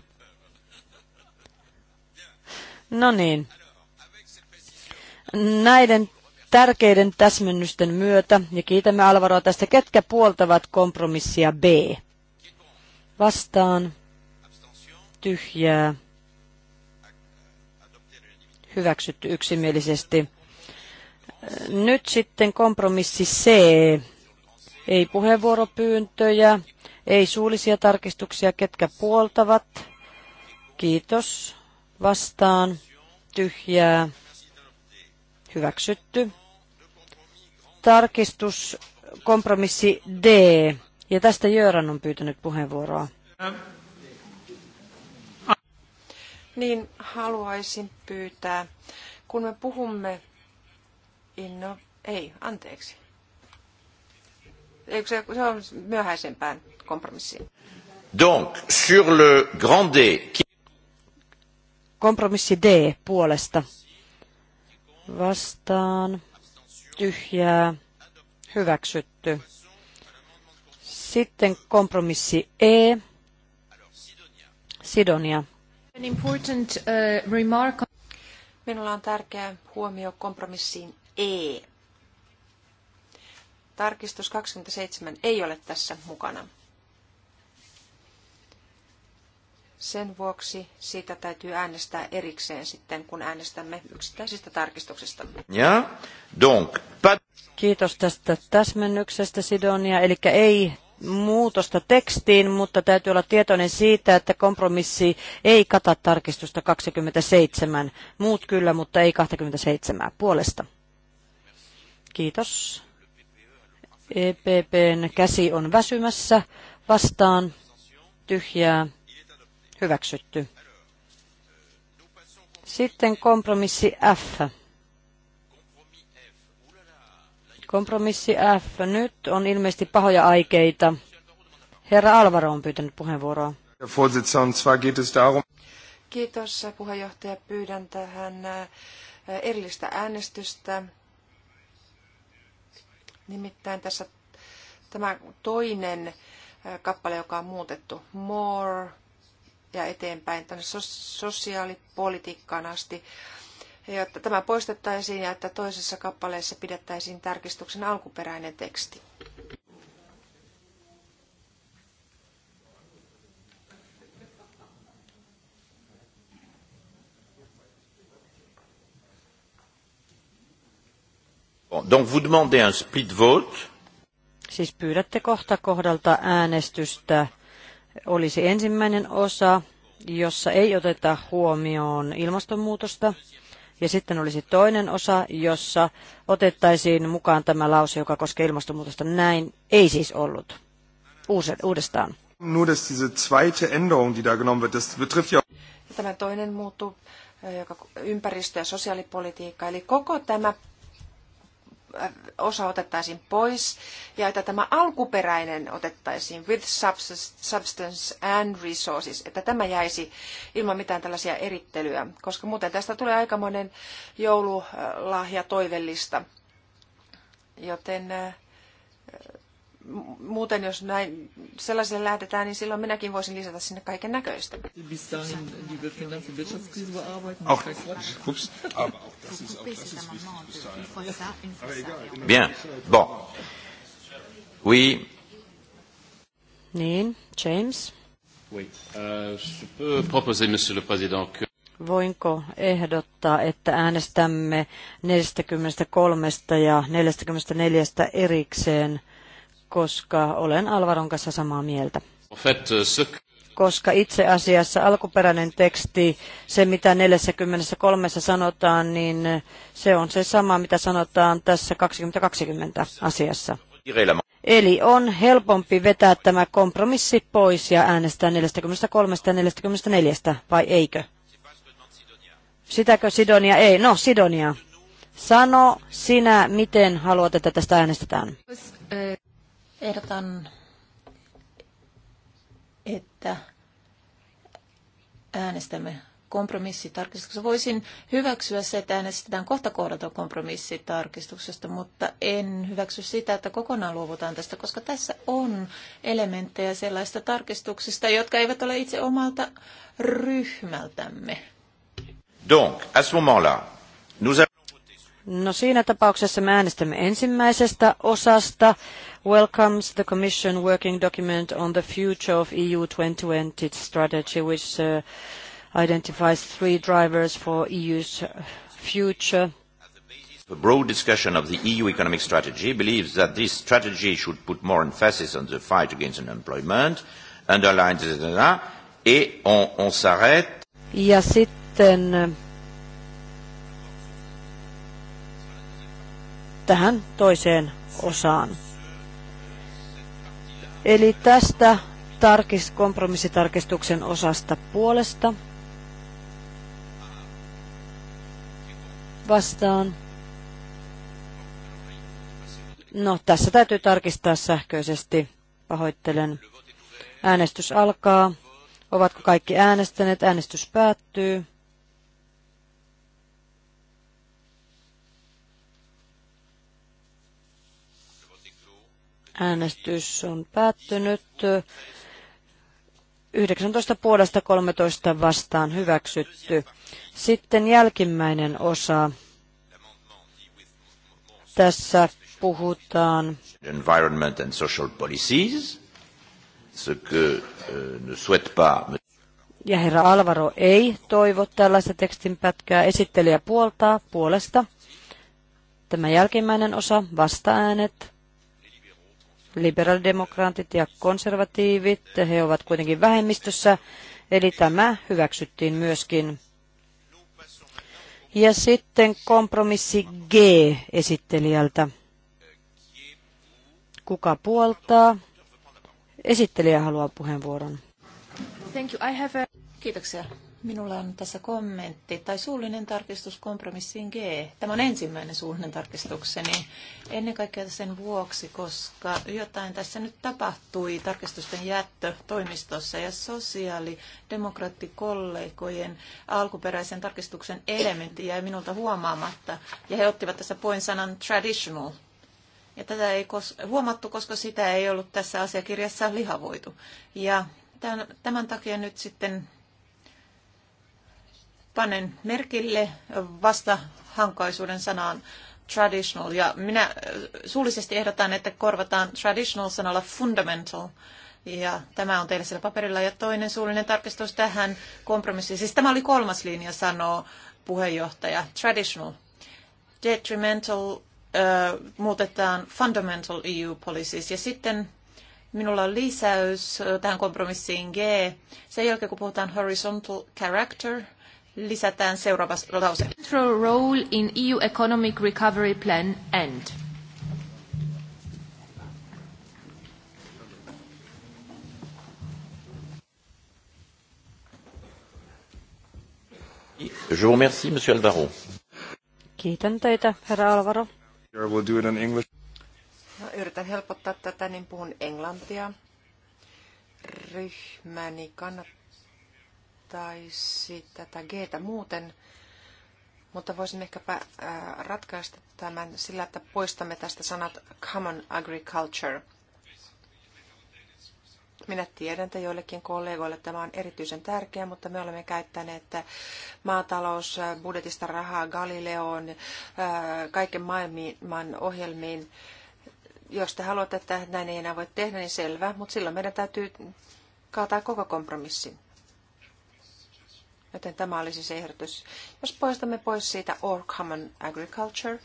No niin. Näiden tärkeiden täsmennysten myötä, ja kiitämme Alvaroa tästä, ketkä puoltavat kompromissia B. Vastaan tyhjää hyväksytty yksimielisesti. Nyt sitten kompromissi C. Ei puheenvuoropyyntöjä, ei suullisia tarkistuksia, ketkä puoltavat. Kiitos. Vastaan. Tyhjää. Hyväksytty. Tarkistus kompromissi D. Ja tästä Jöran on pyytänyt puheenvuoroa. Ähm niin haluaisin pyytää, kun me puhumme inno... Ei, anteeksi. Eikö se, se on myöhäisempään kompromissiin. Donc, sur le grand D. Qui... Kompromissi D puolesta. Vastaan. Tyhjää. Hyväksytty. Sitten kompromissi E. Sidonia important, uh, remark. Minulla on tärkeä huomio kompromissiin E. Tarkistus 27 ei ole tässä mukana. Sen vuoksi siitä täytyy äänestää erikseen sitten, kun äänestämme yksittäisistä tarkistuksista. donc, Kiitos tästä täsmennyksestä Sidonia, eli ei muutosta tekstiin, mutta täytyy olla tietoinen siitä, että kompromissi ei kata tarkistusta 27. Muut kyllä, mutta ei 27 puolesta. Kiitos. EPPn käsi on väsymässä. Vastaan. Tyhjää. Hyväksytty. Sitten kompromissi F Kompromissi F. Nyt on ilmeisesti pahoja aikeita. Herra Alvaro on pyytänyt puheenvuoroa. Kiitos puheenjohtaja. Pyydän tähän äh, erillistä äänestystä. Nimittäin tässä tämä toinen äh, kappale, joka on muutettu, more ja eteenpäin tänne sosiaalipolitiikkaan asti jotta tämä poistettaisiin ja että toisessa kappaleessa pidettäisiin tarkistuksen alkuperäinen teksti. Donc vous demandez un split vote. Siis pyydätte kohta kohdalta äänestystä. Olisi ensimmäinen osa, jossa ei oteta huomioon ilmastonmuutosta. Ja sitten olisi toinen osa, jossa otettaisiin mukaan tämä lause, joka koskee ilmastonmuutosta. Näin ei siis ollut. uudestaan. Tämä toinen muuttuu, äh, joka ympäristö- ja sosiaalipolitiikka, eli koko tämä osa otettaisiin pois ja että tämä alkuperäinen otettaisiin with substance and resources, että tämä jäisi ilman mitään tällaisia erittelyjä, koska muuten tästä tulee aikamoinen joululahja toivellista. Joten äh, muuten jos näin sellaiselle lähdetään, niin silloin minäkin voisin lisätä sinne kaiken näköistä. Bien. Bon. Oui. Niin, James. Euh, voinko ehdottaa, että äänestämme 43 ja 44 erikseen koska olen Alvaron kanssa samaa mieltä. Euh, koska itse asiassa alkuperäinen teksti, se mitä 43 sanotaan, niin se on se sama, mitä sanotaan tässä 2020 asiassa. Eli on helpompi vetää tämä kompromissi pois ja äänestää 43 ja 44, vai eikö? Sitäkö Sidonia? Ei, no Sidonia. Sano sinä, miten haluat, että tästä äänestetään. Ehdotan, että äänestämme kompromissitarkistuksesta. Voisin hyväksyä se, että äänestetään kohta kohdalta kompromissitarkistuksesta, mutta en hyväksy sitä, että kokonaan luovutaan tästä, koska tässä on elementtejä sellaista tarkistuksista, jotka eivät ole itse omalta ryhmältämme. Donc, à ce moment-là, nous No siinä tapauksessa me äänestämme ensimmäisestä osasta. Welcomes the Commission working document on the future of EU 2020 strategy, which uh, identifies three drivers for EU's future. The broad discussion of the EU economic strategy believes that this strategy should put more emphasis on the fight against unemployment, underlines underline, et on, on s'arrête. Ja sitten uh, tähän toiseen osaan. Eli tästä tarkis, kompromissitarkistuksen osasta puolesta vastaan. No, tässä täytyy tarkistaa sähköisesti. Pahoittelen. Äänestys alkaa. Ovatko kaikki äänestäneet? Äänestys päättyy. Äänestys on päättynyt. 19 puolesta 13 vastaan hyväksytty. Sitten jälkimmäinen osa. Tässä puhutaan environment and social policies, ce que euh, ne souhaite pas. Ja herra Alvaro ei toivo tällaista tekstinpätkää. Esittelijä puoltaa puolesta. Tämä jälkimmäinen osa, vastaäänet liberaalidemokraatit ja konservatiivit, he ovat kuitenkin vähemmistössä, eli tämä hyväksyttiin myöskin. Ja sitten kompromissi G esittelijältä. Kuka puoltaa? Esittelijä haluaa puheenvuoron. Thank you. I have a... Kiitoksia. Minulla on tässä kommentti tai suullinen tarkistus kompromissiin G. Tämä on ensimmäinen suullinen tarkistukseni ennen kaikkea sen vuoksi, koska jotain tässä nyt tapahtui tarkistusten jättö toimistossa ja sosiaalidemokraattikollegojen alkuperäisen tarkistuksen elementti jäi minulta huomaamatta ja he ottivat tässä poin sanan traditional. Ja tätä ei kos- huomattu, koska sitä ei ollut tässä asiakirjassa lihavoitu. Ja tämän takia nyt sitten panen merkille vastahankaisuuden sanaan traditional. Ja minä suullisesti ehdotan, että korvataan traditional sanalla fundamental. Ja tämä on teillä siellä paperilla. Ja toinen suullinen tarkistus tähän kompromissiin. Siis tämä oli kolmas linja, sanoo puheenjohtaja. Traditional. Detrimental äh, muutetaan fundamental EU policies. Ja sitten minulla on lisäys tähän kompromissiin G. Sen jälkeen, kun puhutaan horizontal character – lisätään seuraava lause. Central role in EU economic recovery plan end. Je vous remercie, monsieur Alvaro. Kiitän teitä, herra Alvaro. We'll do it in English. No, yritän helpottaa tätä, niin puhun englantia. Ryhmäni kannattaa ehdottaisi tätä g muuten, mutta voisimme ehkäpä äh, ratkaista tämän sillä, että poistamme tästä sanat common agriculture. Minä tiedän, että joillekin kollegoille tämä on erityisen tärkeää, mutta me olemme käyttäneet maatalousbudjetista rahaa Galileoon, äh, kaiken maailman ohjelmiin. Jos te haluatte, että näin ei enää voi tehdä, niin selvä, mutta silloin meidän täytyy kaataa koko kompromissi. Joten tämä oli siis ehdotus. Jos poistamme pois siitä or common agriculture,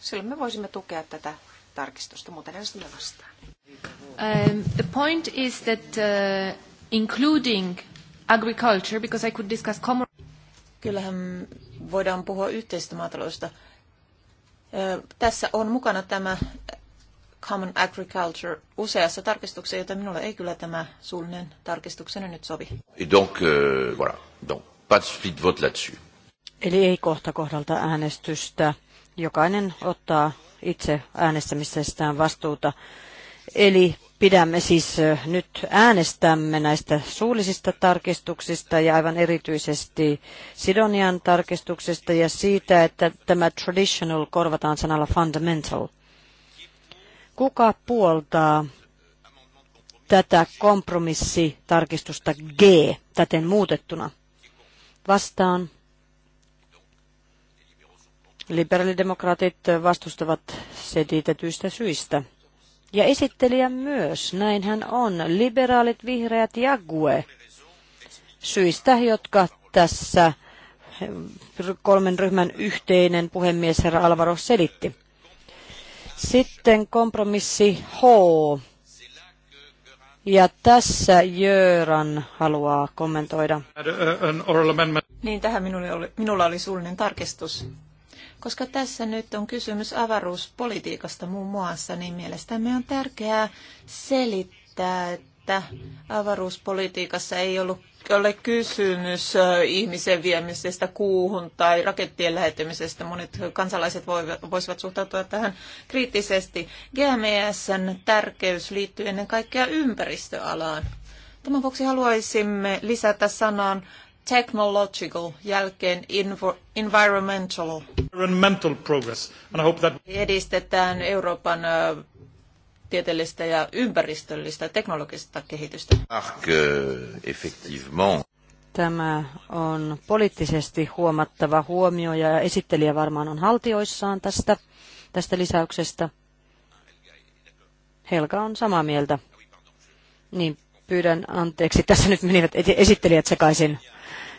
silloin me voisimme tukea tätä tarkistusta, muuten äänestämme vastaan. Um, the point is that uh, including agriculture, because I could discuss common... Kyllähän voidaan puhua yhteisestä maataloudesta. Uh, tässä on mukana tämä Common Agriculture useassa tarkistuksessa, joten minulla ei kyllä tämä suullinen tarkistuksena nyt sovi. Et donc, euh, voilà. donc, split vote là-dessus. Eli ei kohta kohdalta äänestystä. Jokainen ottaa itse äänestämisestään vastuuta. Eli pidämme siis nyt äänestämme näistä suullisista tarkistuksista ja aivan erityisesti Sidonian tarkistuksista ja siitä, että tämä traditional korvataan sanalla fundamental. Kuka puoltaa tätä kompromissitarkistusta G täten muutettuna? vastaan. Liberaalidemokraatit vastustavat seditetyistä syistä. Ja esittelijä myös, näin hän on, liberaalit, vihreät ja GUE. Syistä, jotka tässä kolmen ryhmän yhteinen puhemies herra Alvaro selitti. Sitten kompromissi H ja tässä Jöran haluaa kommentoida. Niin, tähän minulla oli, minulla oli suullinen tarkistus. Koska tässä nyt on kysymys avaruuspolitiikasta muun muassa, niin mielestämme on tärkeää selittää, että että avaruuspolitiikassa ei ollut ole kysymys ihmisen viemisestä kuuhun tai rakettien lähettämisestä. Monet kansalaiset voisivat suhtautua tähän kriittisesti. GMSn tärkeys liittyy ennen kaikkea ympäristöalaan. Tämän vuoksi haluaisimme lisätä sanan technological jälkeen environmental. environmental progress. And I hope that... Edistetään Euroopan tieteellistä ja ympäristöllistä ja teknologista kehitystä. Euh, Tämä on poliittisesti huomattava huomio ja esittelijä varmaan on haltioissaan tästä, tästä lisäyksestä. Helka on samaa mieltä. Niin, pyydän anteeksi. Tässä nyt menivät esittelijät sekaisin.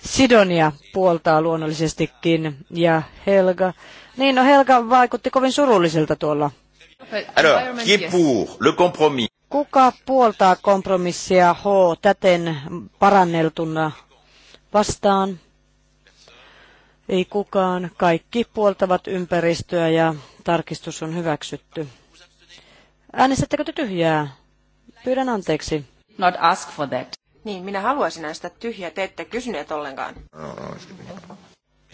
Sidonia puoltaa luonnollisestikin ja Helga. Niin, no Helga vaikutti kovin surulliselta tuolla Alors, qui est pour le compromis? Kuka puoltaa kompromissia H täten paranneltuna vastaan? Ei kukaan. Kaikki puoltavat ympäristöä ja tarkistus on hyväksytty. Äänestättekö te tyhjää? Pyydän anteeksi. Not ask for that. Niin, minä haluaisin äänestää tyhjää. Te ette kysyneet ollenkaan.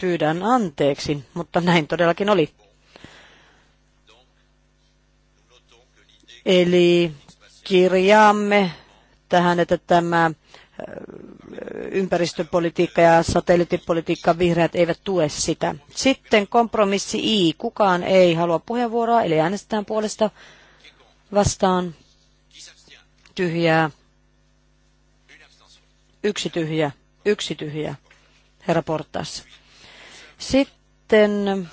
Pyydän anteeksi, mutta näin todellakin oli. Eli kirjaamme tähän, että tämä äh, ympäristöpolitiikka ja satelliittipolitiikka vihreät eivät tue sitä. Sitten kompromissi I. Kukaan ei halua puheenvuoroa, eli äänestetään puolesta vastaan tyhjää. Yksi tyhjä, yksi tyhjä, herra Portas. Sitten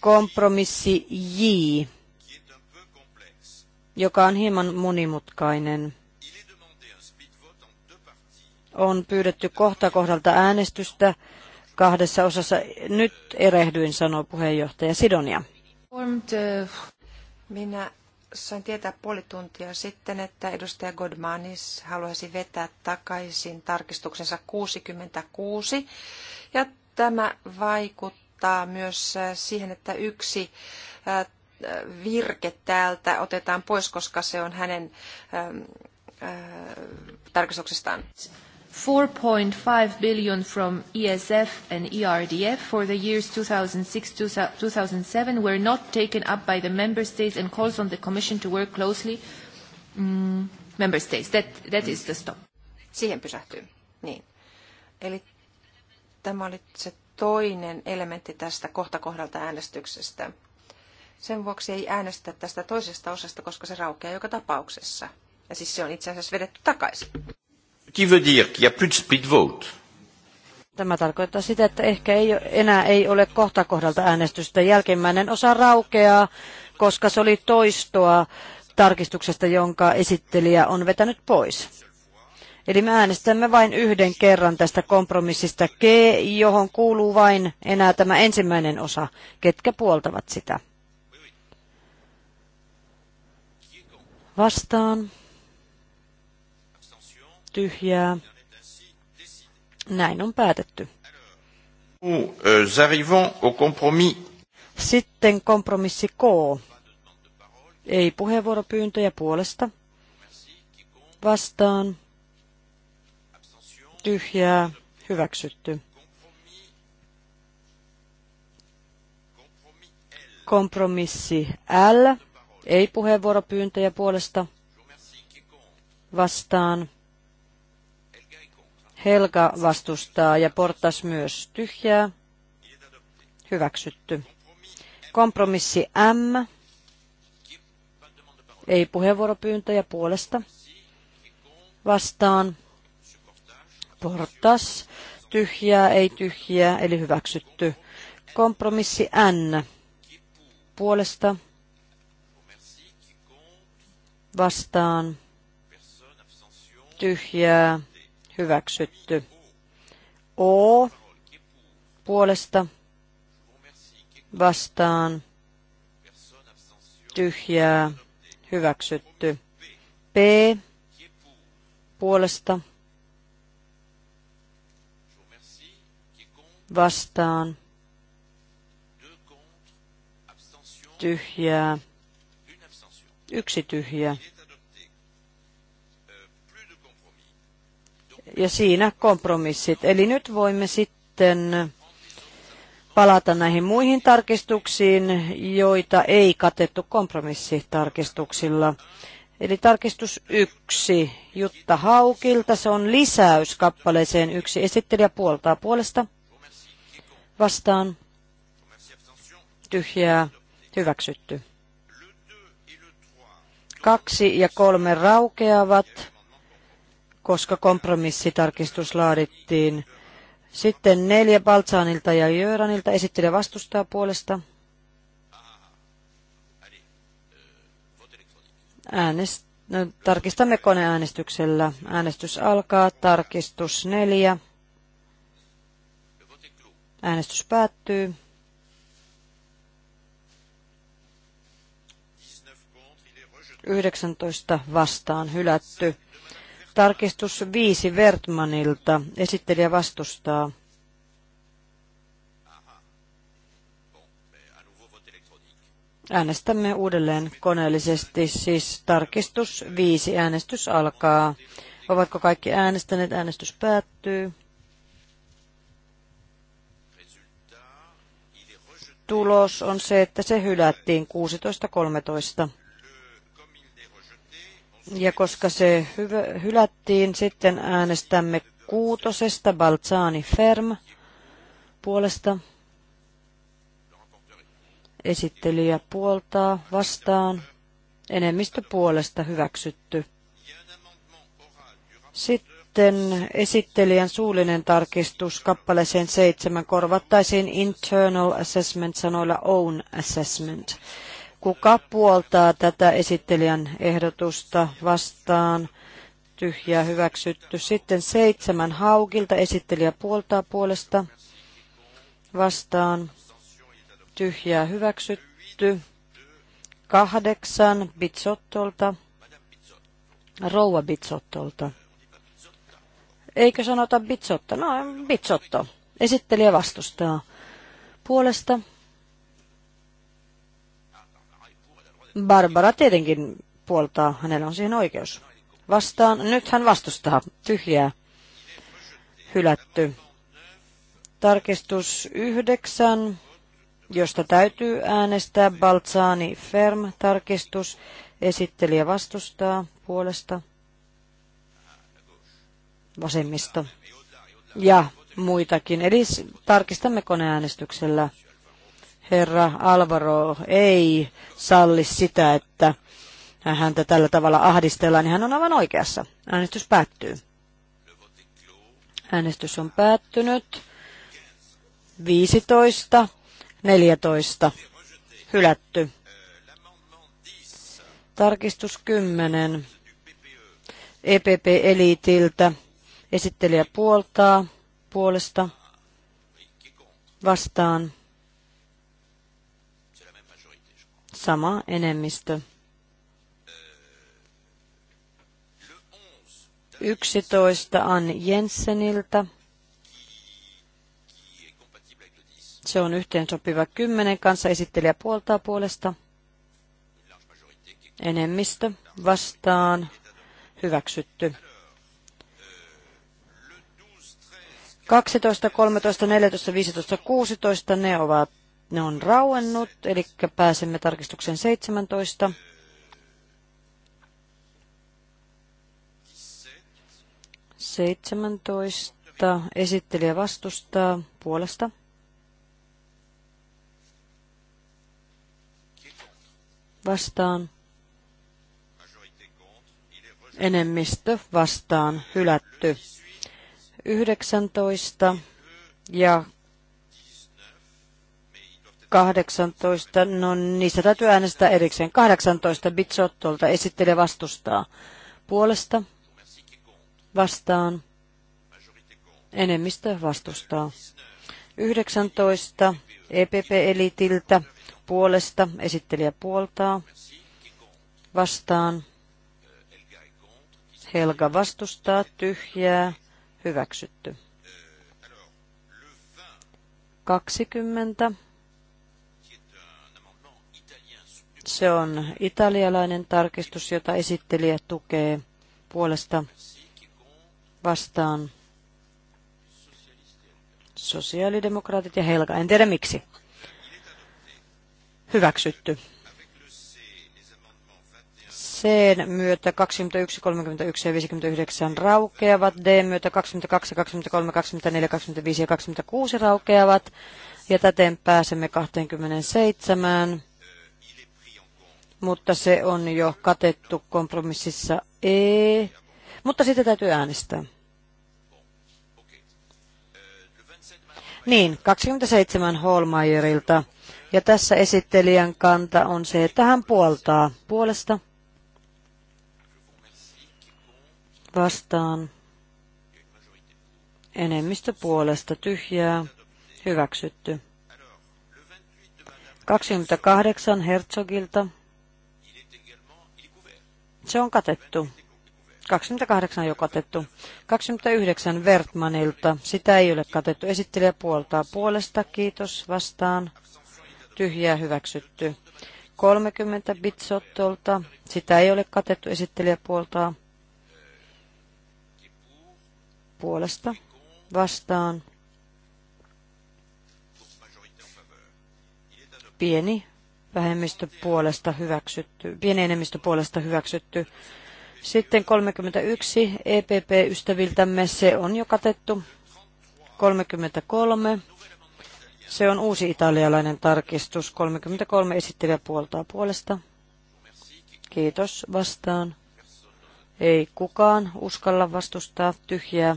kompromissi J joka on hieman monimutkainen. On pyydetty kohta kohdalta äänestystä kahdessa osassa. Nyt erehdyin, sanoo puheenjohtaja Sidonia. Minä sain tietää puoli tuntia sitten, että edustaja Godmanis haluaisi vetää takaisin tarkistuksensa 66. Ja tämä vaikuttaa myös siihen, että yksi virke täältä otetaan pois, koska se on hänen ähm, äh, tarkastuksestaan. 4.5 billion from ESF and ERDF for the years 2006-2007 were not taken up by the member states and calls on the Commission to work closely mm, member states. That, that is the stop. Siihen pysähtyy. Niin. Eli tämä oli se toinen elementti tästä kohta kohdalta äänestyksestä. Sen vuoksi ei äänestetä tästä toisesta osasta, koska se raukeaa joka tapauksessa. Ja siis se on itse asiassa vedetty takaisin. Qui veut dire qu'il y a plus de speed vote? Tämä tarkoittaa sitä, että ehkä ei, enää ei ole kohta kohdalta äänestystä. Jälkimmäinen osa raukeaa, koska se oli toistoa tarkistuksesta, jonka esittelijä on vetänyt pois. Eli me äänestämme vain yhden kerran tästä kompromissista G, johon kuuluu vain enää tämä ensimmäinen osa, ketkä puoltavat sitä. vastaan tyhjää. Näin on päätetty. Euh, Sitten kompromissi K. Ei puheenvuoropyyntöjä puolesta. Vastaan. Tyhjää. Hyväksytty. Kompromissi L ei puheenvuoropyyntöjä puolesta vastaan. Helga vastustaa ja Portas myös tyhjää. Hyväksytty. Kompromissi M. Ei puheenvuoropyyntöjä puolesta. Vastaan. Portas. Tyhjää, ei tyhjää, eli hyväksytty. Kompromissi N. Puolesta vastaan tyhjää hyväksytty. O puolesta vastaan tyhjää hyväksytty. P puolesta vastaan tyhjää Yksi tyhjä. Ja siinä kompromissit. Eli nyt voimme sitten palata näihin muihin tarkistuksiin, joita ei katettu kompromissitarkistuksilla. Eli tarkistus yksi Jutta Haukilta, se on lisäys kappaleeseen yksi. Esittelijä puoltaa puolesta. Vastaan. Tyhjää. Hyväksytty. Kaksi ja kolme raukeavat, koska kompromissitarkistus laadittiin. Sitten neljä Baltsaanilta ja Jöranilta esittelee vastustaa puolesta. Äänest... No, tarkistamme koneäänestyksellä. Äänestys alkaa. Tarkistus neljä. Äänestys päättyy. 19 vastaan hylätty. Tarkistus 5 Vertmanilta. Esittelijä vastustaa. Äänestämme uudelleen koneellisesti, siis tarkistus 5. Äänestys alkaa. Ovatko kaikki äänestäneet? Äänestys päättyy. Tulos on se, että se hylättiin 16.13. Ja koska se hylättiin, sitten äänestämme kuutosesta Balzani Ferm puolesta. Esittelijä puoltaa vastaan. Enemmistö puolesta hyväksytty. Sitten esittelijän suullinen tarkistus kappaleeseen seitsemän korvattaisiin internal assessment sanoilla own assessment. Kuka puoltaa tätä esittelijän ehdotusta vastaan? Tyhjää hyväksytty. Sitten seitsemän haukilta esittelijä puoltaa puolesta vastaan. Tyhjää hyväksytty. Kahdeksan Bitsottolta. Rouva Bitsottolta. Eikö sanota Bitsotto? No, Bitsotto. Esittelijä vastustaa. Puolesta Barbara tietenkin puoltaa, hänellä on siihen oikeus. Vastaan, nyt hän vastustaa, tyhjää, hylätty. Tarkistus yhdeksän, josta täytyy äänestää Balzani Ferm tarkistus. Esittelijä vastustaa puolesta. Vasemmisto. Ja muitakin. Eli tarkistamme koneäänestyksellä herra Alvaro ei salli sitä, että häntä tällä tavalla ahdistellaan, niin hän on aivan oikeassa. Äänestys päättyy. Äänestys on päättynyt. 15, 14, hylätty. Tarkistus 10. EPP-eliitiltä. Esittelijä puoltaa puolesta vastaan sama enemmistö. 11 Ann Jenseniltä. Se on yhteen sopiva kymmenen kanssa. Esittelijä puoltaa puolesta. Enemmistö vastaan. Hyväksytty. 12, 13, 14, 15, 16, ne ovat ne on rauennut, eli pääsemme tarkistukseen 17. 17. Esittelijä vastustaa puolesta. Vastaan. Enemmistö vastaan hylätty. 19 ja 18, no niistä täytyy äänestää erikseen. 18 Bitsottolta esittelee vastustaa. Puolesta vastaan. Enemmistö vastustaa. 19 EPP-elitiltä puolesta esittelijä puoltaa. Vastaan. Helga vastustaa tyhjää. Hyväksytty. 20 Se on italialainen tarkistus, jota esittelijä tukee puolesta vastaan sosiaalidemokraatit ja Helga. En tiedä miksi. Hyväksytty. Sen myötä 21, 31 ja 59 raukeavat. D myötä 22, 23, 24, 25 ja 26 raukeavat. Ja täten pääsemme 27 mutta se on jo katettu kompromississa E. Mutta sitä täytyy äänestää. Niin, 27 Holmeierilta. Ja tässä esittelijän kanta on se, että hän puoltaa puolesta. Vastaan. Enemmistö puolesta tyhjää. Hyväksytty. 28 Herzogilta se on katettu. 28 jo katettu. 29 Vertmanilta. Sitä ei ole katettu. Esittelijä puoltaa puolesta. Kiitos. Vastaan. Tyhjää hyväksytty. 30 Bitsottolta. Sitä ei ole katettu. Esittelijä puoltaa puolesta. Vastaan. Pieni vähemmistö puolesta hyväksytty, pieni enemmistö puolesta hyväksytty. Sitten 31 EPP-ystäviltämme, se on jo katettu. 33, se on uusi italialainen tarkistus. 33 esittelijä puoltaa puolesta. Kiitos vastaan. Ei kukaan uskalla vastustaa tyhjää.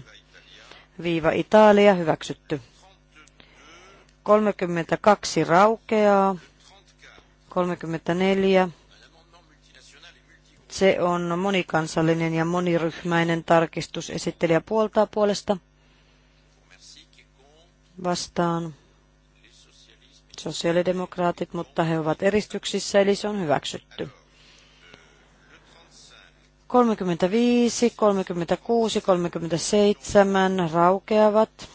Viiva Italia hyväksytty. 32 raukeaa. 34. Se on monikansallinen ja moniryhmäinen tarkistus. Esittelijä puoltaa puolesta. Vastaan sosiaalidemokraatit, mutta he ovat eristyksissä, eli se on hyväksytty. 35, 36, 37 raukeavat.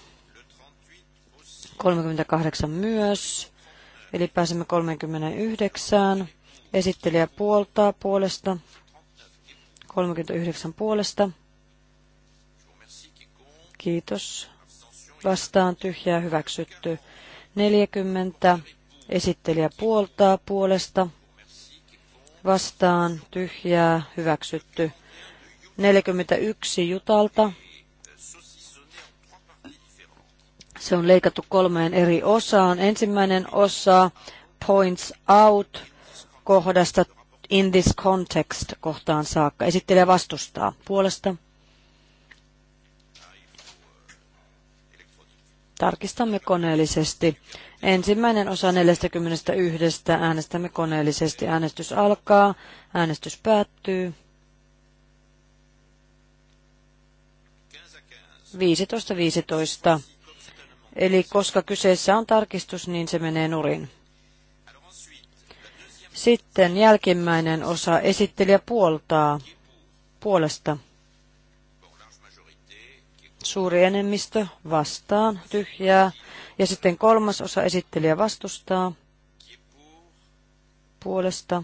38 myös. Eli pääsemme 39. Esittelijä puoltaa puolesta. 39 puolesta. Kiitos. Vastaan tyhjää hyväksytty. 40. Esittelijä puoltaa puolesta. Vastaan tyhjää hyväksytty. 41 Jutalta Se on leikattu kolmeen eri osaan. Ensimmäinen osa points out kohdasta in this context kohtaan saakka. Esittelee vastustaa puolesta. Tarkistamme koneellisesti. Ensimmäinen osa 41. Äänestämme koneellisesti. Äänestys alkaa. Äänestys päättyy. 15.15. 15. Eli koska kyseessä on tarkistus, niin se menee nurin. Sitten jälkimmäinen osa esittelijä puoltaa puolesta. Suuri enemmistö vastaan, tyhjää. Ja sitten kolmas osa esittelijä vastustaa puolesta.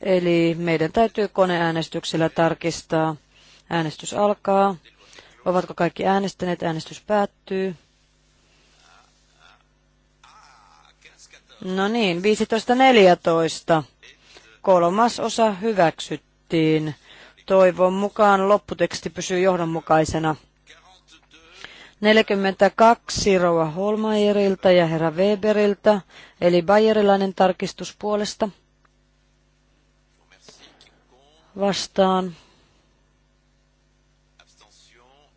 Eli meidän täytyy koneäänestyksellä tarkistaa. Äänestys alkaa. Ovatko kaikki äänestäneet? Äänestys päättyy. No niin, 15.14. Kolmas osa hyväksyttiin. Toivon mukaan lopputeksti pysyy johdonmukaisena. 42 Rova Holmeierilta ja herra Weberiltä, eli Bayerilainen tarkistus puolesta. Vastaan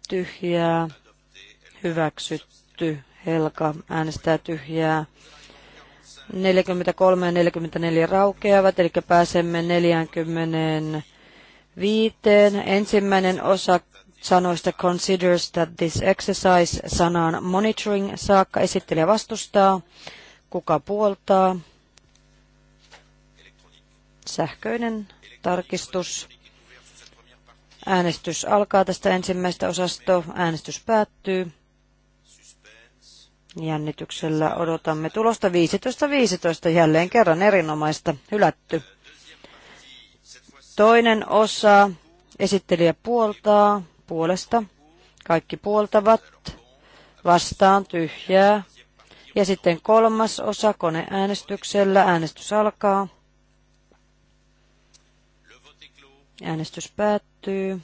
tyhjää, hyväksytty. Helka äänestää tyhjää. 43 ja 44 raukeavat, eli pääsemme 45. Ensimmäinen osa sanoista considers that this exercise sanaan monitoring saakka esittelee vastustaa. Kuka puoltaa? Sähköinen tarkistus. Äänestys alkaa tästä ensimmäistä osasto. Äänestys päättyy. Jännityksellä odotamme tulosta 15.15 .15. jälleen kerran erinomaista hylätty. Toinen osa. Esittelijä puoltaa puolesta. Kaikki puoltavat. Vastaan tyhjää. Ja sitten kolmas osa koneäänestyksellä. Äänestys alkaa. Äänestys päättyy.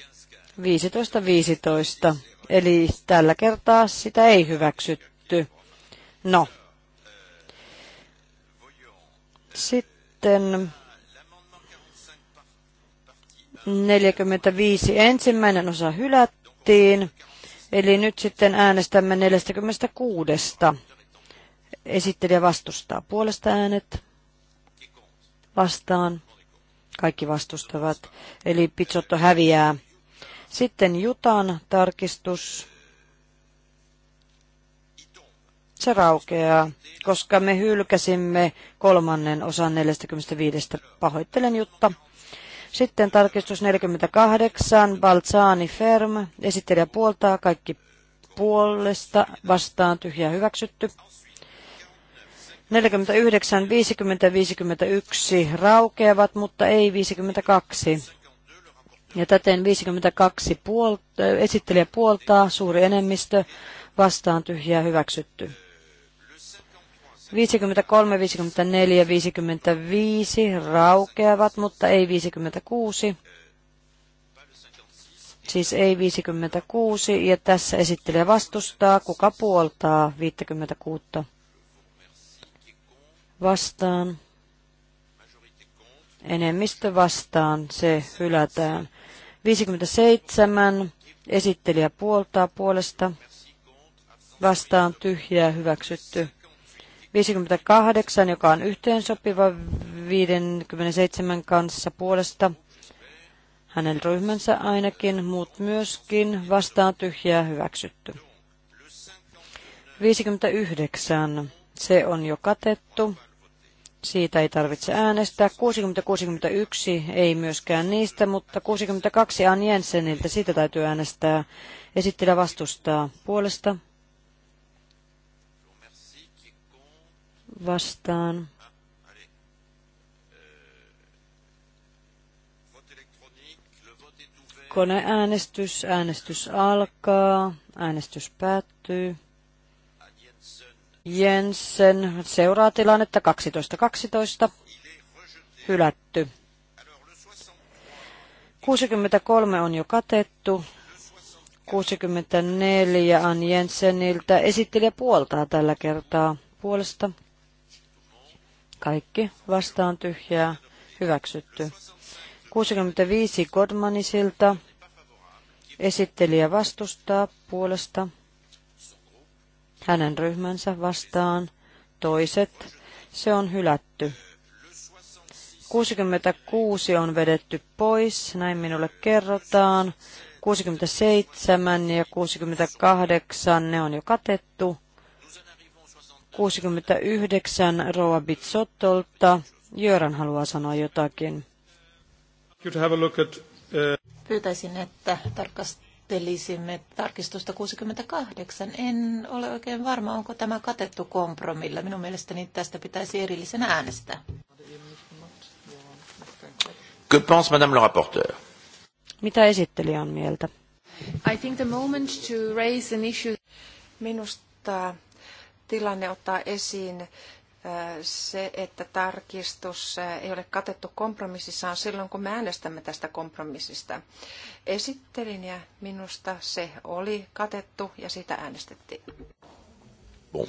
15.15. 15. Eli tällä kertaa sitä ei hyväksytty. No. Sitten 45 ensimmäinen osa hylättiin. Eli nyt sitten äänestämme 46. Esittelijä vastustaa puolesta äänet vastaan. Kaikki vastustavat. Eli Pizzotto häviää. Sitten Jutan tarkistus. Se raukeaa, koska me hylkäsimme kolmannen osan 45. Pahoittelen Jutta. Sitten tarkistus 48, Balzani Ferm, esittelijä puoltaa, kaikki puolesta, vastaan, tyhjä hyväksytty. 49, 50, 51 raukeavat, mutta ei 52. Ja täten 52 puol- äh, esittelijä puoltaa, suuri enemmistö, vastaan tyhjää hyväksytty. 53, 54, 55 raukeavat, mutta ei 56. Siis ei 56, ja tässä esittelijä vastustaa, kuka puoltaa 56 vastaan, enemmistö vastaan, se hylätään. 57 esittelijä puoltaa puolesta, vastaan tyhjää hyväksytty. 58, joka on yhteensopiva 57 kanssa puolesta, hänen ryhmänsä ainakin, muut myöskin, vastaan tyhjää hyväksytty. 59, se on jo katettu. Siitä ei tarvitse äänestää. 60-61 ei myöskään niistä, mutta 62 Ann Jenseniltä, siitä täytyy äänestää. Esittilä vastustaa puolesta. Vastaan. Koneäänestys, äänestys alkaa, äänestys päättyy. Jensen seuraa tilannetta 12.12. 12 Hylätty. 63 on jo katettu. 64 on Jenseniltä. Esittelijä puoltaa tällä kertaa puolesta. Kaikki vastaan tyhjää. Hyväksytty. 65 Godmanisilta. Esittelijä vastustaa puolesta hänen ryhmänsä vastaan, toiset, se on hylätty. 66 on vedetty pois, näin minulle kerrotaan. 67 ja 68, ne on jo katettu. 69 Roa Bitsottolta. Jöran haluaa sanoa jotakin. Uh, Pyytäisin, että tarkast odottelisimme tarkistusta 68. En ole oikein varma, onko tämä katettu kompromilla. Minun mielestäni tästä pitäisi erillisen äänestää. Que pense madame le rapporteur? Mitä esittelijä on mieltä? I think the moment to raise an issue... Minusta tilanne ottaa esiin se, että tarkistus ei ole katettu kompromississa, on silloin, kun me äänestämme tästä kompromissista. Esittelin ja minusta se oli katettu ja sitä äänestettiin. Bon.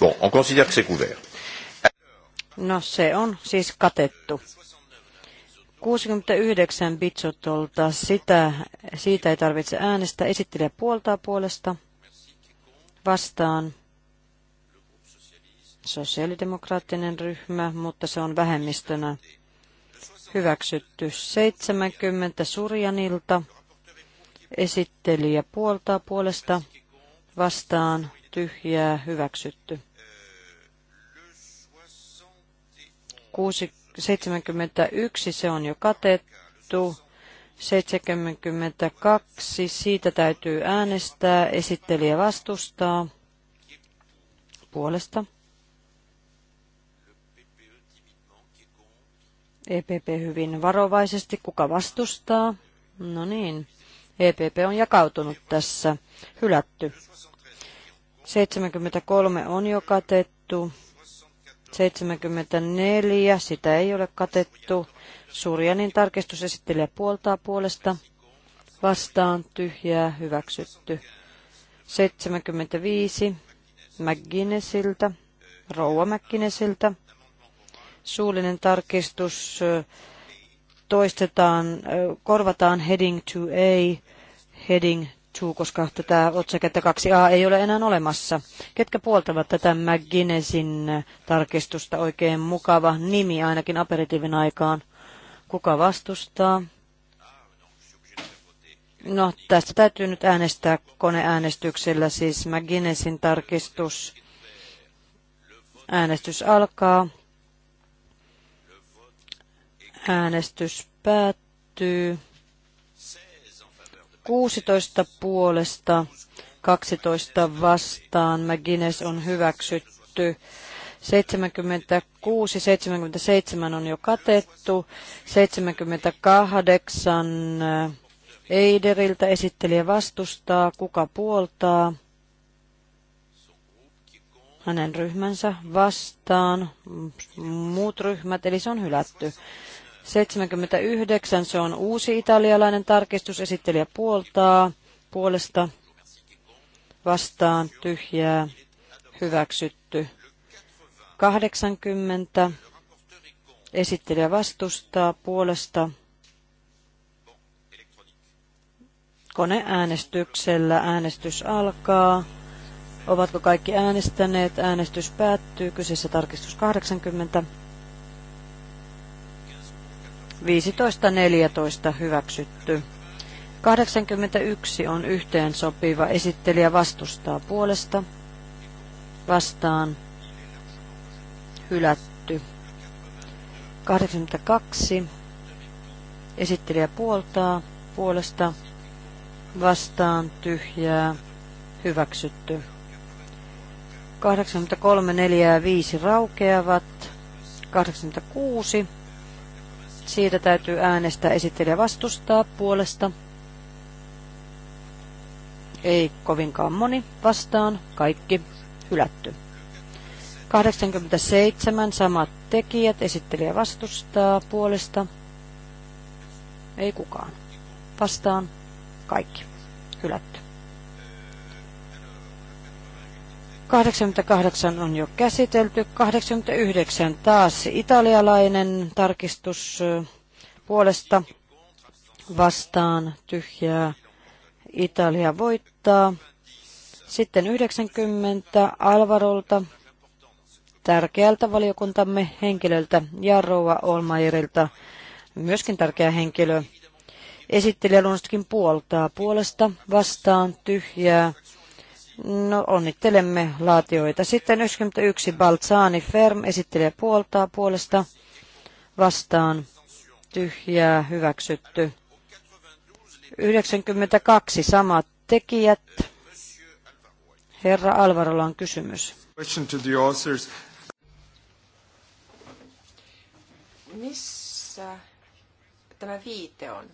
Bon, on considère que c'est couvert. No se on siis katettu. 69 Bitsotolta, sitä, siitä ei tarvitse äänestää. Esittelijä puoltaa puolesta vastaan sosiaalidemokraattinen ryhmä, mutta se on vähemmistönä hyväksytty 70 Surjanilta. Esittelijä puoltaa puolesta vastaan tyhjää hyväksytty. 71 se on jo katettu. 72 siitä täytyy äänestää. Esittelijä vastustaa puolesta EPP hyvin varovaisesti. Kuka vastustaa? No niin. EPP on jakautunut tässä. Hylätty. 73 on jo katettu. 74, sitä ei ole katettu. Surjanin tarkistus esittelee puoltaa puolesta. Vastaan tyhjää hyväksytty. 75 McGinnessiltä, Rouva McGinnessiltä Suullinen tarkistus toistetaan, korvataan heading 2a, heading 2, koska tätä otsaketta 2a ei ole enää olemassa. Ketkä puoltavat tätä McGinnessin tarkistusta? Oikein mukava nimi ainakin aperitiivin aikaan. Kuka vastustaa? No, tästä täytyy nyt äänestää koneäänestyksellä, siis McGinnessin tarkistus. Äänestys alkaa. Äänestys päättyy. 16 puolesta, 12 vastaan. McGuinness on hyväksytty. 76, 77 on jo katettu. 78 äh, Eideriltä esittelijä vastustaa. Kuka puoltaa? Hänen ryhmänsä vastaan. Muut ryhmät, eli se on hylätty. 79, se on uusi italialainen tarkistus, esittelijä puoltaa, puolesta vastaan, tyhjää, hyväksytty. 80, esittelijä vastustaa, puolesta koneäänestyksellä äänestys alkaa. Ovatko kaikki äänestäneet? Äänestys päättyy. Kyseessä tarkistus 80. 15.14 hyväksytty. 81 on yhteen sopiva. Esittelijä vastustaa puolesta. Vastaan. Hylätty. 82. Esittelijä puoltaa. Puolesta. Vastaan. Tyhjää. Hyväksytty. 83, 4 ja 5 raukeavat. 86 siitä täytyy äänestää esittelijä vastustaa puolesta. Ei kovinkaan moni vastaan. Kaikki hylätty. 87 samat tekijät. Esittelijä vastustaa puolesta. Ei kukaan. Vastaan. Kaikki. Hylätty. 88 on jo käsitelty. 89 taas italialainen tarkistus puolesta vastaan tyhjää. Italia voittaa. Sitten 90 Alvarolta, tärkeältä valiokuntamme henkilöltä, ja Rouva Olmairilta, myöskin tärkeä henkilö. Esittelijä luonnostakin puoltaa puolesta vastaan tyhjää No onnittelemme laatioita. Sitten 91 Balzani Ferm esittelee puoltaa puolesta vastaan tyhjää hyväksytty. 92 samat tekijät. Herra Alvarolla on kysymys. Missä tämä viite on?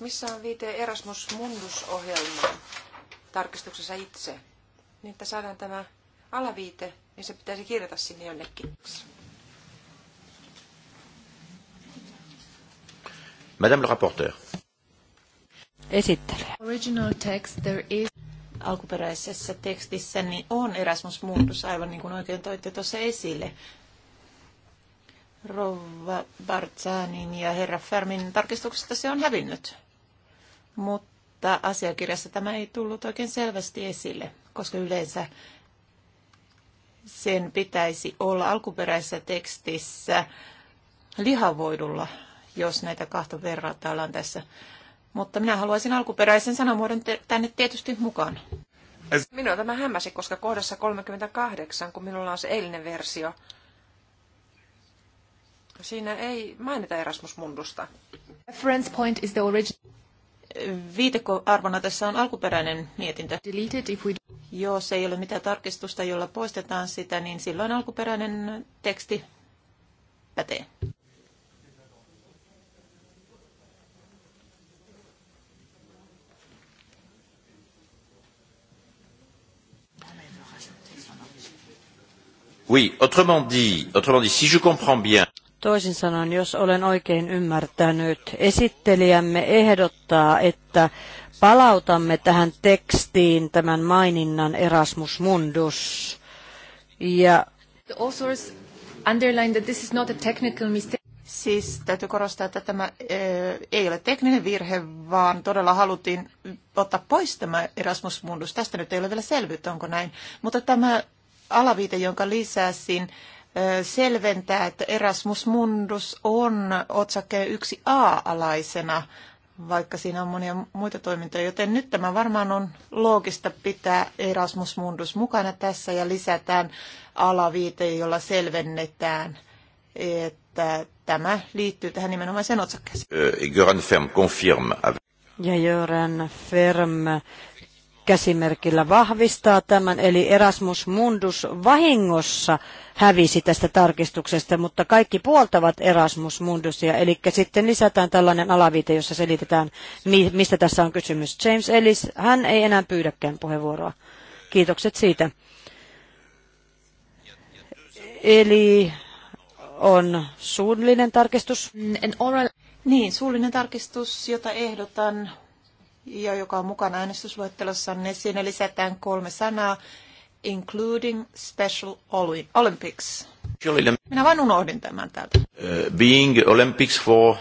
Missä on viite Erasmus Mundus-ohjelmaan? tarkistuksessa itse. Niin, että saadaan tämä alaviite, niin se pitäisi kirjata sinne jonnekin. Madame le rapporteur. Esittelee. Original text there is alkuperäisessä tekstissä niin on Erasmus Mundus, aivan niin kuin oikein toitte tuossa esille. Rova Barzanin ja herra Fermin tarkistuksesta se on hävinnyt. Mutta mutta asiakirjassa tämä ei tullut oikein selvästi esille, koska yleensä sen pitäisi olla alkuperäisessä tekstissä lihavoidulla, jos näitä kahta verrataan tässä. Mutta minä haluaisin alkuperäisen sanamuodon tänne tietysti mukaan. Minua tämä hämmäsi, koska kohdassa 38, kun minulla on se eilinen versio, siinä ei mainita Erasmus Mundusta. Reference point is the original viitekoarvona tässä on alkuperäinen mietintö. Jos ei ole mitään tarkistusta, jolla poistetaan sitä, niin silloin alkuperäinen teksti pätee. Oui, autrement dit, autrement dit, si je comprends bien. Toisin sanoen, jos olen oikein ymmärtänyt, esittelijämme ehdottaa, että palautamme tähän tekstiin tämän maininnan Erasmus Mundus. Ja Siis täytyy korostaa, että tämä ei ole tekninen virhe, vaan todella haluttiin ottaa pois tämä Erasmus Mundus. Tästä nyt ei ole vielä selvyyttä, onko näin. Mutta tämä alaviite, jonka lisäsin, selventää, että Erasmus Mundus on otsakkeen 1a-alaisena, vaikka siinä on monia muita toimintoja, joten nyt tämä varmaan on loogista pitää Erasmus Mundus mukana tässä ja lisätään alaviite, jolla selvennetään, että tämä liittyy tähän nimenomaiseen otsakkeeseen. Ja Göran Ferm ja Göran Ferm käsimerkillä vahvistaa tämän, eli Erasmus Mundus vahingossa hävisi tästä tarkistuksesta, mutta kaikki puoltavat Erasmus Mundusia, eli sitten lisätään tällainen alaviite, jossa selitetään, mistä tässä on kysymys. James Ellis, hän ei enää pyydäkään puheenvuoroa. Kiitokset siitä. Eli on suullinen tarkistus. Niin, suullinen tarkistus, jota ehdotan ja joka on mukana äänestysluettelossa, niin siinä lisätään kolme sanaa, including Special Olympics. Minä vain unohdin tämän täältä. Uh, being Olympics for...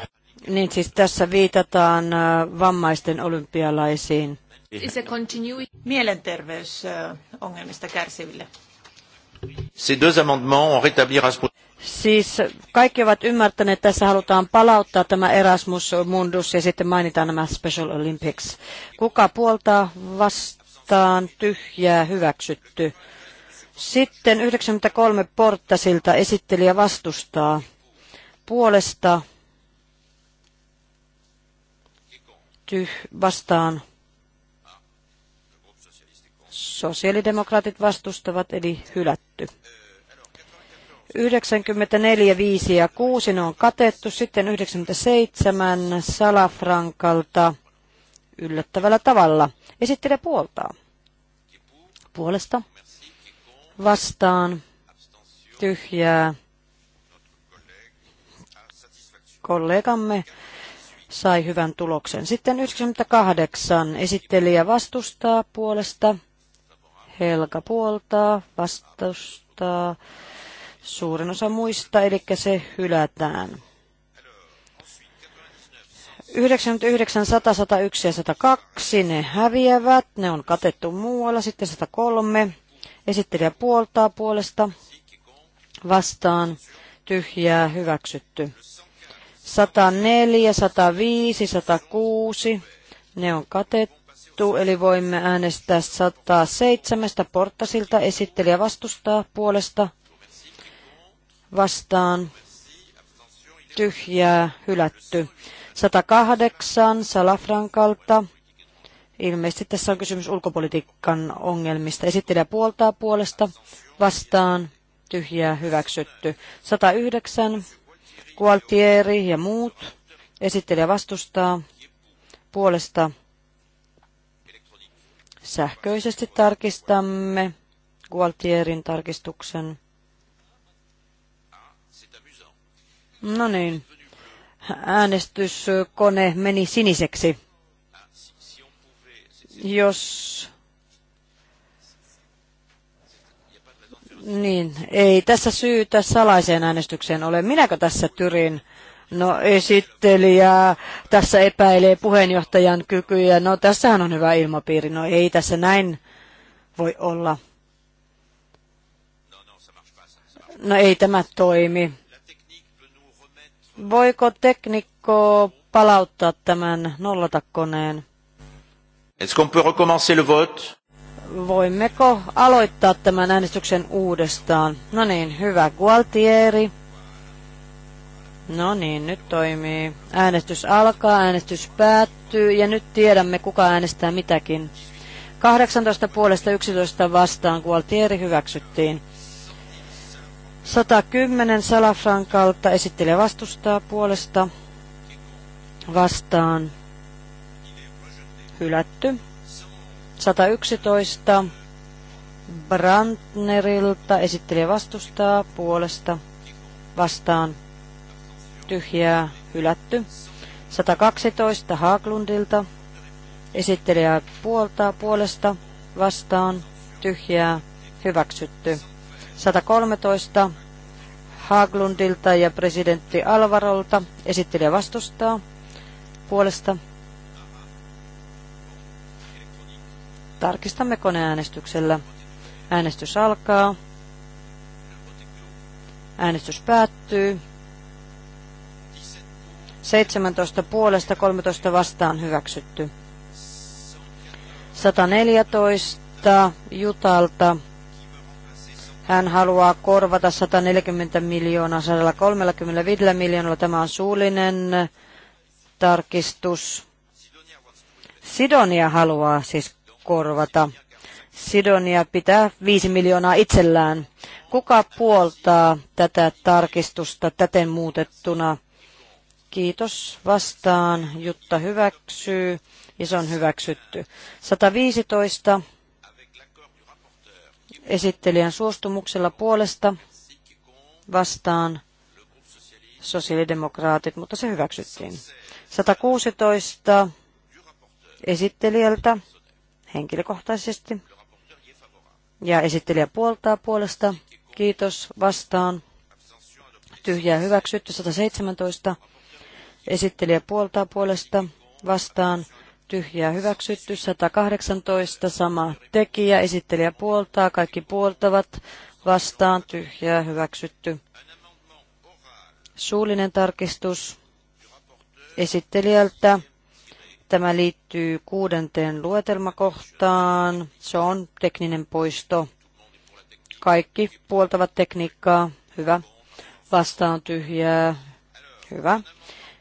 Niin, siis tässä viitataan eh, vammaisten olympialaisiin. Mielenterveysongelmista eh, kärsiville. Ces deux amendements ont rétabli à Siis kaikki ovat ymmärtäneet, että tässä halutaan palauttaa tämä Erasmus Mundus ja sitten mainitaan nämä Special Olympics. Kuka puoltaa vastaan tyhjää hyväksytty. Sitten 93 porttasilta esittelijä vastustaa puolesta tyh- vastaan sosiaalidemokraatit vastustavat eli hylätty. 94, 5 ja 6 ne on katettu. Sitten 97 Salafrankalta yllättävällä tavalla. Esittele puoltaa. Puolesta. Vastaan. Tyhjää. Kollegamme sai hyvän tuloksen. Sitten 98 esittelijä vastustaa puolesta. Helka puoltaa, vastustaa suurin osa muista, eli se hylätään. 99, 100, 101 ja 102, ne häviävät, ne on katettu muualla. Sitten 103, esittelijä puoltaa puolesta, vastaan, tyhjää, hyväksytty. 104, 105, 106, ne on katettu, eli voimme äänestää 107 porttasilta, esittelijä vastustaa puolesta, vastaan tyhjää hylätty. 108 Salafrankalta. Ilmeisesti tässä on kysymys ulkopolitiikan ongelmista. Esittelijä puoltaa puolesta vastaan tyhjää hyväksytty. 109 Gualtieri ja muut. Esittelijä vastustaa puolesta sähköisesti tarkistamme Gualtierin tarkistuksen. No niin, äänestyskone meni siniseksi. Jos... Niin, ei tässä syytä salaiseen äänestykseen ole. Minäkö tässä tyrin? No esittelijä tässä epäilee puheenjohtajan kykyjä. No tässähän on hyvä ilmapiiri. No ei tässä näin voi olla. No ei tämä toimi Voiko teknikko palauttaa tämän nollatakoneen? Est-ce qu'on peut recommencer le vote? Voimmeko aloittaa tämän äänestyksen uudestaan? No niin, hyvä. Gualtieri. No niin, nyt toimii. Äänestys alkaa, äänestys päättyy ja nyt tiedämme, kuka äänestää mitäkin. 18 puolesta 11 vastaan Gualtieri hyväksyttiin. 110 Salafrankalta esittelee vastustaa puolesta vastaan hylätty. 111 Brandnerilta esittelee vastustaa puolesta vastaan tyhjää hylätty. 112 Haaglundilta esittelee puolta puolesta vastaan tyhjää hyväksytty. 113 Haglundilta ja presidentti Alvarolta. Esittelijä vastustaa puolesta. Tarkistamme koneäänestyksellä. Äänestys alkaa. Äänestys päättyy. 17 puolesta 13 vastaan hyväksytty. 114 Jutalta hän haluaa korvata 140 miljoonaa 135 miljoonalla. Tämä on suullinen tarkistus. Sidonia haluaa siis korvata. Sidonia pitää 5 miljoonaa itsellään. Kuka puoltaa tätä tarkistusta täten muutettuna? Kiitos vastaan. Jutta hyväksyy ja se on hyväksytty. 115 esittelijän suostumuksella puolesta vastaan sosiaalidemokraatit, mutta se hyväksyttiin. 116 esittelijältä henkilökohtaisesti ja esittelijä puoltaa puolesta. Kiitos vastaan. Tyhjää hyväksytty 117. Esittelijä puoltaa puolesta vastaan tyhjää hyväksytty, 118 sama tekijä, esittelijä puoltaa, kaikki puoltavat, vastaan tyhjää hyväksytty. Suullinen tarkistus esittelijältä. Tämä liittyy kuudenteen luetelmakohtaan. Se on tekninen poisto. Kaikki puoltavat tekniikkaa. Hyvä. Vastaan tyhjää. Hyvä.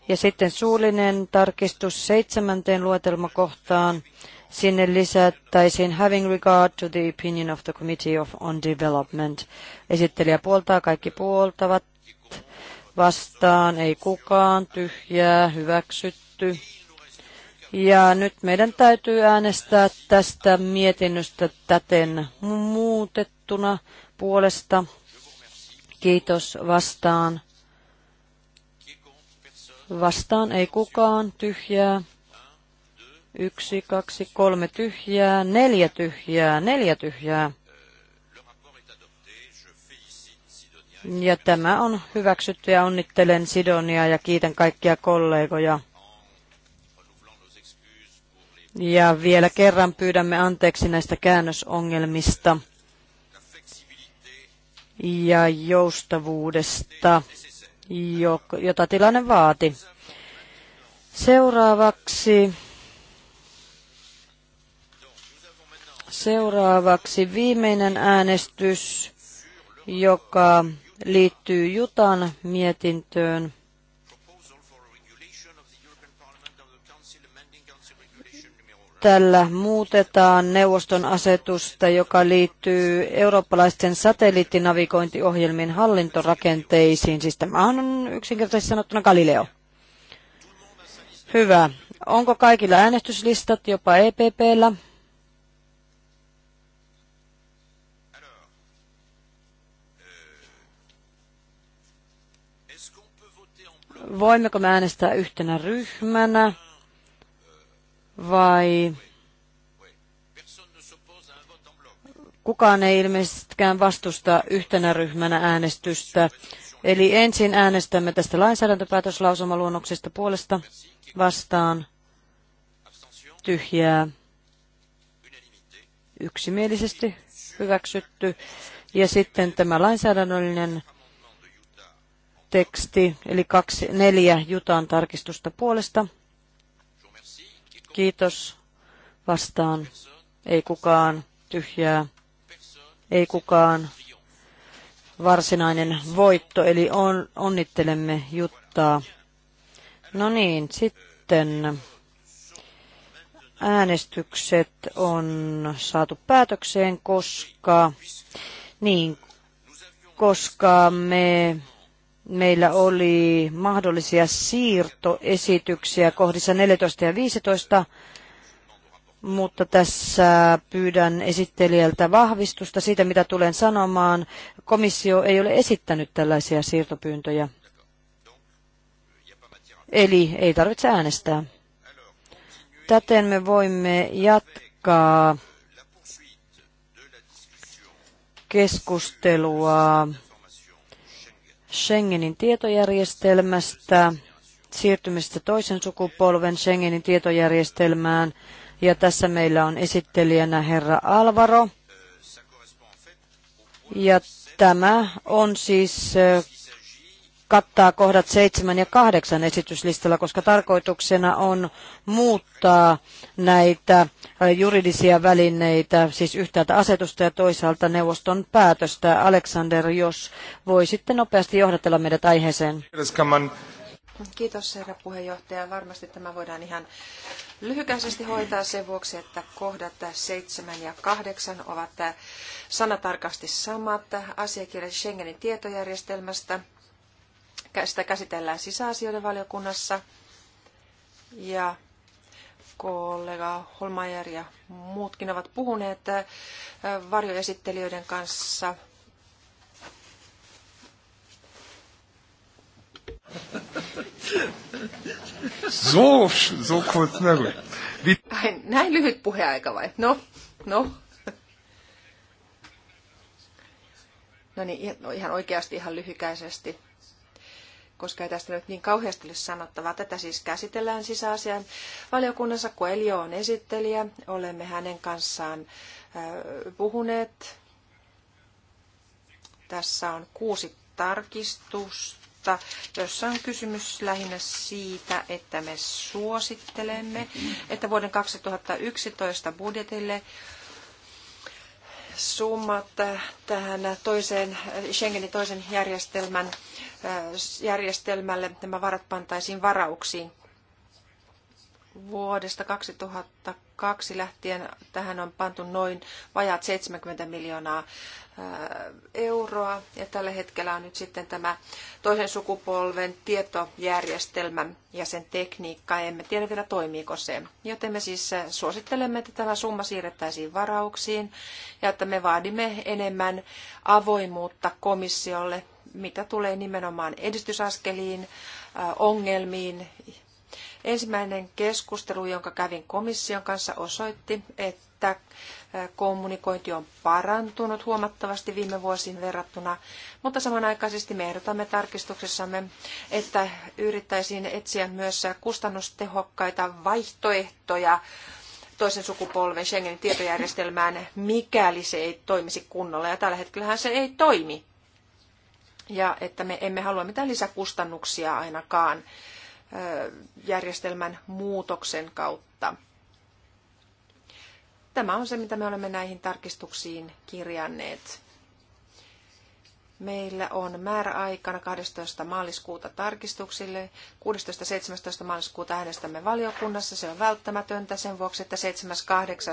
Ja sitten suullinen tarkistus seitsemänteen luetelmakohtaan. Sinne lisättäisiin having regard to the opinion of the Committee of on Development. Esittelijä puoltaa, kaikki puoltavat. Vastaan ei kukaan, tyhjää, hyväksytty. Ja nyt meidän täytyy äänestää tästä mietinnöstä täten muutettuna puolesta. Kiitos vastaan Vastaan ei kukaan. Tyhjää. Yksi, kaksi, kolme tyhjää. Neljä tyhjää. Neljä tyhjää. Ja tämä on hyväksytty ja onnittelen Sidonia ja kiitän kaikkia kollegoja. Ja vielä kerran pyydämme anteeksi näistä käännösongelmista ja joustavuudesta jota tilanne vaati. Seuraavaksi, seuraavaksi viimeinen äänestys, joka liittyy Jutan mietintöön. Tällä muutetaan neuvoston asetusta, joka liittyy eurooppalaisten satelliittinavigointiohjelmien hallintorakenteisiin. Siis tämä on yksinkertaisesti sanottuna Galileo. Hyvä. Onko kaikilla äänestyslistat jopa EPPllä? Voimmeko me äänestää yhtenä ryhmänä? vai kukaan ei ilmeisestikään vastusta yhtenä ryhmänä äänestystä. Eli ensin äänestämme tästä lainsäädäntöpäätöslausumaluonnoksesta puolesta vastaan tyhjää yksimielisesti hyväksytty. Ja sitten tämä lainsäädännöllinen teksti, eli kaksi, neljä Jutan tarkistusta puolesta Kiitos. Vastaan. Ei kukaan. Tyhjää. Ei kukaan. Varsinainen voitto, eli on, onnittelemme Juttaa. No niin, sitten äänestykset on saatu päätökseen, koska, niin, koska me meillä oli mahdollisia siirtoesityksiä kohdissa 14 ja 15, mutta tässä pyydän esittelijältä vahvistusta siitä, mitä tulen sanomaan. Komissio ei ole esittänyt tällaisia siirtopyyntöjä. Eli ei tarvitse äänestää. Täten me voimme jatkaa keskustelua Schengenin tietojärjestelmästä, siirtymistä toisen sukupolven Schengenin tietojärjestelmään. Ja tässä meillä on esittelijänä herra Alvaro. Ja tämä on siis kattaa kohdat 7 ja 8 esityslistalla, koska tarkoituksena on muuttaa näitä juridisia välineitä, siis yhtäältä asetusta ja toisaalta neuvoston päätöstä. Alexander, jos voi sitten nopeasti johdatella meidät aiheeseen. Kiitos herra puheenjohtaja. Varmasti tämä voidaan ihan lyhykäisesti hoitaa sen vuoksi, että kohdat 7 ja 8 ovat sanatarkasti samat asiakirja Schengenin tietojärjestelmästä, sitä käsitellään sisäasioiden valiokunnassa. Ja kollega Holmajer ja muutkin ovat puhuneet äh, varjoesittelijöiden kanssa. So, so kurz, Ai, näin lyhyt puheaika vai? No, no. No niin, ihan oikeasti ihan lyhykäisesti koska ei tästä nyt niin kauheasti ole sanottavaa. Tätä siis käsitellään sisäasian valiokunnassa. Elio on esittelijä. Olemme hänen kanssaan puhuneet. Tässä on kuusi tarkistusta, jossa on kysymys lähinnä siitä, että me suosittelemme, että vuoden 2011 budjetille summat tähän toiseen, Schengenin toisen järjestelmän, järjestelmälle. Nämä varat pantaisiin varauksiin. Vuodesta 2002 lähtien tähän on pantu noin vajaat 70 miljoonaa äh, euroa ja tällä hetkellä on nyt sitten tämä toisen sukupolven tietojärjestelmä ja sen tekniikka. Emme tiedä vielä toimiiko se. Joten me siis äh, suosittelemme, että tämä summa siirrettäisiin varauksiin ja että me vaadimme enemmän avoimuutta komissiolle, mitä tulee nimenomaan edistysaskeliin, äh, ongelmiin Ensimmäinen keskustelu, jonka kävin komission kanssa, osoitti, että kommunikointi on parantunut huomattavasti viime vuosiin verrattuna, mutta samanaikaisesti me ehdotamme tarkistuksessamme, että yrittäisiin etsiä myös kustannustehokkaita vaihtoehtoja toisen sukupolven Schengenin tietojärjestelmään, mikäli se ei toimisi kunnolla. Ja tällä hetkellähän se ei toimi. Ja että me emme halua mitään lisäkustannuksia ainakaan järjestelmän muutoksen kautta. Tämä on se, mitä me olemme näihin tarkistuksiin kirjanneet. Meillä on määräaikana 12. maaliskuuta tarkistuksille. 16.17. maaliskuuta äänestämme valiokunnassa. Se on välttämätöntä sen vuoksi, että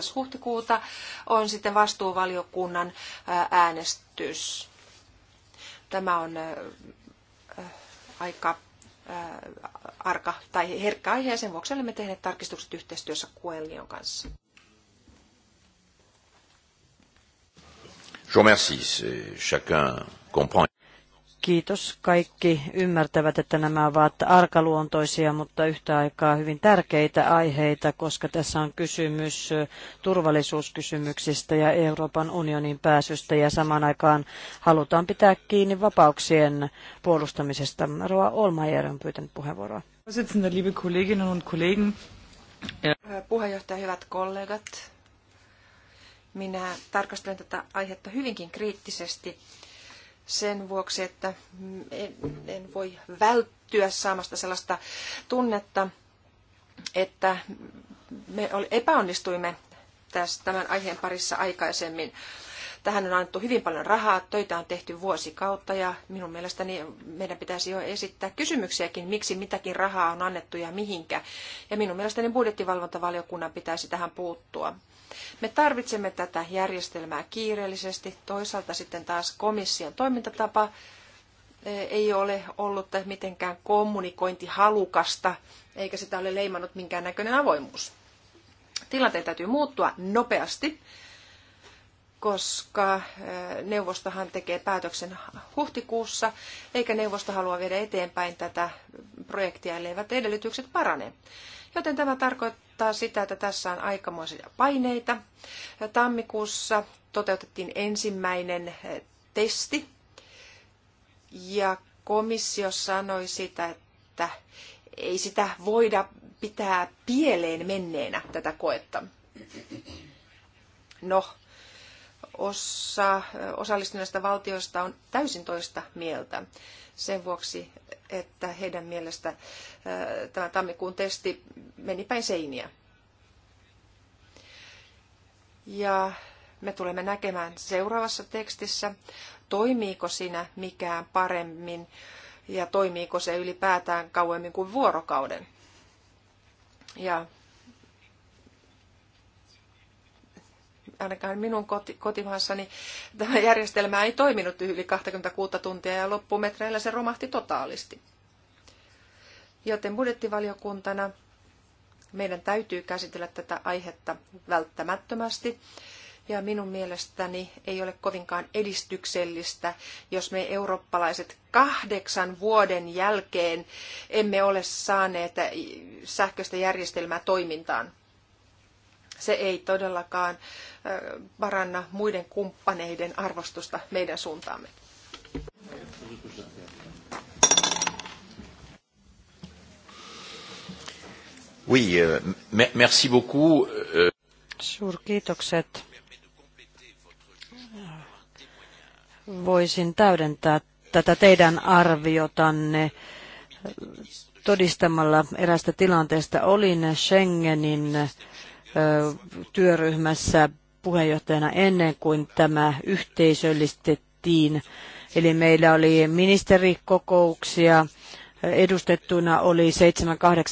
7.8. huhtikuuta on sitten vastuuvaliokunnan äänestys. Tämä on aika arka tai herkkä aihe ja sen vuoksi olemme tehneet tarkistukset yhteistyössä Koelion kanssa. Je remercie. Chacun comprend. Kiitos. Kaikki ymmärtävät, että nämä ovat arkaluontoisia, mutta yhtä aikaa hyvin tärkeitä aiheita, koska tässä on kysymys turvallisuuskysymyksistä ja Euroopan unionin pääsystä ja samaan aikaan halutaan pitää kiinni vapauksien puolustamisesta. Roa Olmajer on pyytänyt puheenvuoroa. Puheenjohtaja, hyvät kollegat. Minä tarkastelen tätä aihetta hyvinkin kriittisesti sen vuoksi, että en, en voi välttyä saamasta sellaista tunnetta, että me epäonnistuimme tässä, tämän aiheen parissa aikaisemmin. Tähän on annettu hyvin paljon rahaa, töitä on tehty vuosikautta ja minun mielestäni meidän pitäisi jo esittää kysymyksiäkin, miksi mitäkin rahaa on annettu ja mihinkä. Ja minun mielestäni budjettivalvontavaliokunnan pitäisi tähän puuttua. Me tarvitsemme tätä järjestelmää kiireellisesti. Toisaalta sitten taas komission toimintatapa e, ei ole ollut mitenkään kommunikointihalukasta, eikä sitä ole leimannut minkään näköinen avoimuus. Tilanteen täytyy muuttua nopeasti koska eh, neuvostohan tekee päätöksen huhtikuussa, eikä neuvosto halua viedä eteenpäin tätä projektia, elleivät edellytykset parane. Joten tämä tarkoittaa sitä, että tässä on aikamoisia paineita. Tammikuussa toteutettiin ensimmäinen eh, testi, ja komissio sanoi sitä, että ei sitä voida pitää pieleen menneenä tätä koetta. No, osa osallistuneista valtioista on täysin toista mieltä sen vuoksi, että heidän mielestä tämä tammikuun testi meni päin seiniä. Ja me tulemme näkemään seuraavassa tekstissä, toimiiko siinä mikään paremmin ja toimiiko se ylipäätään kauemmin kuin vuorokauden. Ja ainakaan minun koti, kotimaassani tämä järjestelmä ei toiminut yli 26 tuntia ja loppumetreillä se romahti totaalisti. Joten budjettivaliokuntana meidän täytyy käsitellä tätä aihetta välttämättömästi. Ja minun mielestäni ei ole kovinkaan edistyksellistä, jos me eurooppalaiset kahdeksan vuoden jälkeen emme ole saaneet sähköistä järjestelmää toimintaan se ei todellakaan paranna muiden kumppaneiden arvostusta meidän suuntaamme. Oui, euh, merci beaucoup. Euh, euh. Suurkiitokset. Voisin täydentää tätä teidän arviotanne todistamalla erästä tilanteesta. Olin Schengenin työryhmässä puheenjohtajana ennen kuin tämä yhteisöllistettiin. Eli meillä oli ministerikokouksia, edustettuna oli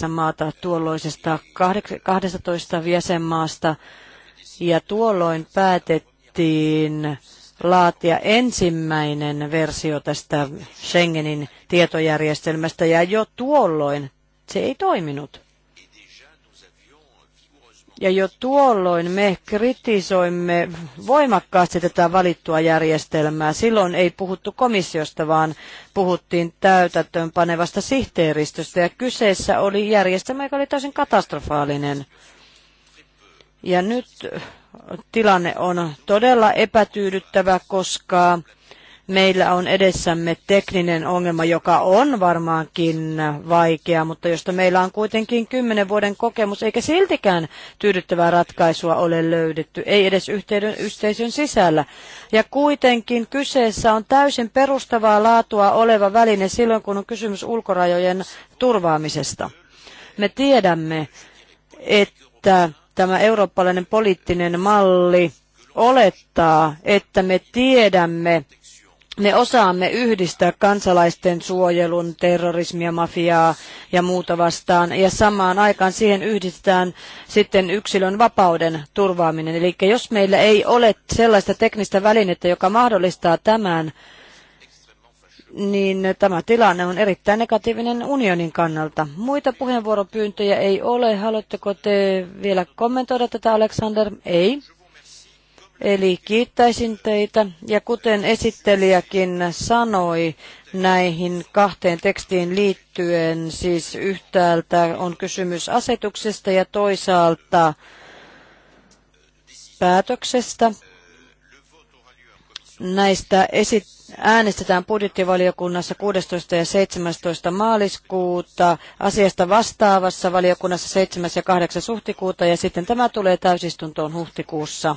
7-8 maata tuolloisesta 12 jäsenmaasta, ja tuolloin päätettiin laatia ensimmäinen versio tästä Schengenin tietojärjestelmästä, ja jo tuolloin se ei toiminut. Ja jo tuolloin me kritisoimme voimakkaasti tätä valittua järjestelmää. Silloin ei puhuttu komissiosta, vaan puhuttiin täytäntöönpanevasta sihteeristöstä. Ja kyseessä oli järjestelmä, joka oli täysin katastrofaalinen. Ja nyt tilanne on todella epätyydyttävä, koska meillä on edessämme tekninen ongelma, joka on varmaankin vaikea, mutta josta meillä on kuitenkin kymmenen vuoden kokemus, eikä siltikään tyydyttävää ratkaisua ole löydetty, ei edes yhteyden, yhteisön sisällä. Ja kuitenkin kyseessä on täysin perustavaa laatua oleva väline silloin, kun on kysymys ulkorajojen turvaamisesta. Me tiedämme, että tämä eurooppalainen poliittinen malli olettaa, että me tiedämme, me osaamme yhdistää kansalaisten suojelun, terrorismia, mafiaa ja muuta vastaan, ja samaan aikaan siihen yhdistetään sitten yksilön vapauden turvaaminen. Eli jos meillä ei ole sellaista teknistä välinettä, joka mahdollistaa tämän, niin tämä tilanne on erittäin negatiivinen unionin kannalta. Muita puheenvuoropyyntöjä ei ole. Haluatteko te vielä kommentoida tätä, Alexander? Ei. Eli kiittäisin teitä ja kuten esittelijäkin sanoi näihin kahteen tekstiin liittyen, siis yhtäältä on kysymys asetuksesta ja toisaalta päätöksestä. Näistä esit- äänestetään budjettivaliokunnassa 16. ja 17. maaliskuuta, asiasta vastaavassa valiokunnassa 7. ja 8. huhtikuuta ja sitten tämä tulee täysistuntoon huhtikuussa.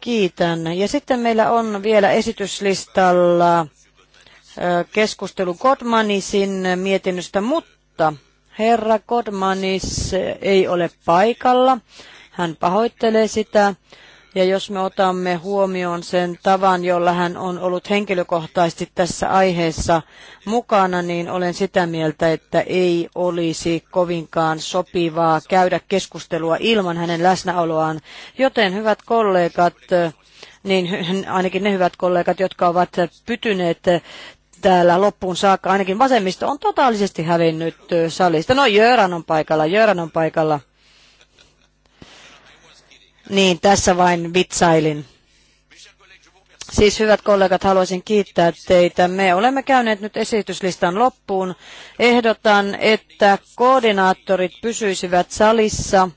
Kiitän. Ja sitten meillä on vielä esityslistalla keskustelu Kodmanisin mietinnöstä, mutta herra Kodmanis ei ole paikalla. Hän pahoittelee sitä. Ja jos me otamme huomioon sen tavan, jolla hän on ollut henkilökohtaisesti tässä aiheessa mukana, niin olen sitä mieltä, että ei olisi kovinkaan sopivaa käydä keskustelua ilman hänen läsnäoloaan. Joten hyvät kollegat, niin ainakin ne hyvät kollegat, jotka ovat pytyneet täällä loppuun saakka, ainakin vasemmisto on totaalisesti hävinnyt salista. No Jöran on paikalla, Jöran on paikalla. Niin, tässä vain vitsailin. Siis hyvät kollegat, haluaisin kiittää teitä. Me olemme käyneet nyt esityslistan loppuun. Ehdotan, että koordinaattorit pysyisivät salissa,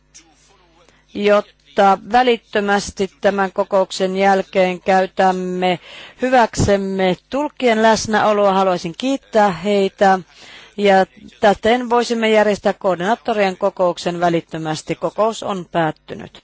jotta välittömästi tämän kokouksen jälkeen käytämme hyväksemme tulkien läsnäoloa. Haluaisin kiittää heitä. Ja täten voisimme järjestää koordinaattorien kokouksen välittömästi. Kokous on päättynyt.